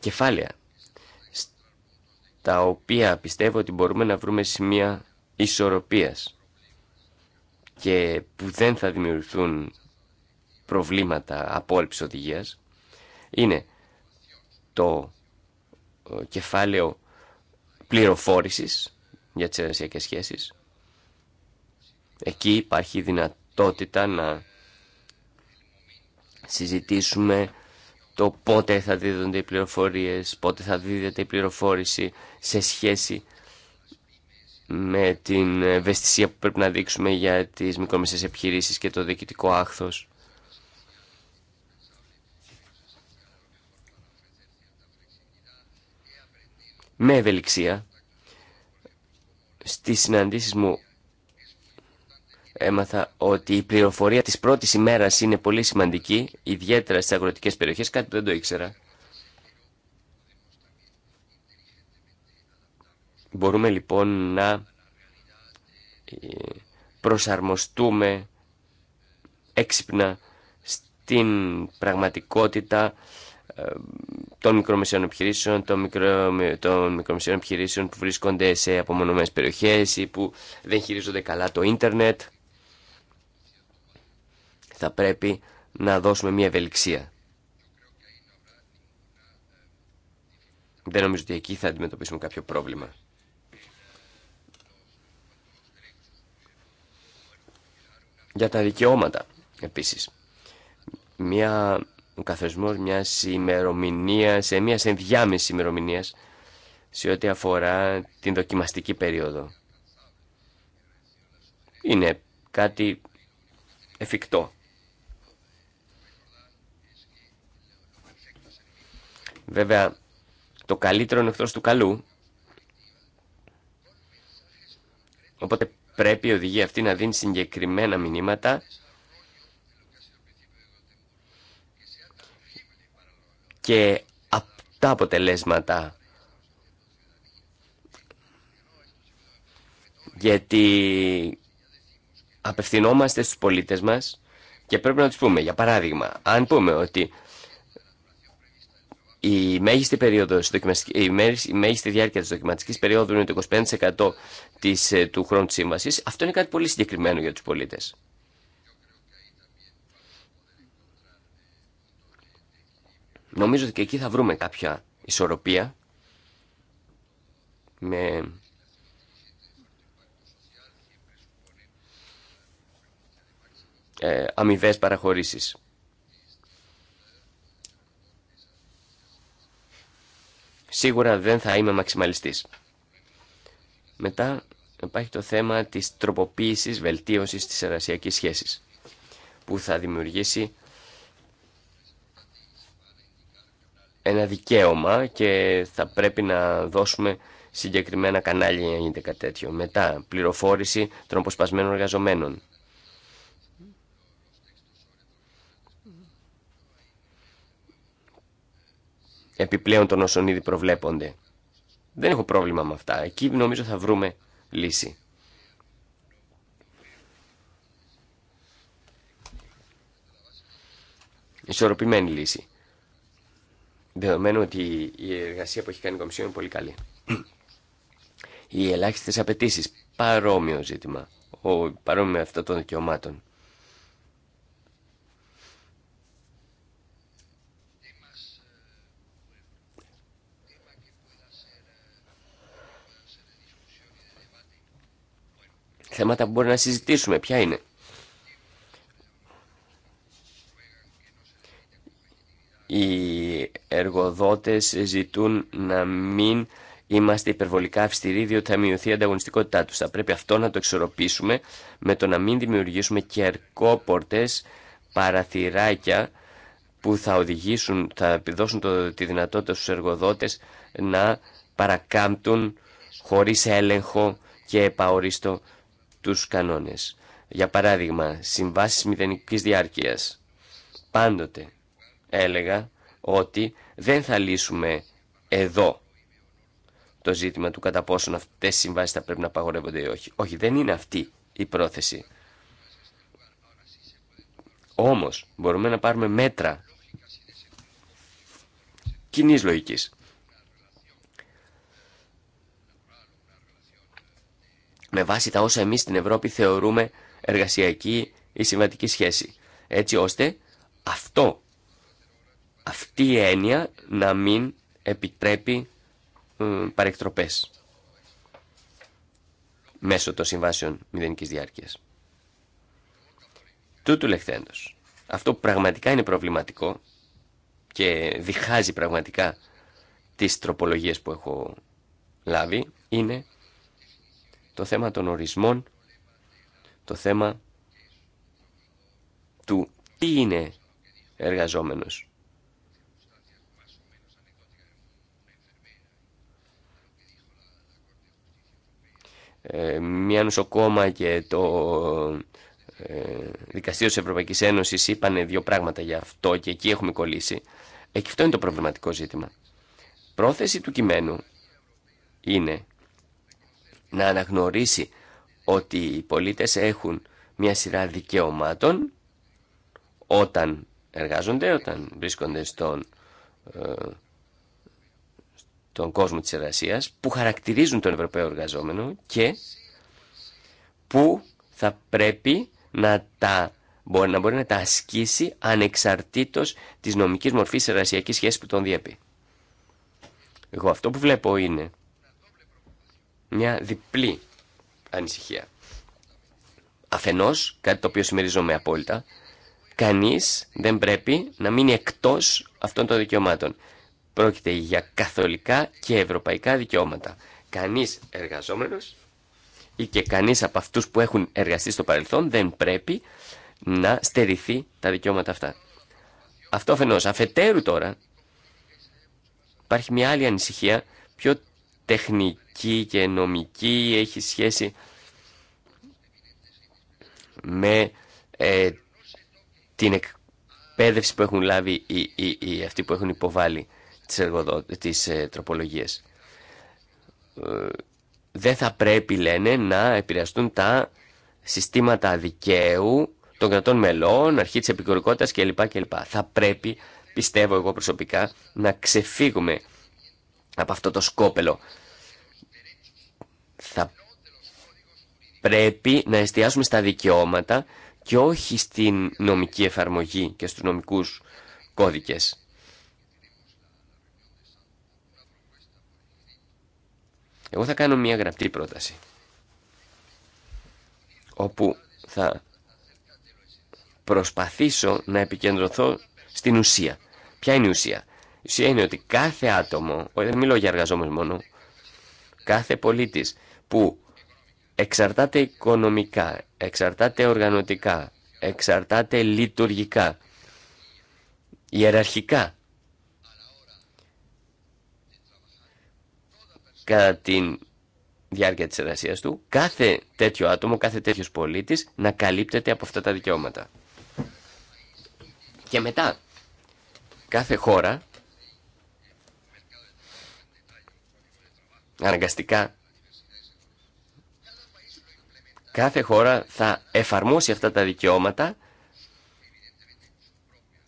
Speaker 3: κεφάλαια τα οποία πιστεύω ότι μπορούμε να βρούμε σημεία ισορροπίας και που δεν θα δημιουργηθούν προβλήματα απόλυψης οδηγίας είναι το ε, κεφάλαιο πληροφόρησης για τις ερασιακές σχέσεις Εκεί υπάρχει δυνατότητα να συζητήσουμε το πότε θα δίδονται οι πληροφορίες, πότε θα δίδεται η πληροφόρηση σε σχέση με την ευαισθησία που πρέπει να δείξουμε για τις μικρομεσαίες επιχειρήσεις και το διοικητικό άχθος. Με ευελιξία, στις συναντήσεις μου έμαθα ότι η πληροφορία της πρώτης ημέρας είναι πολύ σημαντική, ιδιαίτερα στις αγροτικές περιοχές, κάτι που δεν το ήξερα. Μπορούμε λοιπόν να ε, προσαρμοστούμε έξυπνα στην πραγματικότητα ε, των μικρομεσαίων επιχειρήσεων, των, μικρο, μικρομεσαίων επιχειρήσεων που βρίσκονται σε απομονωμένες περιοχές ή που δεν χειρίζονται καλά το ίντερνετ θα πρέπει να δώσουμε μια ευελιξία. Δεν νομίζω ότι εκεί θα αντιμετωπίσουμε κάποιο πρόβλημα. Για τα δικαιώματα, επίσης. Μια, ο μια μιας σε μία ενδιάμεση ημερομηνία σε ό,τι αφορά την δοκιμαστική περίοδο. Είναι κάτι εφικτό. Βέβαια, το καλύτερο είναι εκτός του καλού. Οπότε πρέπει η οδηγία αυτή να δίνει συγκεκριμένα μηνύματα και τα αποτελέσματα. Γιατί απευθυνόμαστε στους πολίτες μας και πρέπει να τους πούμε, για παράδειγμα, αν πούμε ότι η μέγιστη, περίοδος, η μέγιστη διάρκεια τη δοκιματική περίοδου είναι το 25% της, ε, του χρόνου τη σύμβαση. Αυτό είναι κάτι πολύ συγκεκριμένο για τους πολίτες. Νομίζω ότι και εκεί θα βρούμε κάποια ισορροπία με ε, αμοιβές παραχωρήσεις. σίγουρα δεν θα είμαι μαξιμαλιστής. Μετά υπάρχει το θέμα της τροποποίησης, βελτίωσης της εργασιακής σχέσης που θα δημιουργήσει ένα δικαίωμα και θα πρέπει να δώσουμε συγκεκριμένα κανάλια για να γίνεται κάτι τέτοιο. Μετά, πληροφόρηση των αποσπασμένων εργαζομένων. επιπλέον των όσων ήδη προβλέπονται. Δεν έχω πρόβλημα με αυτά. Εκεί νομίζω θα βρούμε λύση. Ισορροπημένη λύση. Δεδομένου ότι η εργασία που έχει κάνει η Κομισιόν είναι πολύ καλή. Οι ελάχιστες απαιτήσει. Παρόμοιο ζήτημα. Ο, παρόμοιο με αυτό των δικαιωμάτων. θέματα που μπορεί να συζητήσουμε. Ποια είναι. Οι εργοδότες ζητούν να μην είμαστε υπερβολικά αυστηροί διότι θα μειωθεί η ανταγωνιστικότητά τους. Θα πρέπει αυτό να το εξορροπήσουμε με το να μην δημιουργήσουμε κερκόπορτες, παραθυράκια που θα οδηγήσουν, θα επιδώσουν το, τη δυνατότητα στους εργοδότες να παρακάμπτουν χωρίς έλεγχο και επαορίστο τους κανόνες. Για παράδειγμα, συμβάσεις μηδενικής διάρκειας. Πάντοτε έλεγα ότι δεν θα λύσουμε εδώ το ζήτημα του κατά πόσον αυτές οι συμβάσεις θα πρέπει να απαγορεύονται ή όχι. Όχι, δεν είναι αυτή η πρόθεση. Όμως μπορούμε να πάρουμε μέτρα κοινή λογικής με βάση τα όσα εμείς στην Ευρώπη θεωρούμε εργασιακή ή συμβατική σχέση. Έτσι ώστε αυτό, αυτή η έννοια να μην επιτρέπει μ, ε, παρεκτροπές μέσω των συμβάσεων μηδενικής διάρκεια. Τούτου λεχθέντο. Αυτό που πραγματικά είναι προβληματικό και διχάζει πραγματικά τις τροπολογίες που έχω λάβει είναι το θέμα των ορισμών, το θέμα του τι είναι εργαζόμενος. Ε, μια νοσοκόμα και το ε, Δικαστήριο της Ευρωπαϊκής Ένωσης είπαν δύο πράγματα για αυτό και εκεί έχουμε κολλήσει. Εκεί αυτό είναι το προβληματικό ζήτημα. Πρόθεση του κειμένου είναι να αναγνωρίσει ότι οι πολίτες έχουν μια σειρά δικαιωμάτων όταν εργάζονται, όταν βρίσκονται στον, ε, στον κόσμο της εργασίας, που χαρακτηρίζουν τον Ευρωπαίο εργαζόμενο και που θα πρέπει να τα μπορεί να, μπορεί να τα ασκήσει ανεξαρτήτως της νομικής μορφής εργασιακής σχέσης που τον διέπει. Εγώ αυτό που βλέπω είναι μια διπλή ανησυχία. Αφενός, κάτι το οποίο συμμεριζόμαι απόλυτα, κανείς δεν πρέπει να μείνει εκτός αυτών των δικαιωμάτων. Πρόκειται για καθολικά και ευρωπαϊκά δικαιώματα. Κανείς εργαζόμενος ή και κανείς από αυτούς που έχουν εργαστεί στο παρελθόν δεν πρέπει να στερηθεί τα δικαιώματα αυτά. Αυτό αφενός. Αφετέρου τώρα υπάρχει μια άλλη ανησυχία πιο τεχνική και νομική, έχει σχέση με ε, την εκπαίδευση που έχουν λάβει οι, αυτοί που έχουν υποβάλει τις, εργοδο... Ε, τροπολογίες. Ε, δεν θα πρέπει, λένε, να επηρεαστούν τα συστήματα δικαίου των κρατών μελών, αρχή της επικορικότητας κλπ. κλπ. Θα πρέπει, πιστεύω εγώ προσωπικά, να ξεφύγουμε από αυτό το σκόπελο θα πρέπει να εστιάσουμε στα δικαιώματα και όχι στην νομική εφαρμογή και στους νομικούς κώδικες. Εγώ θα κάνω μια γραπτή πρόταση όπου θα προσπαθήσω να επικεντρωθώ στην ουσία. Ποια είναι η ουσία. Η ουσία είναι ότι κάθε άτομο, δεν μιλώ για εργαζόμενο μόνο, κάθε πολίτης που εξαρτάται οικονομικά, εξαρτάται οργανωτικά, εξαρτάται λειτουργικά, ιεραρχικά. Κατά τη διάρκεια της εργασίας του, κάθε τέτοιο άτομο, κάθε τέτοιος πολίτης να καλύπτεται από αυτά τα δικαιώματα. Και μετά, κάθε χώρα αναγκαστικά κάθε χώρα θα εφαρμόσει αυτά τα δικαιώματα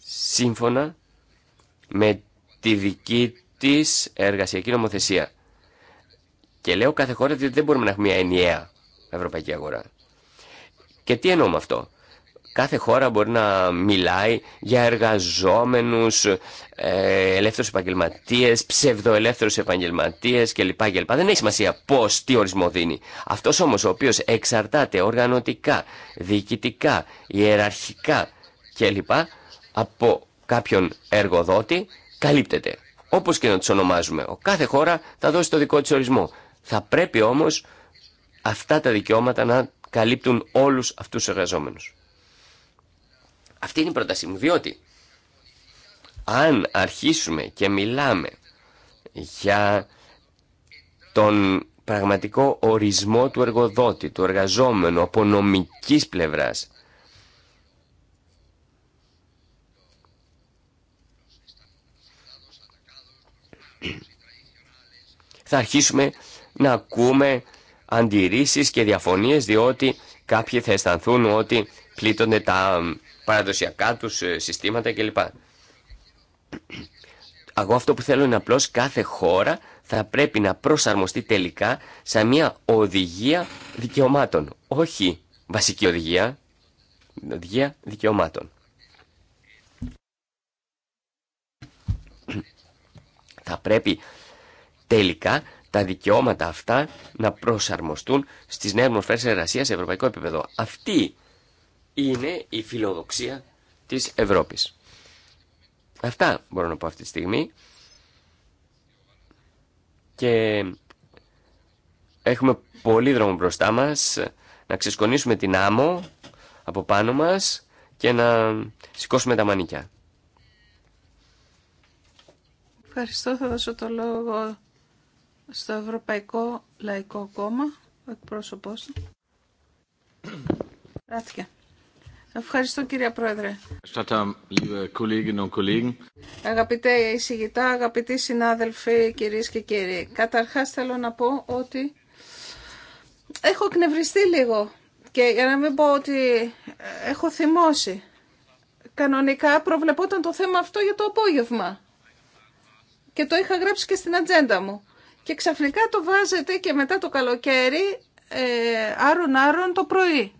Speaker 3: σύμφωνα με τη δική της εργασιακή νομοθεσία. Και λέω κάθε χώρα διότι δεν μπορούμε να έχουμε μια ενιαία ευρωπαϊκή αγορά. Και τι εννοώ με αυτό. Κάθε χώρα μπορεί να μιλάει για εργαζόμενους, ε, ελεύθερους επαγγελματίες, ψευδοελεύθερους επαγγελματίες κλπ. κλπ. Δεν έχει σημασία πώς, τι ορισμό δίνει. Αυτός όμως ο οποίος εξαρτάται οργανωτικά, διοικητικά, ιεραρχικά κλπ. από κάποιον εργοδότη καλύπτεται. Όπως και να τους ονομάζουμε. κάθε χώρα θα δώσει το δικό της ορισμό. Θα πρέπει όμως αυτά τα δικαιώματα να καλύπτουν όλους αυτούς τους εργαζόμενους. Αυτή είναι η πρότασή μου, διότι αν αρχίσουμε και μιλάμε για τον πραγματικό ορισμό του εργοδότη, του εργαζόμενου από νομικής πλευράς, θα αρχίσουμε να ακούμε αντιρρήσεις και διαφωνίες διότι κάποιοι θα αισθανθούν ότι πλήττονται τα παραδοσιακά του ε, συστήματα κλπ. Εγώ αυτό που θέλω είναι απλώ κάθε χώρα θα πρέπει να προσαρμοστεί τελικά σε μια οδηγία δικαιωμάτων. Όχι βασική οδηγία, οδηγία δικαιωμάτων. Θα πρέπει τελικά τα δικαιώματα αυτά να προσαρμοστούν στις νέες μορφές εργασίας σε ευρωπαϊκό επίπεδο. Αυτή είναι η φιλοδοξία της Ευρώπης. Αυτά μπορώ να πω αυτή τη στιγμή. Και έχουμε πολύ δρόμο μπροστά μας να ξεσκονίσουμε την άμμο από πάνω μας και να σηκώσουμε τα μανίκια.
Speaker 1: Ευχαριστώ. Θα δώσω το λόγο στο Ευρωπαϊκό Λαϊκό Κόμμα, ο εκπρόσωπός του. Ευχαριστώ κύριε Πρόεδρε. Αγαπητέ εισηγητά, αγαπητοί συνάδελφοι, κυρίες και κύριοι. Καταρχάς θέλω να πω ότι έχω εκνευριστεί λίγο και για να μην πω ότι ε, έχω θυμώσει. Κανονικά προβλεπόταν το θέμα αυτό για το απόγευμα και το είχα γράψει και στην ατζέντα μου. Και ξαφνικά το βάζετε και μετά το καλοκαίρι ε, άρων-άρων το πρωί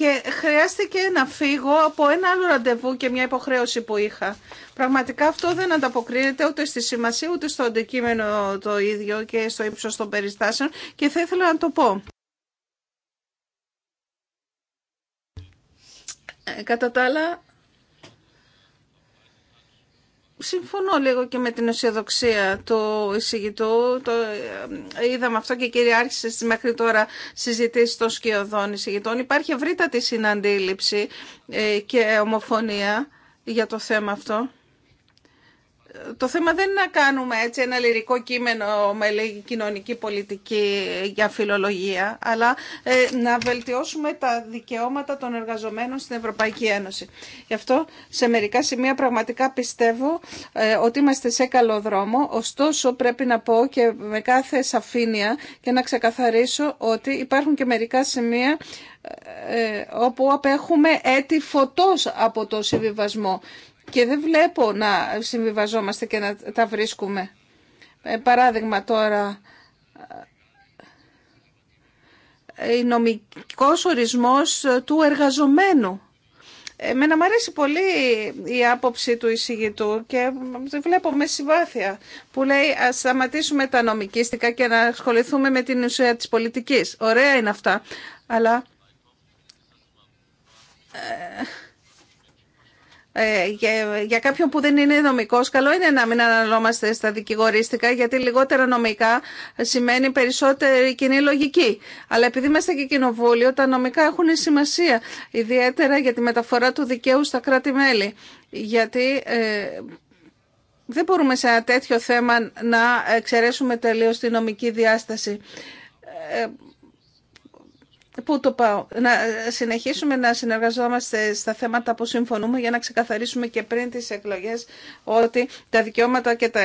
Speaker 1: και χρειάστηκε να φύγω από ένα άλλο ραντεβού και μια υποχρέωση που είχα. Πραγματικά αυτό δεν ανταποκρίνεται ούτε στη σημασία ούτε στο αντικείμενο το ίδιο και στο ύψος των περιστάσεων και θα ήθελα να το πω. Ε, κατά τα άλλα, Συμφωνώ λίγο και με την αισιοδοξία του εισηγητού. Το ε, είδαμε αυτό και κυριάρχησε μέχρι τώρα συζητήσεις των σκιωδών εισηγητών. Υπάρχει ευρύτατη συναντήληψη ε, και ομοφωνία για το θέμα αυτό το θέμα δεν είναι να κάνουμε έτσι ένα λυρικό κείμενο με κοινωνική πολιτική για φιλολογία, αλλά ε, να βελτιώσουμε τα δικαιώματα των εργαζομένων στην Ευρωπαϊκή Ένωση. Γι' αυτό σε μερικά σημεία πραγματικά πιστεύω ε, ότι είμαστε σε καλό δρόμο, ωστόσο πρέπει να πω και με κάθε σαφήνεια και να ξεκαθαρίσω ότι υπάρχουν και μερικά σημεία ε, όπου απέχουμε έτη φωτός από το συμβιβασμό και δεν βλέπω να συμβιβαζόμαστε και να τα βρίσκουμε. Ε, παράδειγμα τώρα, ε, η νομικός ορισμός του εργαζομένου. Εμένα μου αρέσει πολύ η άποψη του εισηγητού και βλέπω με συμβάθεια που λέει ας σταματήσουμε τα νομικίστικα και να ασχοληθούμε με την ουσία της πολιτικής. Ωραία είναι αυτά, αλλά... Ε, ε, για κάποιον που δεν είναι νομικό, καλό είναι να μην αναλόμαστε στα δικηγορίστικα γιατί λιγότερα νομικά σημαίνει περισσότερη κοινή λογική αλλά επειδή είμαστε και κοινοβούλιο τα νομικά έχουν σημασία ιδιαίτερα για τη μεταφορά του δικαίου στα κράτη-μέλη γιατί ε, δεν μπορούμε σε ένα τέτοιο θέμα να εξαιρέσουμε τελείω τη νομική διάσταση ε, Πού το πάω. Να συνεχίσουμε να συνεργαζόμαστε στα θέματα που συμφωνούμε για να ξεκαθαρίσουμε και πριν τις εκλογές ότι τα δικαιώματα και τα,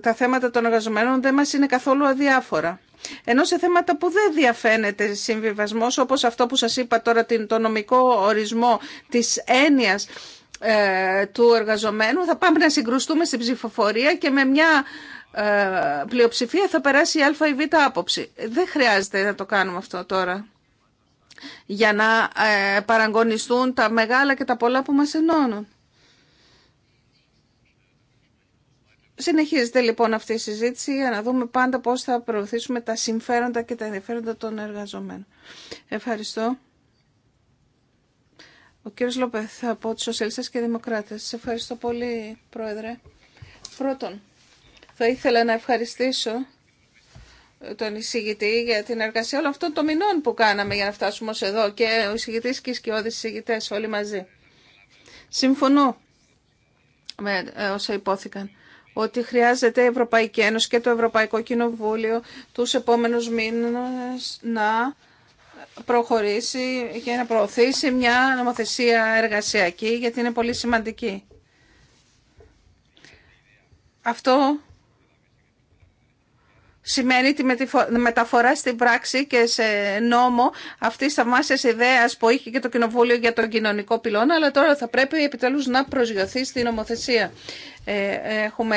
Speaker 1: τα θέματα των εργαζομένων δεν μας είναι καθόλου αδιάφορα. Ενώ σε θέματα που δεν διαφαίνεται συμβιβασμό, όπως αυτό που σας είπα τώρα, το νομικό ορισμό της έννοιας ε, του εργαζομένου, θα πάμε να συγκρουστούμε στην ψηφοφορία και με μια ε, πλειοψηφία θα περάσει η α ή β άποψη. Δεν χρειάζεται να το κάνουμε αυτό τώρα για να ε, παραγωνιστούν τα μεγάλα και τα πολλά που μας ενώνουν. Συνεχίζεται λοιπόν αυτή η συζήτηση για να δούμε πάντα πώς θα προωθήσουμε τα συμφέροντα και τα ενδιαφέροντα των εργαζομένων. Ευχαριστώ. Ο κύριος Λόπεθ από τους Σοσιαλιστές και Δημοκράτες. Σε ευχαριστώ πολύ, Πρόεδρε. Πρώτον, θα ήθελα να ευχαριστήσω τον εισηγητή για την εργασία όλων αυτών των μηνών που κάναμε για να φτάσουμε ως εδώ και ο εισηγητής και οι σκιώδεις εισηγητές όλοι μαζί. Συμφωνώ με ε, όσα υπόθηκαν ότι χρειάζεται η Ευρωπαϊκή Ένωση και το Ευρωπαϊκό Κοινοβούλιο τους επόμενους μήνες να προχωρήσει και να προωθήσει μια νομοθεσία εργασιακή γιατί είναι πολύ σημαντική. Αυτό σημαίνει τη μεταφορά στην πράξη και σε νόμο αυτή τη θαυμάσια ιδέα που είχε και το Κοινοβούλιο για τον κοινωνικό πυλώνα, αλλά τώρα θα πρέπει επιτέλου να προσγειωθεί στην νομοθεσία. Ε, έχουμε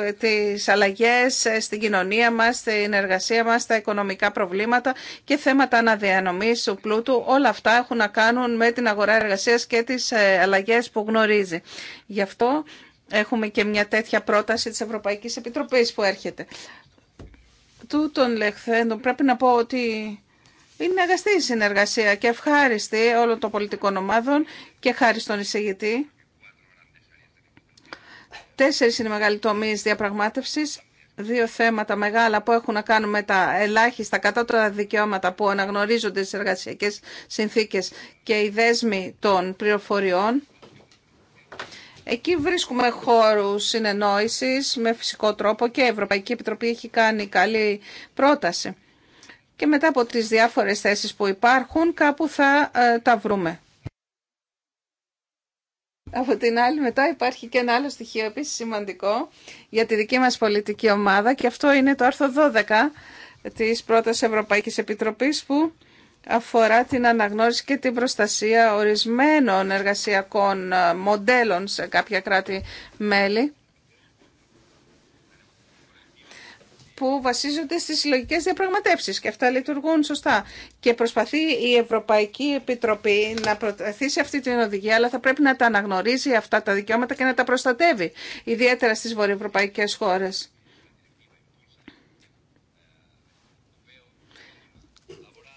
Speaker 1: ε, τις αλλαγές ε, στην κοινωνία μας, στην εργασία μας, τα οικονομικά προβλήματα και θέματα αναδιανομής του πλούτου. Όλα αυτά έχουν να κάνουν με την αγορά εργασίας και τις αλλαγές που γνωρίζει. Γι' αυτό έχουμε και μια τέτοια πρόταση της Ευρωπαϊκής Επιτροπής που έρχεται τούτων λεχθέντων πρέπει να πω ότι είναι αγαστή η συνεργασία και ευχάριστη όλων των πολιτικών ομάδων και χάρη στον εισηγητή. Τέσσερις είναι μεγάλοι τομεί διαπραγμάτευσης. Δύο θέματα μεγάλα που έχουν να κάνουν με τα ελάχιστα κατώτερα δικαιώματα που αναγνωρίζονται στι εργασιακέ συνθήκες και οι δέσμοι των πληροφοριών Εκεί βρίσκουμε χώρους συνεννόηση με φυσικό τρόπο και η Ευρωπαϊκή Επιτροπή έχει κάνει καλή πρόταση. Και μετά από τις διάφορες θέσεις που υπάρχουν κάπου θα ε, τα βρούμε. Από την άλλη μετά υπάρχει και ένα άλλο στοιχείο επίσης σημαντικό για τη δική μας πολιτική ομάδα και αυτό είναι το άρθρο 12 της πρώτης Ευρωπαϊκής Επιτροπής που αφορά την αναγνώριση και την προστασία ορισμένων εργασιακών ε, μοντέλων σε κάποια κράτη-μέλη που βασίζονται στις συλλογικέ διαπραγματεύσεις και αυτά λειτουργούν σωστά. Και προσπαθεί η Ευρωπαϊκή Επιτροπή να προτεθεί αυτή την οδηγία, αλλά θα πρέπει να τα αναγνωρίζει αυτά τα δικαιώματα και να τα προστατεύει, ιδιαίτερα στις βορειοευρωπαϊκές χώρες.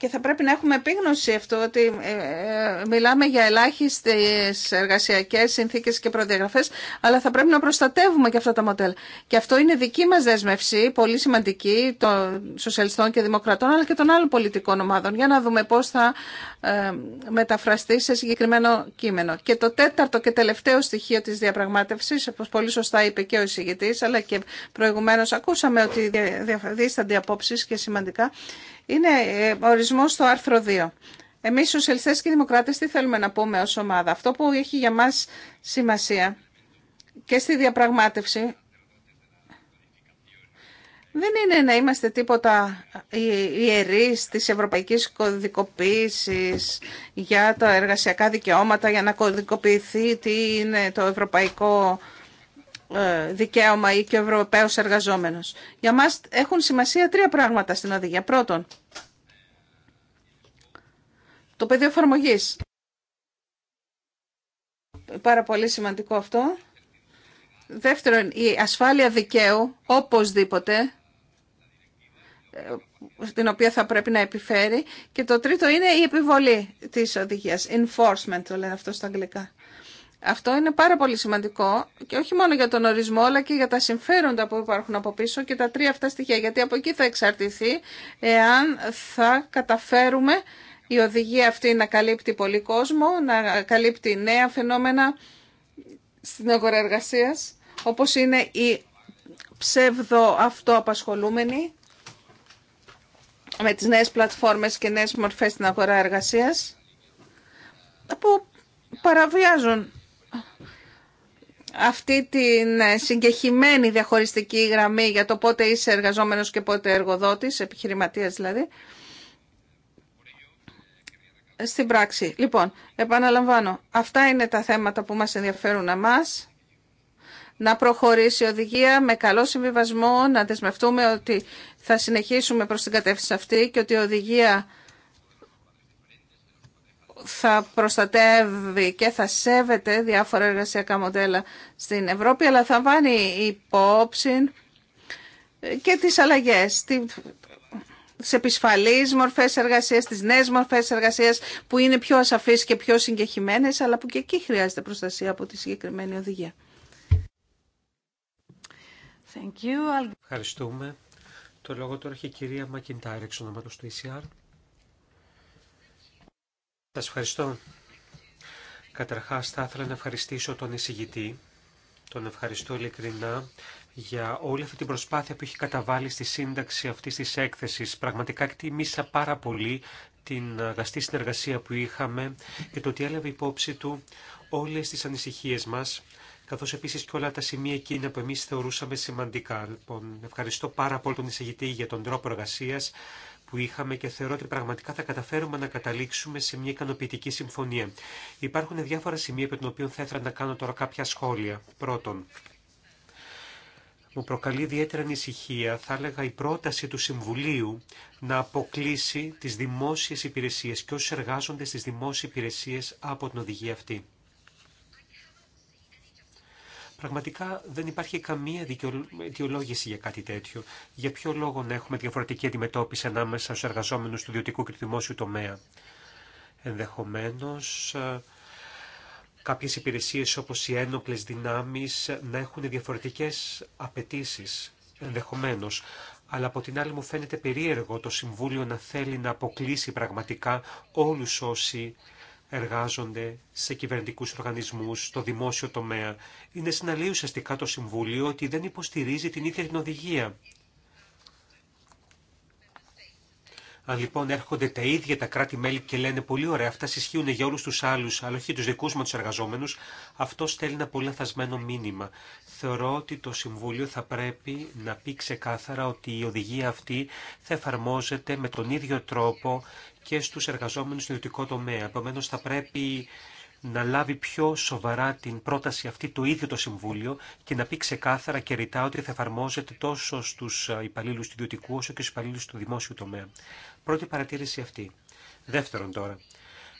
Speaker 1: Και θα πρέπει να έχουμε επίγνωση αυτό ότι ε, ε, μιλάμε για ελάχιστες εργασιακές συνθήκες και προδιαγραφές, αλλά θα πρέπει να προστατεύουμε και αυτά τα μοντέλα. Και αυτό είναι δική μας δέσμευση, πολύ σημαντική, των σοσιαλιστών και δημοκρατών, αλλά και των άλλων πολιτικών ομάδων, για να δούμε πώς θα ε, μεταφραστεί σε συγκεκριμένο κείμενο. Και το τέταρτο και τελευταίο στοιχείο της διαπραγμάτευσης, όπως πολύ σωστά είπε και ο εισηγητής, αλλά και προηγουμένως ακούσαμε ότι δίστανται απόψεις και σημαντικά, είναι ε, ορισμό στο άρθρο 2. Εμείς σοσιαλιστές και δημοκράτες τι θέλουμε να πούμε ως ομάδα. Αυτό που έχει για μας σημασία και στη διαπραγμάτευση δεν είναι να είμαστε τίποτα ιερείς της ευρωπαϊκής κωδικοποίησης για τα εργασιακά δικαιώματα, για να κωδικοποιηθεί τι είναι το ευρωπαϊκό ε, δικαίωμα ή και ο Ευρωπαίος Για μας έχουν σημασία τρία πράγματα στην οδηγία. Πρώτον, το πεδίο εφαρμογή. Πάρα πολύ σημαντικό αυτό. Δεύτερον, η ασφάλεια δικαίου, οπωσδήποτε, ε, την οποία θα πρέπει να επιφέρει. Και το τρίτο είναι η επιβολή της οδηγίας. Enforcement το λένε αυτό στα αγγλικά. Αυτό είναι πάρα πολύ σημαντικό και όχι μόνο για τον ορισμό αλλά και για τα συμφέροντα που υπάρχουν από πίσω και τα τρία αυτά στοιχεία γιατί από εκεί θα εξαρτηθεί εάν θα καταφέρουμε η οδηγία αυτή να καλύπτει πολύ κόσμο, να καλύπτει νέα φαινόμενα στην αγορά εργασίας όπως είναι οι ψεύδο αυτοαπασχολούμενοι με τις νέες πλατφόρμες και νέες μορφές στην αγορά εργασίας που παραβιάζουν αυτή την ε, συγκεχημένη διαχωριστική γραμμή για το πότε είσαι εργαζόμενος και πότε εργοδότης, επιχειρηματίας δηλαδή, στην πράξη. Λοιπόν, επαναλαμβάνω, αυτά είναι τα θέματα που μας ενδιαφέρουν εμάς. Να προχωρήσει η οδηγία με καλό συμβιβασμό, να δεσμευτούμε ότι θα συνεχίσουμε προς την κατεύθυνση αυτή και ότι η οδηγία θα προστατεύει και θα σέβεται διάφορα εργασιακά μοντέλα στην Ευρώπη, αλλά θα βάνει υπόψη και τις αλλαγές, τις επισφαλείς μορφές εργασίας, τις νέες μορφές εργασίας που είναι πιο ασαφείς και πιο συγκεχημένες, αλλά που και εκεί χρειάζεται προστασία από τη συγκεκριμένη οδηγία. Thank you.
Speaker 4: Ευχαριστούμε. Το λόγο τώρα έχει η κυρία Μακιντάρη, εξ του ECR. Σας ευχαριστώ. Καταρχάς θα ήθελα να ευχαριστήσω τον εισηγητή. Τον ευχαριστώ ειλικρινά για όλη αυτή την προσπάθεια που έχει καταβάλει στη σύνταξη αυτής της έκθεσης. Πραγματικά εκτιμήσα πάρα πολύ την αγαστή συνεργασία που είχαμε και το ότι έλαβε υπόψη του όλες τις ανησυχίες μας, καθώς επίσης και όλα τα σημεία εκείνα που εμείς θεωρούσαμε σημαντικά. Λοιπόν, ευχαριστώ πάρα πολύ τον εισηγητή για τον τρόπο εργασίας, που είχαμε και θεωρώ ότι πραγματικά θα καταφέρουμε να καταλήξουμε σε μια ικανοποιητική συμφωνία. Υπάρχουν διάφορα σημεία από των οποίων θα ήθελα να κάνω τώρα κάποια σχόλια. Πρώτον, μου προκαλεί ιδιαίτερη ανησυχία, θα έλεγα, η πρόταση του Συμβουλίου να αποκλείσει τις δημόσιες υπηρεσίες και όσους εργάζονται στις δημόσιες υπηρεσίες από την οδηγία αυτή. Πραγματικά δεν υπάρχει καμία δικαιολόγηση για κάτι τέτοιο. Για ποιο λόγο να έχουμε διαφορετική αντιμετώπιση ανάμεσα στους εργαζόμενους του ιδιωτικού και του δημόσιου τομέα. Ενδεχομένως ε, κάποιες υπηρεσίες όπως οι ένοπλες δυνάμεις να έχουν διαφορετικές απαιτήσει. Ενδεχομένως. Αλλά από την άλλη μου φαίνεται περίεργο το Συμβούλιο να θέλει να αποκλείσει πραγματικά όλους όσοι εργάζονται σε κυβερνητικού οργανισμού στο δημόσιο τομέα. Είναι συναλλή ουσιαστικά το Συμβούλιο ότι δεν υποστηρίζει την ίδια την οδηγία. Αν λοιπόν έρχονται τα ίδια τα κράτη-μέλη και λένε πολύ ωραία, αυτά ισχύουν για όλου του άλλου, αλλά όχι του δικού μα του εργαζόμενου, αυτό στέλνει ένα πολύ λαθασμένο μήνυμα. Θεωρώ ότι το Συμβούλιο θα πρέπει να πει ξεκάθαρα ότι η οδηγία αυτή θα εφαρμόζεται με τον ίδιο τρόπο και στους εργαζόμενους στον ιδιωτικό τομέα. Επομένως θα πρέπει να λάβει πιο σοβαρά την πρόταση αυτή το ίδιο το Συμβούλιο και να πει ξεκάθαρα και ρητά ότι θα εφαρμόζεται τόσο στους υπαλλήλους του ιδιωτικού όσο και στους υπαλλήλους του δημόσιου τομέα. Πρώτη παρατήρηση αυτή. Δεύτερον τώρα,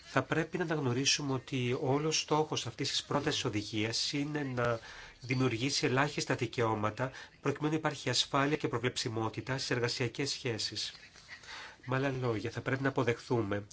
Speaker 4: θα πρέπει να αναγνωρίσουμε ότι όλος στόχος αυτής της πρότασης οδηγίας είναι να δημιουργήσει ελάχιστα δικαιώματα προκειμένου να υπάρχει ασφάλεια και προβλεψιμότητα στις εργασιακές σχέσεις. Με άλλα λόγια, θα πρέπει να αποδεχθούμε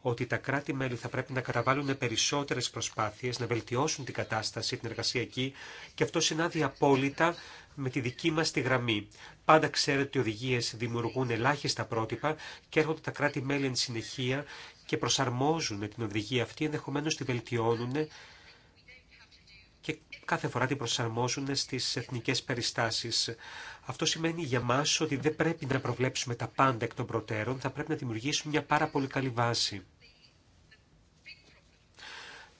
Speaker 4: ότι τα κράτη-μέλη θα πρέπει να καταβάλουν περισσότερε προσπάθειε, να βελτιώσουν την κατάσταση, την εργασιακή και αυτό συνάδει απόλυτα με τη δική μα τη γραμμή. Πάντα ξέρετε ότι οι οδηγίε δημιουργούν ελάχιστα πρότυπα και έρχονται τα κράτη-μέλη εν συνεχεία και προσαρμόζουν την οδηγία αυτή, ενδεχομένω τη βελτιώνουν κάθε φορά την προσαρμόζουν στις εθνικές περιστάσεις. Αυτό σημαίνει για μα ότι δεν πρέπει να προβλέψουμε τα πάντα εκ των προτέρων, θα πρέπει να δημιουργήσουμε μια πάρα πολύ καλή βάση.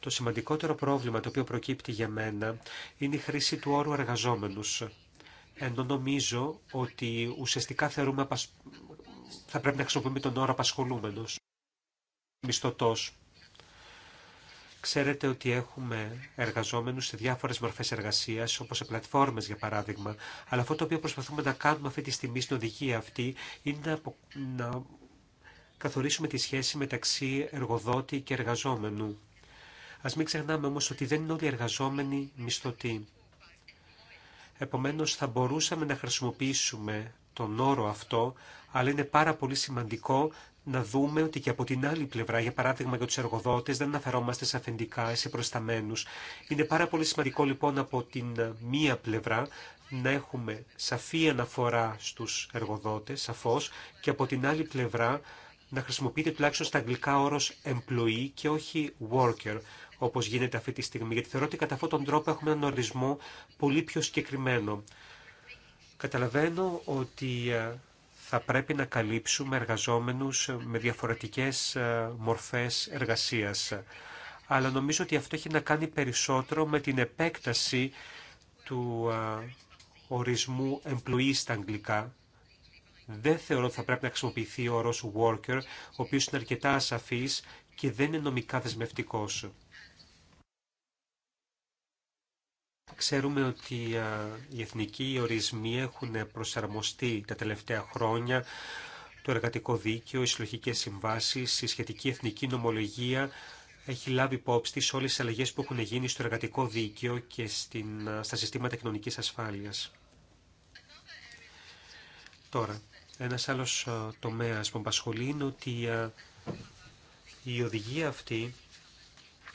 Speaker 4: Το σημαντικότερο πρόβλημα το οποίο προκύπτει για μένα είναι η χρήση του όρου εργαζόμενους. Ενώ νομίζω ότι ουσιαστικά θα πρέπει να χρησιμοποιούμε τον όρο απασχολούμενος, μισθωτός. Ξέρετε ότι έχουμε εργαζόμενους σε διάφορες μορφές εργασίας, όπως σε πλατφόρμες για παράδειγμα, αλλά αυτό το οποίο προσπαθούμε να κάνουμε αυτή τη στιγμή στην οδηγία αυτή είναι να, να καθορίσουμε τη σχέση μεταξύ εργοδότη και εργαζόμενου. Ας μην ξεχνάμε όμως ότι δεν είναι όλοι οι εργαζόμενοι μισθωτοί. Επομένως θα μπορούσαμε να χρησιμοποιήσουμε τον όρο αυτό, αλλά είναι πάρα πολύ σημαντικό να δούμε ότι και από την άλλη πλευρά, για παράδειγμα για τους εργοδότες, δεν αναφερόμαστε σε αφεντικά σε προσταμένου. Είναι πάρα πολύ σημαντικό λοιπόν από την μία πλευρά να έχουμε σαφή αναφορά στους εργοδότες, σαφώς, και από την άλλη πλευρά να χρησιμοποιείται τουλάχιστον στα αγγλικά όρος employee και όχι worker, όπως γίνεται αυτή τη στιγμή, γιατί θεωρώ ότι κατά αυτόν τον τρόπο έχουμε έναν ορισμό πολύ πιο συγκεκριμένο. Καταλαβαίνω ότι ε, θα πρέπει να καλύψουμε εργαζόμενους με διαφορετικές ε, μορφές εργασίας. Αλλά νομίζω ότι αυτό έχει να κάνει περισσότερο με την επέκταση του ε, ορισμού employee στα αγγλικά. Δεν θεωρώ ότι θα πρέπει να χρησιμοποιηθεί ο όρος worker, ο οποίος είναι αρκετά ασαφής και δεν είναι νομικά δεσμευτικός. Ξέρουμε ότι οι εθνικοί ορισμοί έχουν προσαρμοστεί τα τελευταία χρόνια το εργατικό δίκαιο, οι συλλογικέ συμβάσει, η σχετική εθνική νομολογία έχει λάβει υπόψη τι όλε τι αλλαγέ που έχουν γίνει στο εργατικό δίκαιο και στην, στα συστήματα κοινωνική ασφάλεια. Τώρα, ένα άλλο τομέα που απασχολεί είναι ότι η οδηγία αυτή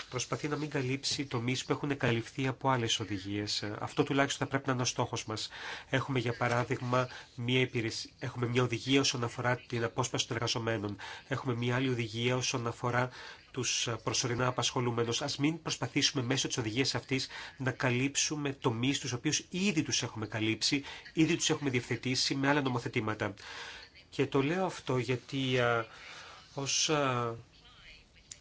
Speaker 4: προσπαθεί να μην καλύψει τομεί που έχουν καλυφθεί από άλλε οδηγίε. Αυτό τουλάχιστον θα πρέπει να είναι ο στόχο μα. Έχουμε, για παράδειγμα, μια, υπηρεσία, έχουμε μια οδηγία όσον αφορά την απόσπαση των εργαζομένων. Έχουμε μια άλλη οδηγία όσον αφορά του προσωρινά απασχολούμενου. Α μην προσπαθήσουμε μέσω τη οδηγία αυτή να καλύψουμε τομεί του οποίου ήδη του έχουμε καλύψει, ήδη του έχουμε διευθετήσει με άλλα νομοθετήματα. Και το λέω αυτό γιατί ω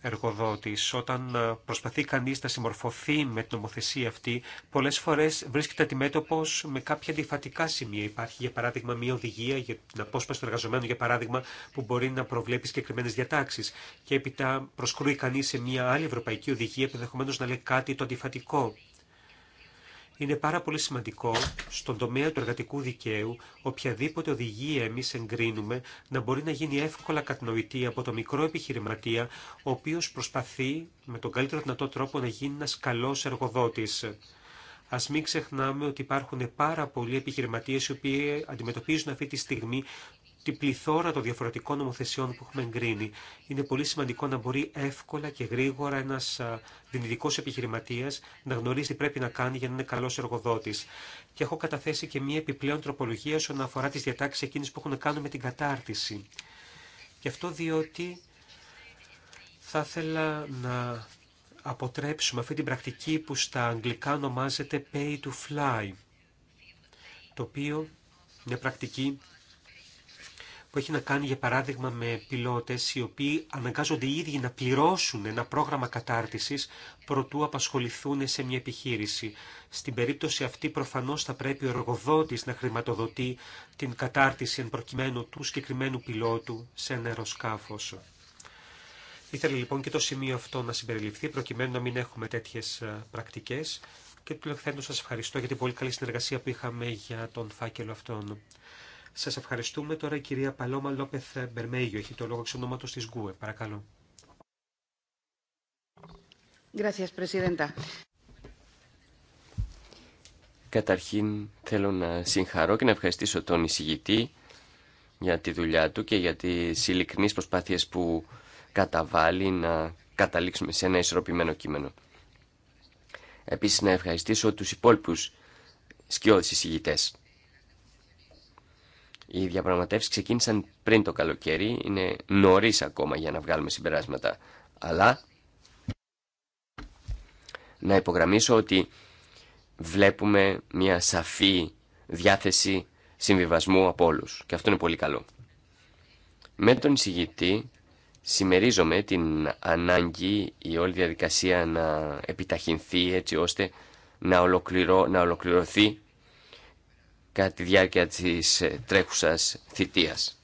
Speaker 4: εργοδότης. Όταν ε, προσπαθεί κανείς να συμμορφωθεί με την νομοθεσία αυτή, πολλές φορές βρίσκεται αντιμέτωπο με κάποια αντιφατικά σημεία. Υπάρχει, για παράδειγμα, μια οδηγία για την απόσπαση του εργαζομένου, για παράδειγμα, που μπορεί να προβλέπει συγκεκριμένε διατάξεις. Και έπειτα προσκρούει κανείς σε μια άλλη ευρωπαϊκή οδηγία, ενδεχομένω να λέει κάτι το αντιφατικό είναι πάρα πολύ σημαντικό στον τομέα του εργατικού δικαίου οποιαδήποτε οδηγία εμείς εγκρίνουμε να μπορεί να γίνει εύκολα κατανοητή από το μικρό επιχειρηματία ο οποίος προσπαθεί με τον καλύτερο δυνατό τρόπο να γίνει ένας καλός εργοδότης. Α μην ξεχνάμε ότι υπάρχουν πάρα πολλοί επιχειρηματίε οι οποίοι αντιμετωπίζουν αυτή τη στιγμή την πληθώρα των διαφορετικών νομοθεσιών που έχουμε εγκρίνει. Είναι πολύ σημαντικό να μπορεί εύκολα και γρήγορα ένα δυνητικό επιχειρηματία να γνωρίζει τι πρέπει να κάνει για να είναι καλό εργοδότη. Και έχω καταθέσει και μία επιπλέον τροπολογία όσον αφορά τι διατάξει εκείνε που έχουν να κάνουν με την κατάρτιση. Γι' αυτό διότι θα ήθελα να αποτρέψουμε αυτή την πρακτική που στα αγγλικά ονομάζεται pay to fly, το οποίο είναι πρακτική που έχει να κάνει για παράδειγμα με πιλότες οι οποίοι αναγκάζονται οι ίδιοι να πληρώσουν ένα πρόγραμμα κατάρτισης προτού απασχοληθούν σε μια επιχείρηση. Στην περίπτωση αυτή προφανώς θα πρέπει ο εργοδότης να χρηματοδοτεί την κατάρτιση εν προκειμένου του συγκεκριμένου πιλότου σε ένα αεροσκάφος. Ήθελε λοιπόν και το σημείο αυτό να συμπεριληφθεί προκειμένου να μην έχουμε τέτοιες ε, πρακτικές και τουλάχιστον σας ευχαριστώ για την πολύ καλή συνεργασία που είχαμε για τον φάκελο αυτόν. Σας ευχαριστούμε. Τώρα η κυρία Παλώμα Λόπεθ Μπερμέγιο έχει το λόγο εξ ονόματο της ΓΚΟΕ. Παρακαλώ.
Speaker 3: Καταρχήν θέλω να συγχαρώ και να ευχαριστήσω τον εισηγητή για τη δουλειά του και για τις ειλικρινείς προσπάθειες που καταβάλει να καταλήξουμε σε ένα ισορροπημένο κείμενο. Επίσης να ευχαριστήσω τους υπόλοιπους σκιώδεις εισηγητές. Οι διαπραγματεύσει ξεκίνησαν πριν το καλοκαίρι, είναι νωρί ακόμα για να βγάλουμε συμπεράσματα. Αλλά να υπογραμμίσω ότι βλέπουμε μια σαφή διάθεση συμβιβασμού από όλου. Και αυτό είναι πολύ καλό. Με τον εισηγητή συμμερίζομαι την ανάγκη η όλη διαδικασία να επιταχυνθεί έτσι ώστε να, ολοκληρω, να ολοκληρωθεί κατά τη διάρκεια της ε, τρέχουσας θητείας.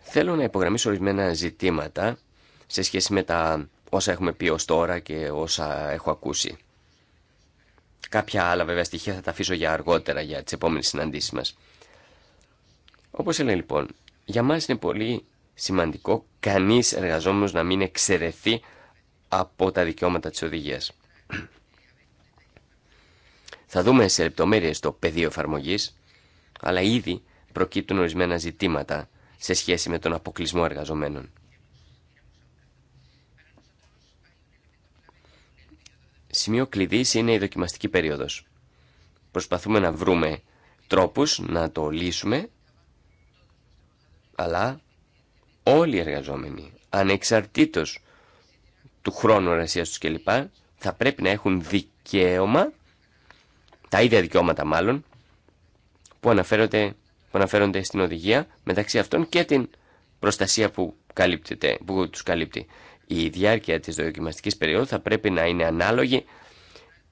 Speaker 3: Θέλω να υπογραμμίσω ορισμένα ζητήματα σε σχέση με τα όσα έχουμε πει ως τώρα και όσα έχω ακούσει. Κάποια άλλα βέβαια στοιχεία θα τα αφήσω για αργότερα, για τις επόμενες συναντήσεις μας. Όπως έλεγα λοιπόν, για μας είναι πολύ σημαντικό κανείς εργαζόμενος να μην εξαιρεθεί από τα δικαιώματα της οδηγίας. Θα δούμε σε λεπτομέρειε το πεδίο εφαρμογή, αλλά ήδη προκύπτουν ορισμένα ζητήματα σε σχέση με τον αποκλεισμό εργαζομένων. Σημείο κλειδί είναι η δοκιμαστική περίοδος. Προσπαθούμε να βρούμε τρόπους να το λύσουμε, αλλά όλοι οι εργαζόμενοι, ανεξαρτήτως του χρόνου εργασία του κλπ, θα πρέπει να έχουν δικαίωμα τα ίδια δικαιώματα μάλλον που αναφέρονται, που αναφέρονται στην οδηγία μεταξύ αυτών και την προστασία που, καλύπτεται, που τους καλύπτει. Η διάρκεια της δοκιμαστικής περίοδου θα πρέπει να είναι ανάλογη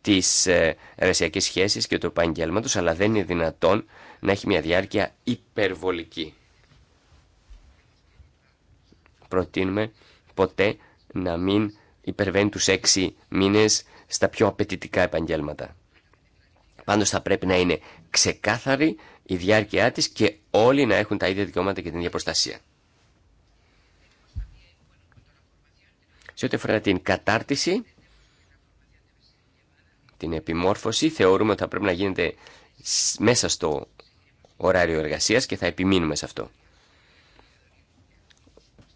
Speaker 3: της εργασιακή σχέσης και του επαγγέλματο, αλλά δεν είναι δυνατόν να έχει μια διάρκεια υπερβολική. Προτείνουμε ποτέ να μην υπερβαίνει τους έξι μήνες στα πιο απαιτητικά επαγγέλματα. Πάντως θα πρέπει να είναι ξεκάθαρη η διάρκεια της και όλοι να έχουν τα ίδια δικαιώματα και την ίδια προστασία. Σε ό,τι αφορά την κατάρτιση, την επιμόρφωση, θεωρούμε ότι θα πρέπει να γίνεται μέσα στο ωράριο εργασίας και θα επιμείνουμε σε αυτό.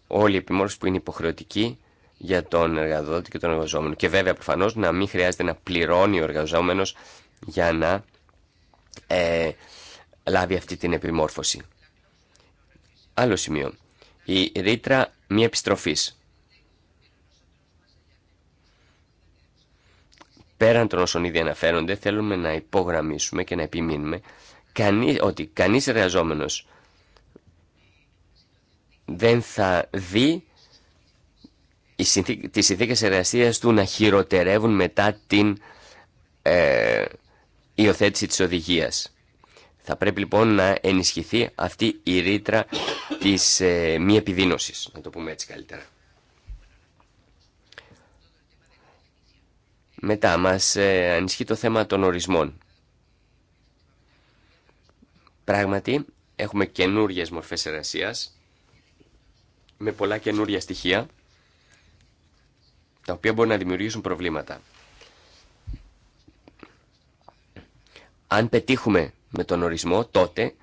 Speaker 3: Όλη η επιμόρφωση που είναι υποχρεωτική για τον εργαδότη και τον εργαζόμενο. Και βέβαια προφανώ να μην χρειάζεται να πληρώνει ο εργαζόμενο για να ε, λάβει αυτή την επιμόρφωση. Άλλο σημείο. Η ρήτρα μη επιστροφής. Πέραν των όσων ήδη αναφέρονται, θέλουμε να υπογραμμίσουμε και να επιμείνουμε ότι κανείς εργαζόμενος δεν θα δει τις συνθήκες εργασίας του να χειροτερεύουν μετά την ε, υιοθέτηση της οδηγίας. Θα πρέπει λοιπόν να ενισχυθεί αυτή η ρήτρα της ε, μη επιδείνωσης, να το πούμε έτσι καλύτερα. Μετά μας ε, ανισχύει το θέμα των ορισμών. Πράγματι, έχουμε καινούριες μορφές εργασίας, με πολλά καινούρια στοιχεία, τα οποία μπορεί να δημιουργήσουν προβλήματα. Αν πετύχουμε με τον ορισμό, τότε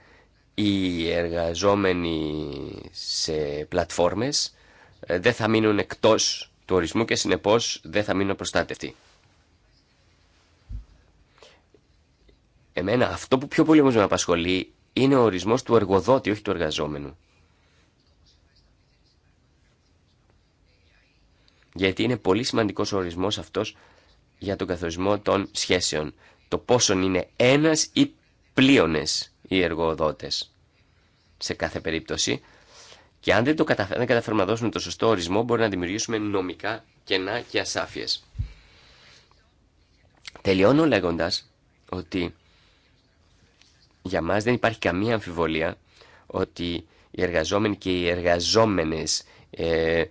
Speaker 3: οι εργαζόμενοι σε πλατφόρμες ε, δεν θα μείνουν εκτός του ορισμού και συνεπώς δεν θα μείνουν προστάτευτοι. Εμένα αυτό που πιο πολύ όμως με απασχολεί είναι ο ορισμός του εργοδότη, όχι του εργαζόμενου. Γιατί είναι πολύ σημαντικός ο ορισμός αυτός για τον καθορισμό των σχέσεων το πόσο είναι ένας ή πλίονες οι εργοδότες σε κάθε περίπτωση. Και αν δεν το καταφέρουμε, δεν να δώσουμε το σωστό ορισμό, μπορεί να δημιουργήσουμε νομικά κενά και ασάφειες. Τελειώνω λέγοντας ότι για μας δεν υπάρχει καμία αμφιβολία ότι οι εργαζόμενοι και οι εργαζόμενες ε,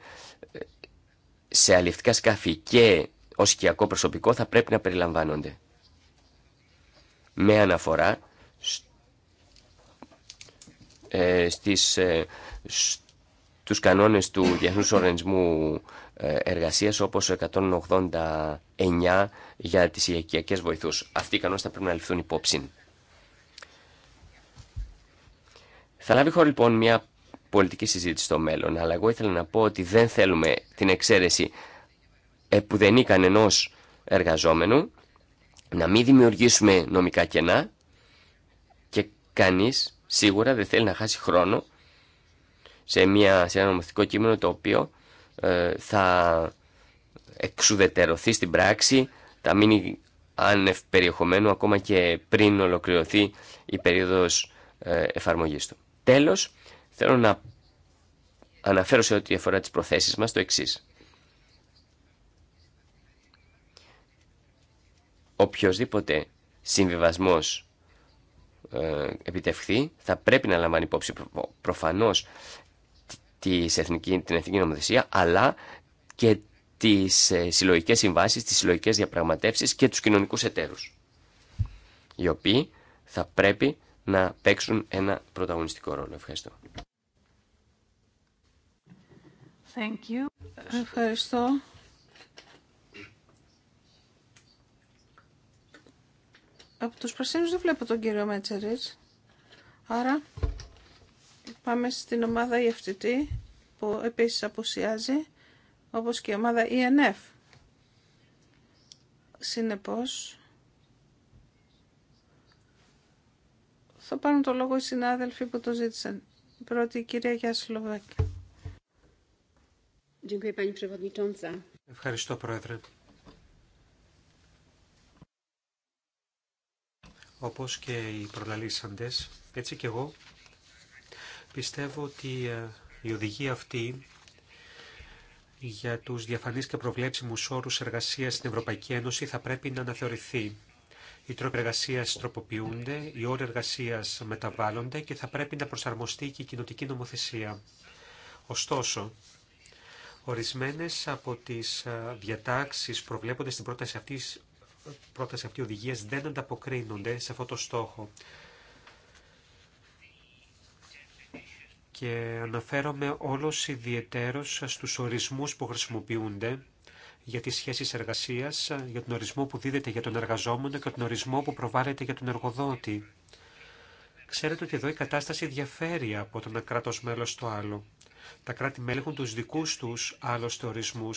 Speaker 3: σε αληφτικά σκάφη και ως οικιακό προσωπικό θα πρέπει να περιλαμβάνονται με αναφορά ε, στις, ε, στους κανόνες του Διεθνούς Οργανισμού ε, Εργασίας όπως 189 για τις ηλικιακές βοηθούς. Αυτοί οι κανόνες θα πρέπει να ληφθούν υπόψη. Θα λάβει χώρο λοιπόν μια πολιτική συζήτηση στο μέλλον, αλλά εγώ ήθελα να πω ότι δεν θέλουμε την εξαίρεση επουδενή κανενός εργαζόμενου να μην δημιουργήσουμε νομικά κενά και κανείς σίγουρα δεν θέλει να χάσει χρόνο σε, μια, σε ένα νομοθετικό κείμενο το οποίο ε, θα εξουδετερωθεί στην πράξη, τα μείνει αν περιεχομένου ακόμα και πριν ολοκληρωθεί η περίοδος ε, εφαρμογής του. Τέλος, θέλω να αναφέρω σε ό,τι αφορά τις προθέσεις μας το εξής. οποιοδήποτε συμβιβασμός ε, επιτευχθεί θα πρέπει να λαμβάνει υπόψη προ, προφανώς της την εθνική νομοθεσία αλλά και τις ε, συλλογικές συμβάσεις, τις συλλογικές διαπραγματεύσεις και τους κοινωνικούς εταίρους οι οποίοι θα πρέπει να παίξουν ένα πρωταγωνιστικό ρόλο. Ευχαριστώ.
Speaker 1: Thank you. Ευχαριστώ. Από τους πρασίνους δεν βλέπω τον κύριο Μέτσερις. Άρα πάμε στην ομάδα EFTT που επίσης απουσιάζει όπως και η ομάδα ENF. Συνεπώς θα πάρουν το λόγο οι συνάδελφοι που το ζήτησαν. Η πρώτη η κυρία Γιάννη Σλοβέκη.
Speaker 4: Ευχαριστώ πρόεδρε. όπως και οι προλαλήσαντες, έτσι και εγώ πιστεύω ότι ε, η οδηγία αυτή για τους διαφανείς και προβλέψιμους όρους εργασίας στην Ευρωπαϊκή Ένωση θα πρέπει να αναθεωρηθεί. Οι τρόποι εργασία τροποποιούνται, οι όροι εργασία μεταβάλλονται και θα πρέπει να προσαρμοστεί και η κοινοτική νομοθεσία. Ωστόσο, ορισμένες από τις ε, διατάξεις προβλέπονται στην πρόταση αυτής πρόταση αυτή οδηγίας δεν ανταποκρίνονται σε αυτό το στόχο. Και αναφέρομαι όλος ιδιαιτέρως στους ορισμούς που χρησιμοποιούνται για τις σχέσεις εργασίας, για τον ορισμό που δίδεται για τον εργαζόμενο και τον ορισμό που προβάλλεται για τον εργοδότη. Ξέρετε ότι εδώ η κατάσταση διαφέρει από το ένα κράτος μέλος στο άλλο. Τα κράτη-μέλη έχουν του δικού του άλλωστε ορισμού.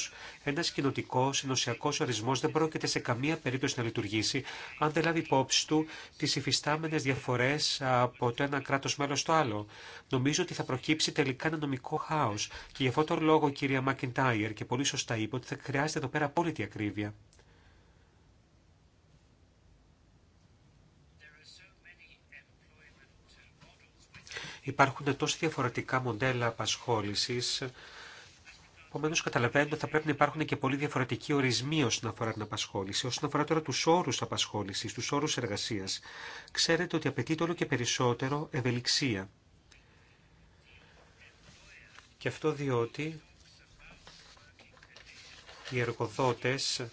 Speaker 4: Ένα κοινοτικό ενωσιακό ορισμό δεν πρόκειται σε καμία περίπτωση να λειτουργήσει αν δεν λάβει υπόψη του τι υφιστάμενε διαφορέ από το ένα κράτο μέλο στο άλλο. Νομίζω ότι θα προκύψει τελικά ένα νομικό χάο. Και γι' αυτόν τον λόγο, κυρία Μακιντάιερ, και πολύ σωστά είπε ότι θα χρειάζεται εδώ πέρα απόλυτη ακρίβεια. Υπάρχουν τόσο διαφορετικά μοντέλα απασχόληση. Επομένω, καταλαβαίνετε ότι θα πρέπει να υπάρχουν και πολύ διαφορετικοί ορισμοί όσον αφορά την απασχόληση. Όσον αφορά τώρα του όρου απασχόληση, του όρου εργασία, ξέρετε ότι απαιτείται όλο και περισσότερο ευελιξία. Και αυτό διότι οι εργοδότες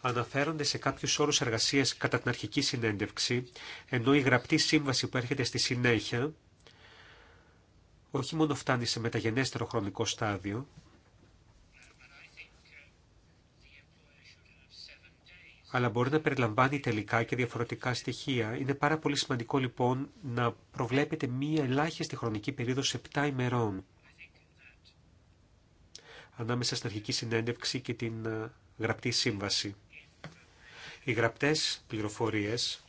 Speaker 4: αναφέρονται σε κάποιους όρους εργασίας κατά την αρχική συνέντευξη, ενώ η γραπτή σύμβαση που έρχεται στη συνέχεια όχι μόνο φτάνει σε μεταγενέστερο χρονικό στάδιο, αλλά μπορεί να περιλαμβάνει τελικά και διαφορετικά στοιχεία. Είναι πάρα πολύ σημαντικό λοιπόν να προβλέπετε μία ελάχιστη χρονική σε 7 ημερών ανάμεσα στην αρχική συνέντευξη και την ε, γραπτή σύμβαση. Οι γραπτές πληροφορίες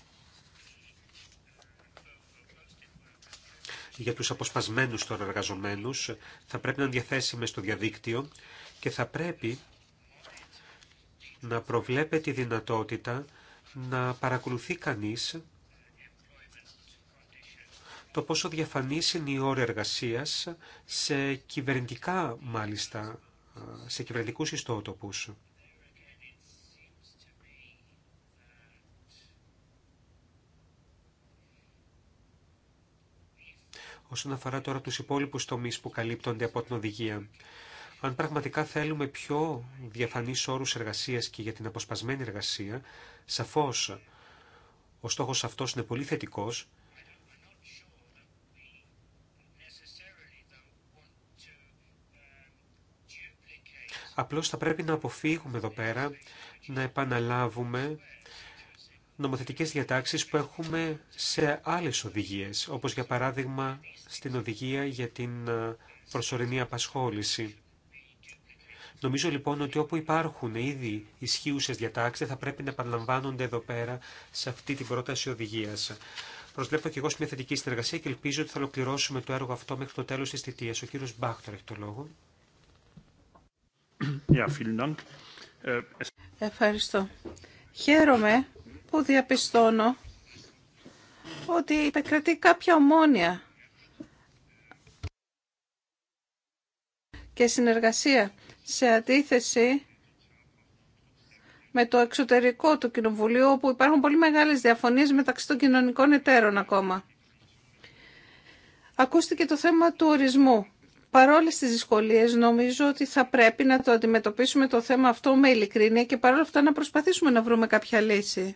Speaker 4: για τους αποσπασμένους των εργαζομένους θα πρέπει να είναι διαθέσιμες στο διαδίκτυο και θα πρέπει να προβλέπεται τη δυνατότητα να παρακολουθεί κανείς το πόσο διαφανής είναι η ώρα εργασίας σε κυβερνητικά μάλιστα, σε κυβερνητικούς ιστότοπους. όσον αφορά τώρα τους υπόλοιπους τομείς που καλύπτονται από την οδηγία. Αν πραγματικά θέλουμε πιο διαφανείς όρους εργασίας και για την αποσπασμένη εργασία, σαφώς ο στόχος αυτός είναι πολύ θετικός, Απλώς θα πρέπει να αποφύγουμε εδώ πέρα να επαναλάβουμε νομοθετικές διατάξεις που έχουμε σε άλλες οδηγίες, όπως για παράδειγμα στην οδηγία για την ε, προσωρινή απασχόληση. Νομίζω λοιπόν ότι όπου υπάρχουν ήδη ισχύουσες διατάξεις θα πρέπει να επαναλαμβάνονται εδώ πέρα σε αυτή την πρόταση οδηγίας. Προσβλέπω και εγώ σε μια θετική συνεργασία και ελπίζω ότι θα ολοκληρώσουμε το έργο αυτό μέχρι το τέλος της θητείας. Ο κύριος Μπάχτορ έχει το λόγο. Ε,
Speaker 1: Ευχαριστώ. Χαίρομαι που διαπιστώνω ότι υπεκρατεί κάποια ομόνια και συνεργασία σε αντίθεση με το εξωτερικό του Κοινοβουλίου, όπου υπάρχουν πολύ μεγάλες διαφωνίες μεταξύ των κοινωνικών εταίρων ακόμα. Ακούστηκε το θέμα του ορισμού. Παρόλε τι δυσκολίες, νομίζω ότι θα πρέπει να το αντιμετωπίσουμε το θέμα αυτό με ειλικρίνεια και παρόλα αυτά να προσπαθήσουμε να βρούμε κάποια λύση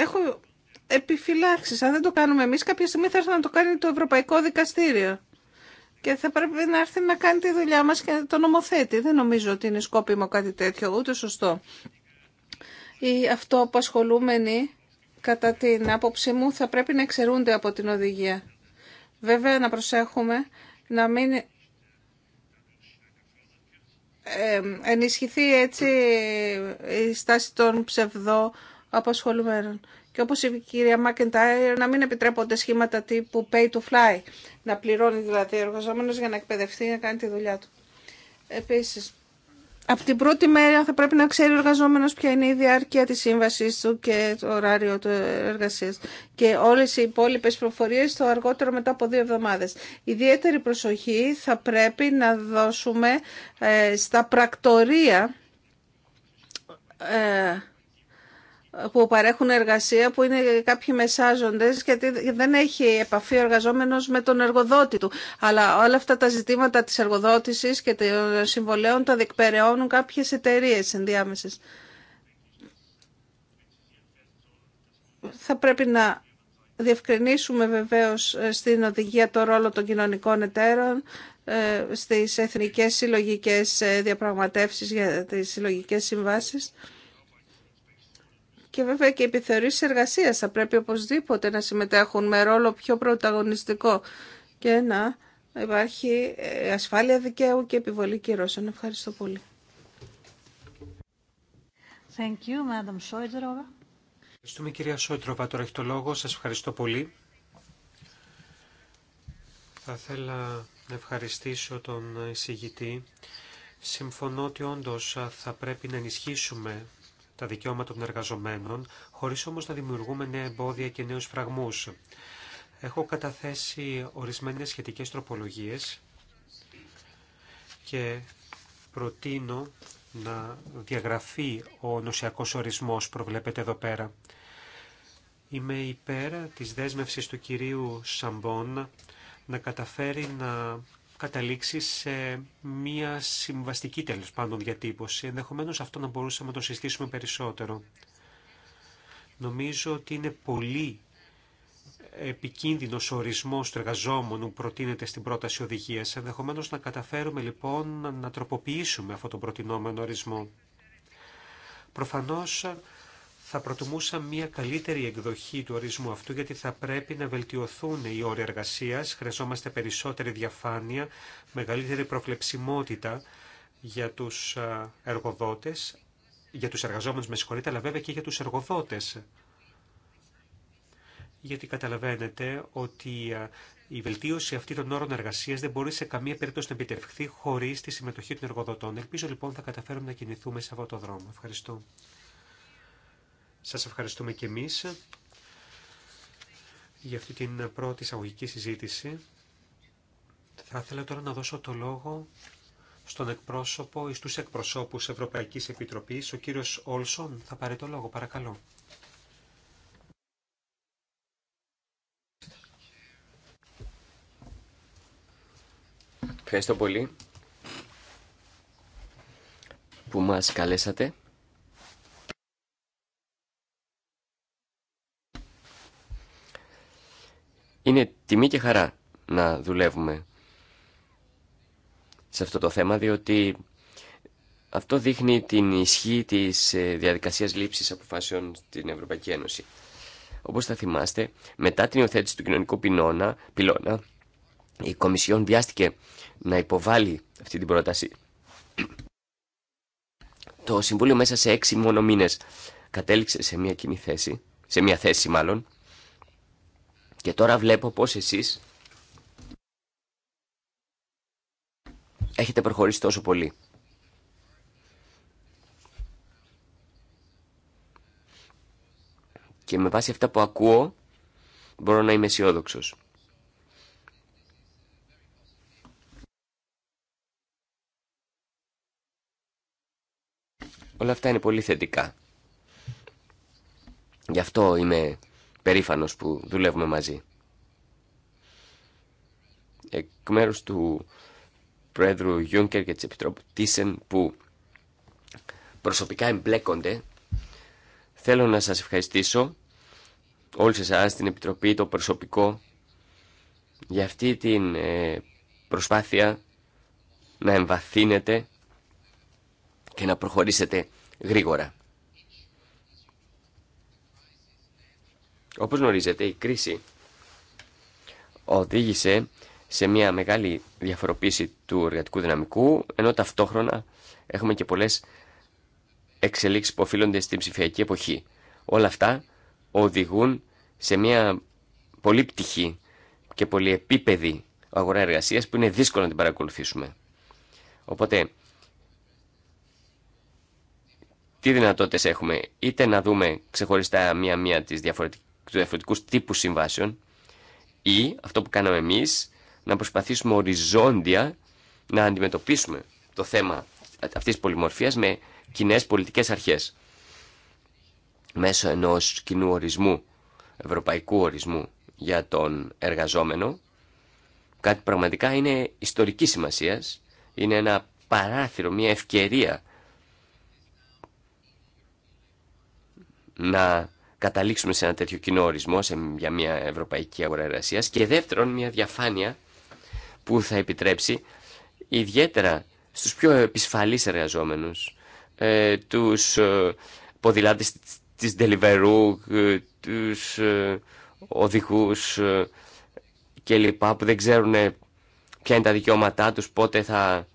Speaker 1: έχω επιφυλάξει. Αν δεν το κάνουμε εμεί, κάποια στιγμή θα έρθει να το κάνει το Ευρωπαϊκό Δικαστήριο. Και θα πρέπει να έρθει να κάνει τη δουλειά μα και να το νομοθέτει. Δεν νομίζω ότι είναι σκόπιμο κάτι τέτοιο, ούτε σωστό. Οι αυτοαπασχολούμενοι, κατά την άποψή μου, θα πρέπει να εξαιρούνται από την οδηγία. Βέβαια, να προσέχουμε να μην ε, ενισχυθεί έτσι η στάση των ψευδών απασχολουμένων. Και όπως είπε η κυρία Μάκεντάιρ, να μην επιτρέπονται σχήματα τύπου pay to fly, να πληρώνει δηλαδή ο εργαζόμενος για να εκπαιδευτεί, να κάνει τη δουλειά του. Επίσης, από την πρώτη μέρα θα πρέπει να ξέρει ο εργαζόμενος ποια είναι η διάρκεια της σύμβασή του και το ωράριο του εργασίας. Και όλες οι υπόλοιπε προφορίες το αργότερο μετά από δύο εβδομάδε. Ιδιαίτερη προσοχή θα πρέπει να δώσουμε ε, στα πρακτορία ε, που παρέχουν εργασία που είναι κάποιοι μεσάζοντες γιατί δεν έχει επαφή ο εργαζόμενος με τον εργοδότη του. Αλλά όλα αυτά τα ζητήματα της εργοδότησης και των συμβολέων τα διεκπαιρεώνουν κάποιες εταιρείε ενδιάμεσες. Θα πρέπει να διευκρινίσουμε βεβαίως ε, στην οδηγία το ρόλο των κοινωνικών εταίρων ε, στις εθνικές συλλογικές ε, διαπραγματεύσεις για τις συλλογικές συμβάσεις. Και βέβαια και οι εργασία εργασίας θα πρέπει οπωσδήποτε να συμμετέχουν με ρόλο πιο πρωταγωνιστικό και να υπάρχει ε, ασφάλεια δικαίου και επιβολή κυρώσεων. Ευχαριστώ πολύ. Thank you, Madam
Speaker 4: Ευχαριστούμε κυρία Σόιτροβα. Τώρα έχει το λόγο. Σας ευχαριστώ πολύ. Θα ήθελα να ευχαριστήσω τον εισηγητή. Συμφωνώ ότι όντως θα πρέπει να ενισχύσουμε τα δικαιώματα των εργαζομένων, χωρίς όμως να δημιουργούμε νέα εμπόδια και νέου φραγμούς. Έχω καταθέσει ορισμένες σχετικές τροπολογίες και προτείνω να διαγραφεί ο νοσιακός ορισμός προβλέπεται εδώ πέρα. Είμαι υπέρ της δέσμευσης του κυρίου Σαμπόν να καταφέρει να καταλήξει σε μία συμβαστική τέλο πάντων διατύπωση. Ενδεχομένως αυτό να μπορούσαμε να το συστήσουμε περισσότερο. Νομίζω ότι είναι πολύ επικίνδυνος ο ορισμός του εργαζόμενου που προτείνεται στην πρόταση οδηγίας. Ενδεχομένως να καταφέρουμε λοιπόν να τροποποιήσουμε αυτό τον προτινόμενο ορισμό. Προφανώς θα προτιμούσα μια καλύτερη εκδοχή του ορισμού αυτού, γιατί θα πρέπει να βελτιωθούν οι όροι εργασία. Χρειαζόμαστε περισσότερη διαφάνεια, μεγαλύτερη προβλεψιμότητα για τους εργοδότες, για τους εργαζόμενους με συγχωρείτε, αλλά βέβαια και για τους εργοδότες. Γιατί καταλαβαίνετε ότι η βελτίωση αυτή των όρων εργασία δεν μπορεί σε καμία περίπτωση να επιτευχθεί χωρί τη συμμετοχή των εργοδοτών. Ελπίζω λοιπόν θα καταφέρουμε να κινηθούμε σε αυτό το δρόμο. Ευχαριστώ. Σας ευχαριστούμε και εμείς για αυτή την πρώτη εισαγωγική συζήτηση. Θα ήθελα τώρα να δώσω το λόγο στον εκπρόσωπο ή στους εκπροσώπους Ευρωπαϊκής Επιτροπής. Ο κύριος Όλσον θα πάρει το λόγο. Παρακαλώ.
Speaker 3: Ευχαριστώ πολύ που μας καλέσατε Είναι τιμή και χαρά να δουλεύουμε σε αυτό το θέμα, διότι αυτό δείχνει την ισχύ της ε, διαδικασίας λήψης αποφάσεων στην Ευρωπαϊκή Ένωση. Όπως θα θυμάστε, μετά την υιοθέτηση του κοινωνικού πυλώνα, η Κομισιόν βιάστηκε να υποβάλει αυτή την πρόταση. Το Συμβούλιο μέσα σε έξι μόνο μήνες κατέληξε σε μια κοινή θέση, σε μια θέση μάλλον, και τώρα βλέπω πως εσείς έχετε προχωρήσει τόσο πολύ. Και με βάση αυτά που ακούω μπορώ να είμαι αισιόδοξο. Όλα αυτά είναι πολύ θετικά. Γι' αυτό είμαι περήφανος που δουλεύουμε μαζί. Εκ μέρους του Πρόεδρου Γιούνκερ και της Επιτρόπου Τίσεν που προσωπικά εμπλέκονται, θέλω να σας ευχαριστήσω όλους εσάς, την Επιτροπή, το προσωπικό, για αυτή την ε, προσπάθεια να εμβαθύνετε και να προχωρήσετε γρήγορα. Όπως γνωρίζετε, η κρίση οδήγησε σε μια μεγάλη διαφοροποίηση του εργατικού δυναμικού, ενώ ταυτόχρονα έχουμε και πολλές εξελίξεις που οφείλονται στην ψηφιακή εποχή. Όλα αυτά οδηγούν σε μια πολύπτυχη και πολυεπίπεδη αγορά εργασίας που είναι δύσκολο να την παρακολουθήσουμε. Οπότε, τι δυνατότητες έχουμε, είτε να δούμε ξεχωριστά μία-μία τις διαφορετικές του διαφορετικού τύπου συμβάσεων ή αυτό που κάναμε εμείς να προσπαθήσουμε οριζόντια να αντιμετωπίσουμε το θέμα αυτής της πολυμορφίας με κοινέ πολιτικές αρχές μέσω ενός κοινού ορισμού, ευρωπαϊκού ορισμού για τον εργαζόμενο κάτι πραγματικά είναι ιστορική σημασίας, είναι ένα παράθυρο, μια ευκαιρία να καταλήξουμε σε ένα τέτοιο κοινό ορισμό σε, για μια ευρωπαϊκή αγορά εργασίας και δεύτερον μια διαφάνεια που θα επιτρέψει ιδιαίτερα στους πιο επισφαλείς εργαζόμενους, ε, τους ε, ποδηλάτες της Deliveroo, ε, τους ε, οδηγούς ε, και που δεν ξέρουν ποια είναι τα δικαιώματά τους, πότε θα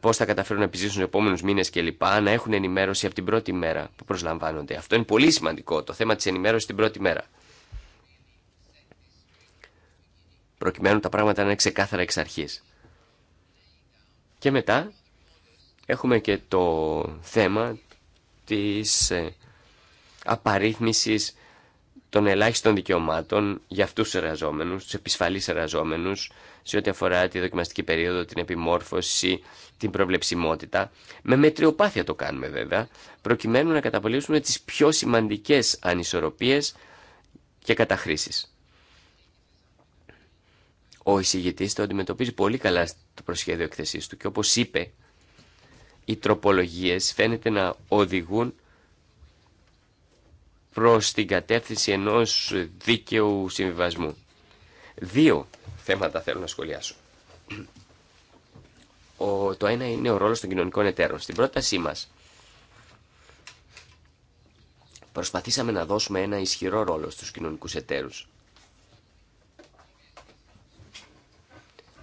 Speaker 3: πώς θα καταφέρουν να επιζήσουν στους επόμενους μήνες κλπ. Να έχουν ενημέρωση από την πρώτη μέρα που προσλαμβάνονται. Αυτό είναι πολύ σημαντικό, το θέμα της ενημέρωσης την πρώτη μέρα. Προκειμένου τα πράγματα να είναι ξεκάθαρα εξ αρχής. Και μετά έχουμε και το θέμα της ε, απαρίθμησης των ελάχιστων δικαιωμάτων για αυτούς τους εργαζόμενου, τους επισφαλείς εργαζόμενου, σε ό,τι αφορά τη δοκιμαστική περίοδο, την επιμόρφωση, την προβλεψιμότητα. Με μετριοπάθεια το κάνουμε βέβαια, προκειμένου να καταπολύσουμε τις πιο σημαντικές ανισορροπίε και καταχρήσει. Ο εισηγητή το αντιμετωπίζει πολύ καλά στο προσχέδιο εκθεσή του και όπω είπε, οι τροπολογίες φαίνεται να οδηγούν προς την κατεύθυνση ενός δίκαιου συμβιβασμού. Δύο θέματα θέλω να σχολιάσω. Ο, το ένα είναι ο ρόλος των κοινωνικών εταίρων. Στην πρότασή μας προσπαθήσαμε να δώσουμε ένα ισχυρό ρόλο στους κοινωνικούς εταίρους.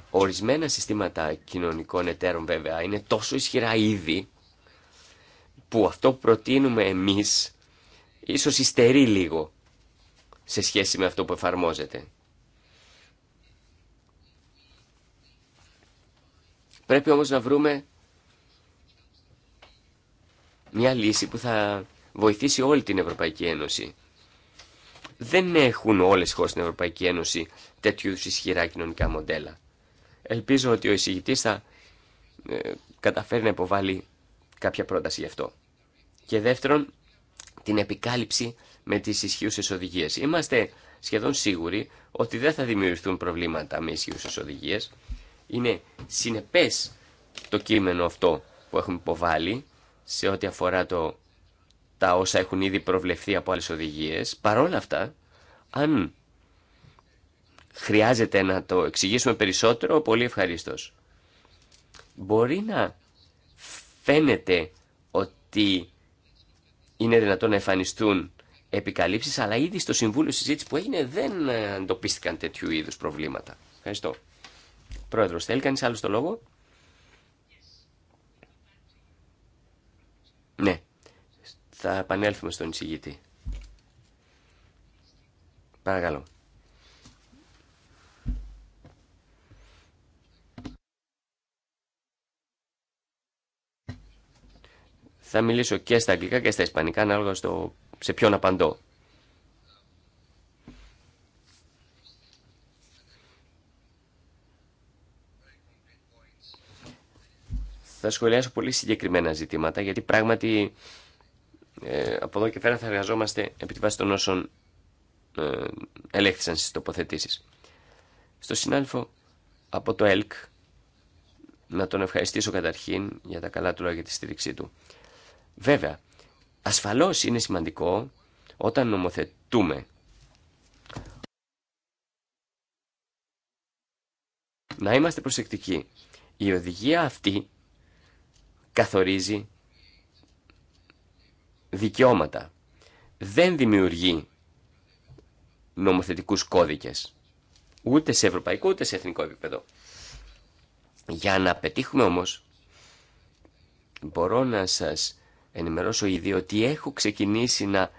Speaker 3: Ορισμένα συστήματα κοινωνικών εταίρων βέβαια είναι τόσο ισχυρά ήδη που αυτό που προτείνουμε εμείς ίσως υστερεί λίγο σε σχέση με αυτό που εφαρμόζεται. Πρέπει όμως να βρούμε μια λύση που θα βοηθήσει όλη την Ευρωπαϊκή Ένωση. Δεν έχουν όλες οι χώρες στην Ευρωπαϊκή Ένωση τέτοιου ισχυρά κοινωνικά μοντέλα. Ελπίζω ότι ο εισηγητής θα ε, καταφέρει να υποβάλει κάποια πρόταση γι' αυτό. Και δεύτερον, την επικάλυψη με τις ισχύουσες οδηγίες. Είμαστε σχεδόν σίγουροι ότι δεν θα δημιουργηθούν προβλήματα με ισχύουσες οδηγίες. Είναι συνεπές το κείμενο αυτό που έχουμε υποβάλει σε ό,τι αφορά το, τα όσα έχουν ήδη προβλεφθεί από άλλες οδηγίες. Παρόλα αυτά, αν χρειάζεται να το εξηγήσουμε περισσότερο, πολύ ευχαρίστως. Μπορεί να φαίνεται ότι είναι δυνατόν να εμφανιστούν επικαλύψει, αλλά ήδη στο Συμβούλιο Συζήτηση που έγινε δεν εντοπίστηκαν τέτοιου είδου προβλήματα. Ευχαριστώ. Πρόεδρο, θέλει κανεί άλλο το λόγο? Ναι, θα επανέλθουμε στον εισηγητή. Παρακαλώ. Θα μιλήσω και στα αγγλικά και στα ισπανικά, ανάλογα στο σε ποιον απαντώ. Θα σχολιάσω πολύ συγκεκριμένα ζητήματα, γιατί πράγματι ε, από εδώ και πέρα θα εργαζόμαστε επί τη βάση των όσων ε, ελέγχθησαν στις τοποθετήσεις. Στο συνάλφο από το ΕΛΚ, να τον ευχαριστήσω καταρχήν για τα καλά του λόγια και τη στήριξή του. Βέβαια, ασφαλώς είναι σημαντικό όταν νομοθετούμε να είμαστε προσεκτικοί. Η οδηγία αυτή καθορίζει δικαιώματα. Δεν δημιουργεί νομοθετικούς κώδικες. Ούτε σε ευρωπαϊκό ούτε σε εθνικό επίπεδο. Για να πετύχουμε όμως μπορώ να σας ενημερώσω ήδη ότι έχω ξεκινήσει να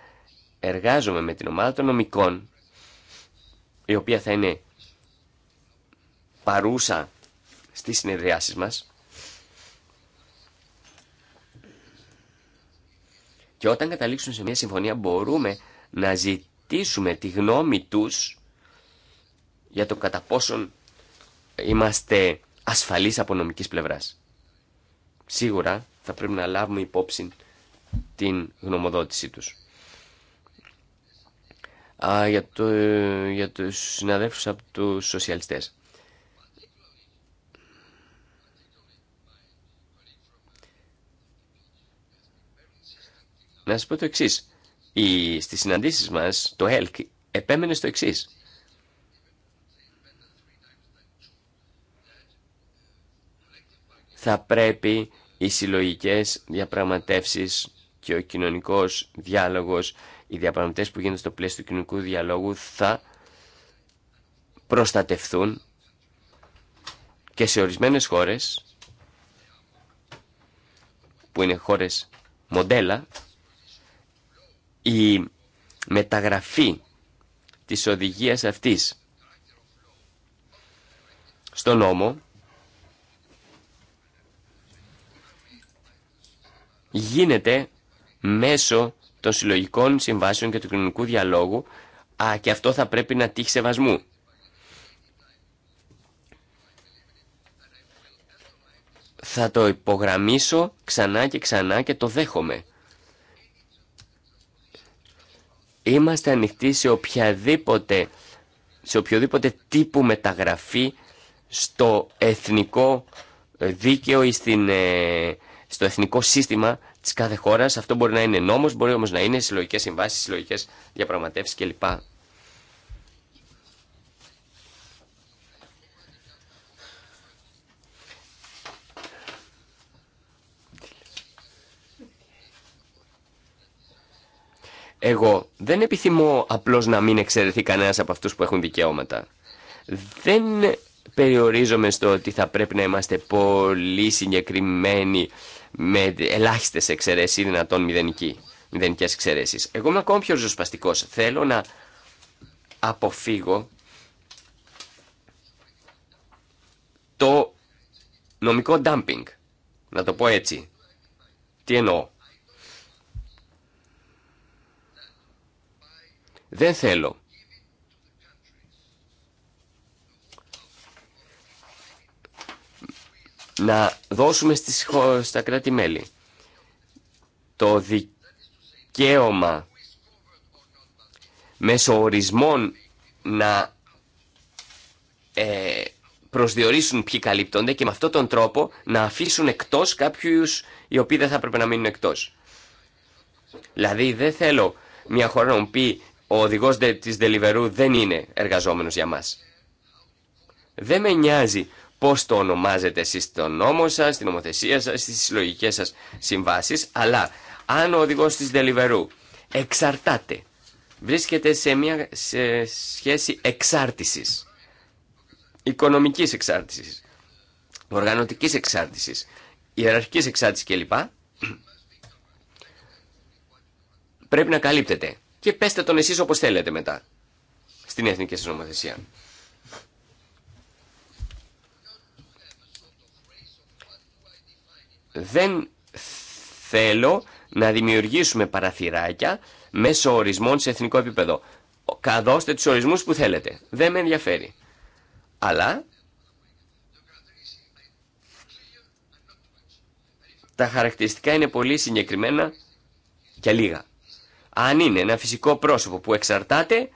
Speaker 3: εργάζομαι με την ομάδα των νομικών, η οποία θα είναι παρούσα στις συνεδριάσεις μας. Και όταν καταλήξουν σε μια συμφωνία μπορούμε να ζητήσουμε τη γνώμη τους για το κατά πόσον είμαστε ασφαλείς από νομικής πλευράς. Σίγουρα θα πρέπει να λάβουμε υπόψη την γνωμοδότησή τους. Α, για, το, για τους συναδέλφους από τους σοσιαλιστές. Να σας πω το εξής. Η, στις συναντήσεις μας το ΕΛΚ επέμενε στο εξής. Θα πρέπει οι συλλογικές διαπραγματεύσεις και ο κοινωνικός διάλογο οι διαπραγματεύσει που γίνονται στο πλαίσιο του κοινωνικού διαλόγου θα προστατευθούν και σε ορισμένες χώρες που είναι χώρες μοντέλα η μεταγραφή της οδηγίας αυτής στο νόμο γίνεται μέσω των συλλογικών συμβάσεων και του κοινωνικού διαλόγου α, και αυτό θα πρέπει να τύχει σεβασμού. Θα το υπογραμμίσω ξανά και ξανά και το δέχομαι. Είμαστε ανοιχτοί σε, οποιαδήποτε, οποιοδήποτε τύπου μεταγραφή στο εθνικό δίκαιο ή ε, στο εθνικό σύστημα τη κάθε χώρα. Αυτό μπορεί να είναι νόμο, μπορεί όμω να είναι συλλογικέ συμβάσει, συλλογικέ διαπραγματεύσει κλπ. Εγώ δεν επιθυμώ απλώς να μην εξαιρεθεί κανένας από αυτούς που έχουν δικαιώματα. Δεν περιορίζομαι στο ότι θα πρέπει να είμαστε πολύ συγκεκριμένοι με ελάχιστες εξαιρέσει ή δυνατόν μηδενική, μηδενικές εξαιρέσεις. Εγώ είμαι ακόμα πιο ριζοσπαστικό. Θέλω να αποφύγω το νομικό dumping. Να το πω έτσι. Τι εννοώ. Δεν θέλω να δώσουμε στις, στα κράτη-μέλη το δικαίωμα μέσω ορισμών να ε, προσδιορίσουν ποιοι καλύπτονται και με αυτόν τον τρόπο να αφήσουν εκτός κάποιους οι οποίοι δεν θα έπρεπε να μείνουν εκτός. Δηλαδή δεν θέλω μια χώρα να μου πει ο οδηγός της Deliveroo δεν είναι εργαζόμενος για μας. Δεν με νοιάζει πώς το ονομάζετε εσείς στον νόμο σας, στην νομοθεσία σας, στις συλλογικές σας συμβάσεις, αλλά αν ο οδηγός της Deliveroo εξαρτάται, βρίσκεται σε μια σχέση εξάρτησης, οικονομικής εξάρτησης, οργανωτικής εξάρτησης, ιεραρχική εξάρτησης κλπ, πρέπει να καλύπτεται. Και πέστε τον εσείς όπως θέλετε μετά, στην εθνική Συνομοθεσία. δεν θέλω να δημιουργήσουμε παραθυράκια μέσω ορισμών σε εθνικό επίπεδο. Καδώστε τους ορισμούς που θέλετε. Δεν με ενδιαφέρει. Αλλά τα χαρακτηριστικά είναι πολύ συγκεκριμένα και λίγα. Αν είναι ένα φυσικό πρόσωπο που εξαρτάται,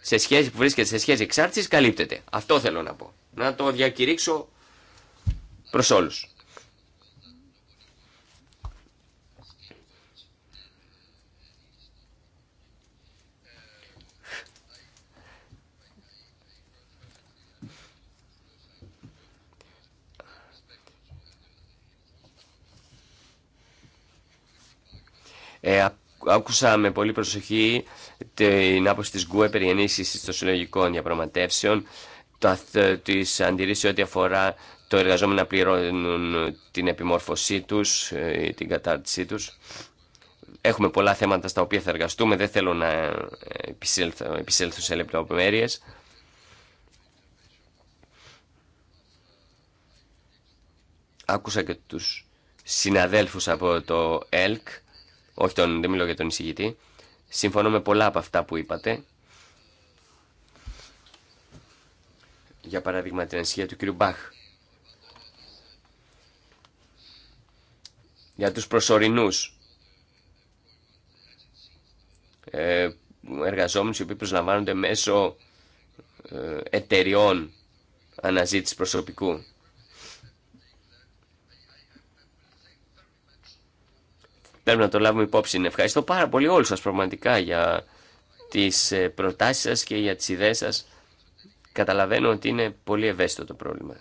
Speaker 3: σε σχέση που βρίσκεται σε σχέση εξάρτησης, καλύπτεται. Αυτό θέλω να πω. Να το διακηρύξω προς όλους. Ε, άκουσα με πολύ προσοχή την άποψη της ΓΚΟΕ περί ενίσχυσης των συλλογικών διαπραγματεύσεων, της αντιρρήσει ό,τι αφορά το εργαζόμενο να πληρώνουν την επιμόρφωσή τους ε, την κατάρτισή τους. Έχουμε πολλά θέματα στα οποία θα εργαστούμε, δεν θέλω να επισέλθω, επισέλθω σε λεπτομέρειες. Άκουσα και τους συναδέλφους από το ΕΛΚ όχι τον, δεν μιλώ για τον εισηγητή, συμφωνώ με πολλά από αυτά που είπατε. Για παράδειγμα την ανησυχία του κ. Μπαχ. Για τους προσωρινούς ε, εργαζόμενους οι οποίοι προσλαμβάνονται μέσω ε, εταιριών αναζήτησης προσωπικού. Πρέπει να το λάβουμε υπόψη. Ευχαριστώ πάρα πολύ όλους σας πραγματικά για τις ε, προτάσεις σας και για τις ιδέες σας. Καταλαβαίνω ότι είναι πολύ ευαίσθητο το πρόβλημα.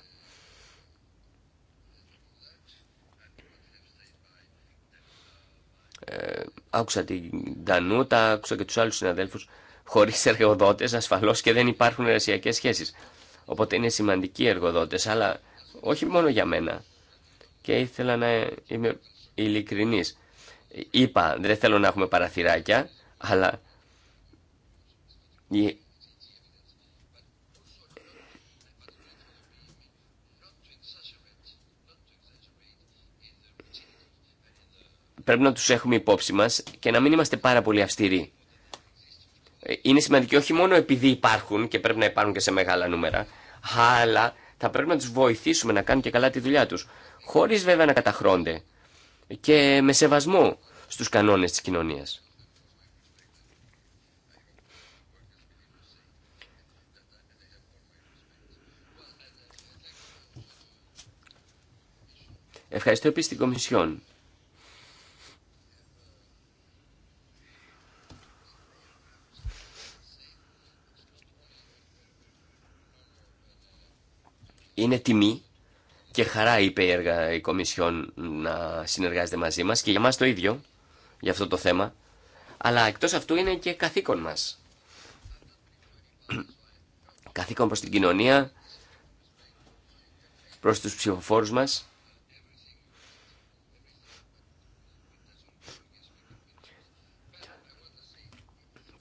Speaker 3: Ε, άκουσα την Ντανούτα, άκουσα και τους άλλους συναδέλφους. Χωρίς εργοδότες ασφαλώς και δεν υπάρχουν εργασιακές σχέσεις. Οπότε είναι σημαντικοί εργοδότες, αλλά όχι μόνο για μένα. Και ήθελα να είμαι ειλικρινής. Είπα, δεν θέλω να έχουμε παραθυράκια, αλλά πρέπει να τους έχουμε υπόψη μας και να μην είμαστε πάρα πολύ αυστηροί. Είναι σημαντική όχι μόνο επειδή υπάρχουν και πρέπει να υπάρχουν και σε μεγάλα νούμερα, αλλά θα πρέπει να τους βοηθήσουμε να κάνουν και καλά τη δουλειά τους, χωρίς βέβαια να καταχρώνται και με σεβασμό στους κανόνες της κοινωνίας. Ευχαριστώ επίσης την Κομισιόν. Είναι τιμή και χαρά είπε η, Κομισιόν να συνεργάζεται μαζί μας και για μας το ίδιο για αυτό το θέμα, αλλά εκτός αυτού είναι και καθήκον μας. καθήκον προς την κοινωνία, προς τους ψηφοφόρους μας,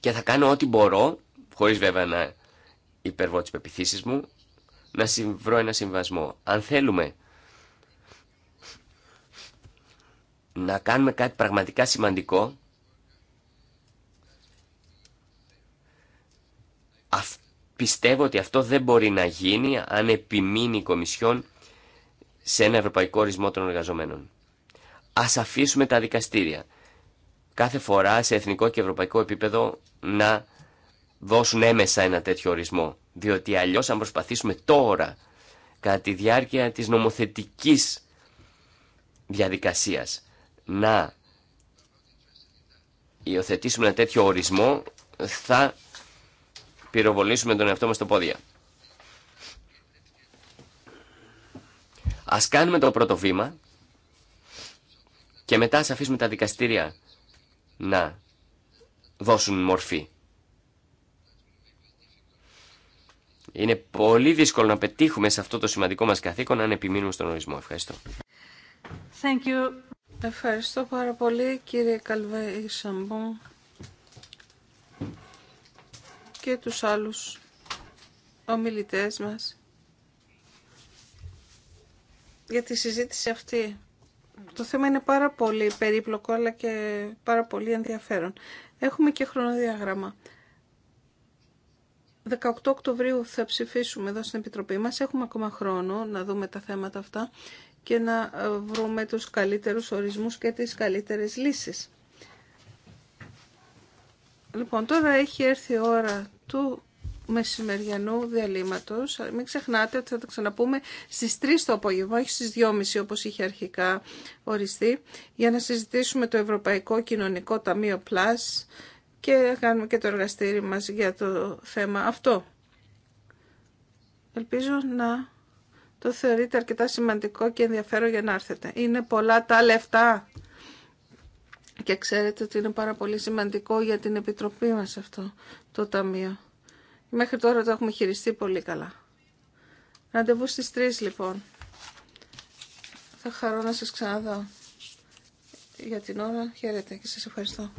Speaker 3: και θα κάνω ό,τι μπορώ, χωρίς βέβαια να υπερβώ τις πεπιθήσεις μου, να βρω ένα συμβασμό. Αν θέλουμε να κάνουμε κάτι πραγματικά σημαντικό, πιστεύω ότι αυτό δεν μπορεί να γίνει αν επιμείνει η Κομισιόν σε ένα ευρωπαϊκό ορισμό των εργαζομένων. Ας αφήσουμε τα δικαστήρια κάθε φορά σε εθνικό και ευρωπαϊκό επίπεδο να δώσουν έμεσα ένα τέτοιο ορισμό. Διότι αλλιώς αν προσπαθήσουμε τώρα κατά τη διάρκεια της νομοθετικής διαδικασίας να υιοθετήσουμε ένα τέτοιο ορισμό θα πυροβολήσουμε τον εαυτό μας το πόδια. Ας κάνουμε το πρώτο βήμα και μετά ας αφήσουμε τα δικαστήρια να δώσουν μορφή. Είναι πολύ δύσκολο να πετύχουμε σε αυτό το σημαντικό μας καθήκον αν επιμείνουμε στον ορισμό. Ευχαριστώ.
Speaker 1: Ευχαριστώ πάρα πολύ κύριε Καλβέ Σαμπον και τους άλλους ομιλητές μας για τη συζήτηση αυτή. Το θέμα είναι πάρα πολύ περίπλοκο αλλά και πάρα πολύ ενδιαφέρον. Έχουμε και χρονοδιάγραμμα. 18 Οκτωβρίου θα ψηφίσουμε εδώ στην Επιτροπή μας. Έχουμε ακόμα χρόνο να δούμε τα θέματα αυτά και να ε, βρούμε τους καλύτερους ορισμούς και τις καλύτερες λύσεις. Λοιπόν, τώρα έχει έρθει η ώρα του μεσημεριανού διαλύματος. Μην ξεχνάτε ότι θα τα ξαναπούμε στις 3 το απόγευμα, όχι στις 2.30 όπως είχε αρχικά οριστεί, για να συζητήσουμε το Ευρωπαϊκό Κοινωνικό Ταμείο Plus και κάνουμε και το εργαστήρι μας για το θέμα αυτό. Ελπίζω να το θεωρείτε αρκετά σημαντικό και ενδιαφέρον για να έρθετε. Είναι πολλά τα λεφτά και ξέρετε ότι είναι πάρα πολύ σημαντικό για την Επιτροπή μας αυτό το Ταμείο. Μέχρι τώρα το έχουμε χειριστεί πολύ καλά. Ραντεβού στις 3 λοιπόν. Θα χαρώ να σας ξαναδώ. Για την ώρα χαίρετε και σας ευχαριστώ.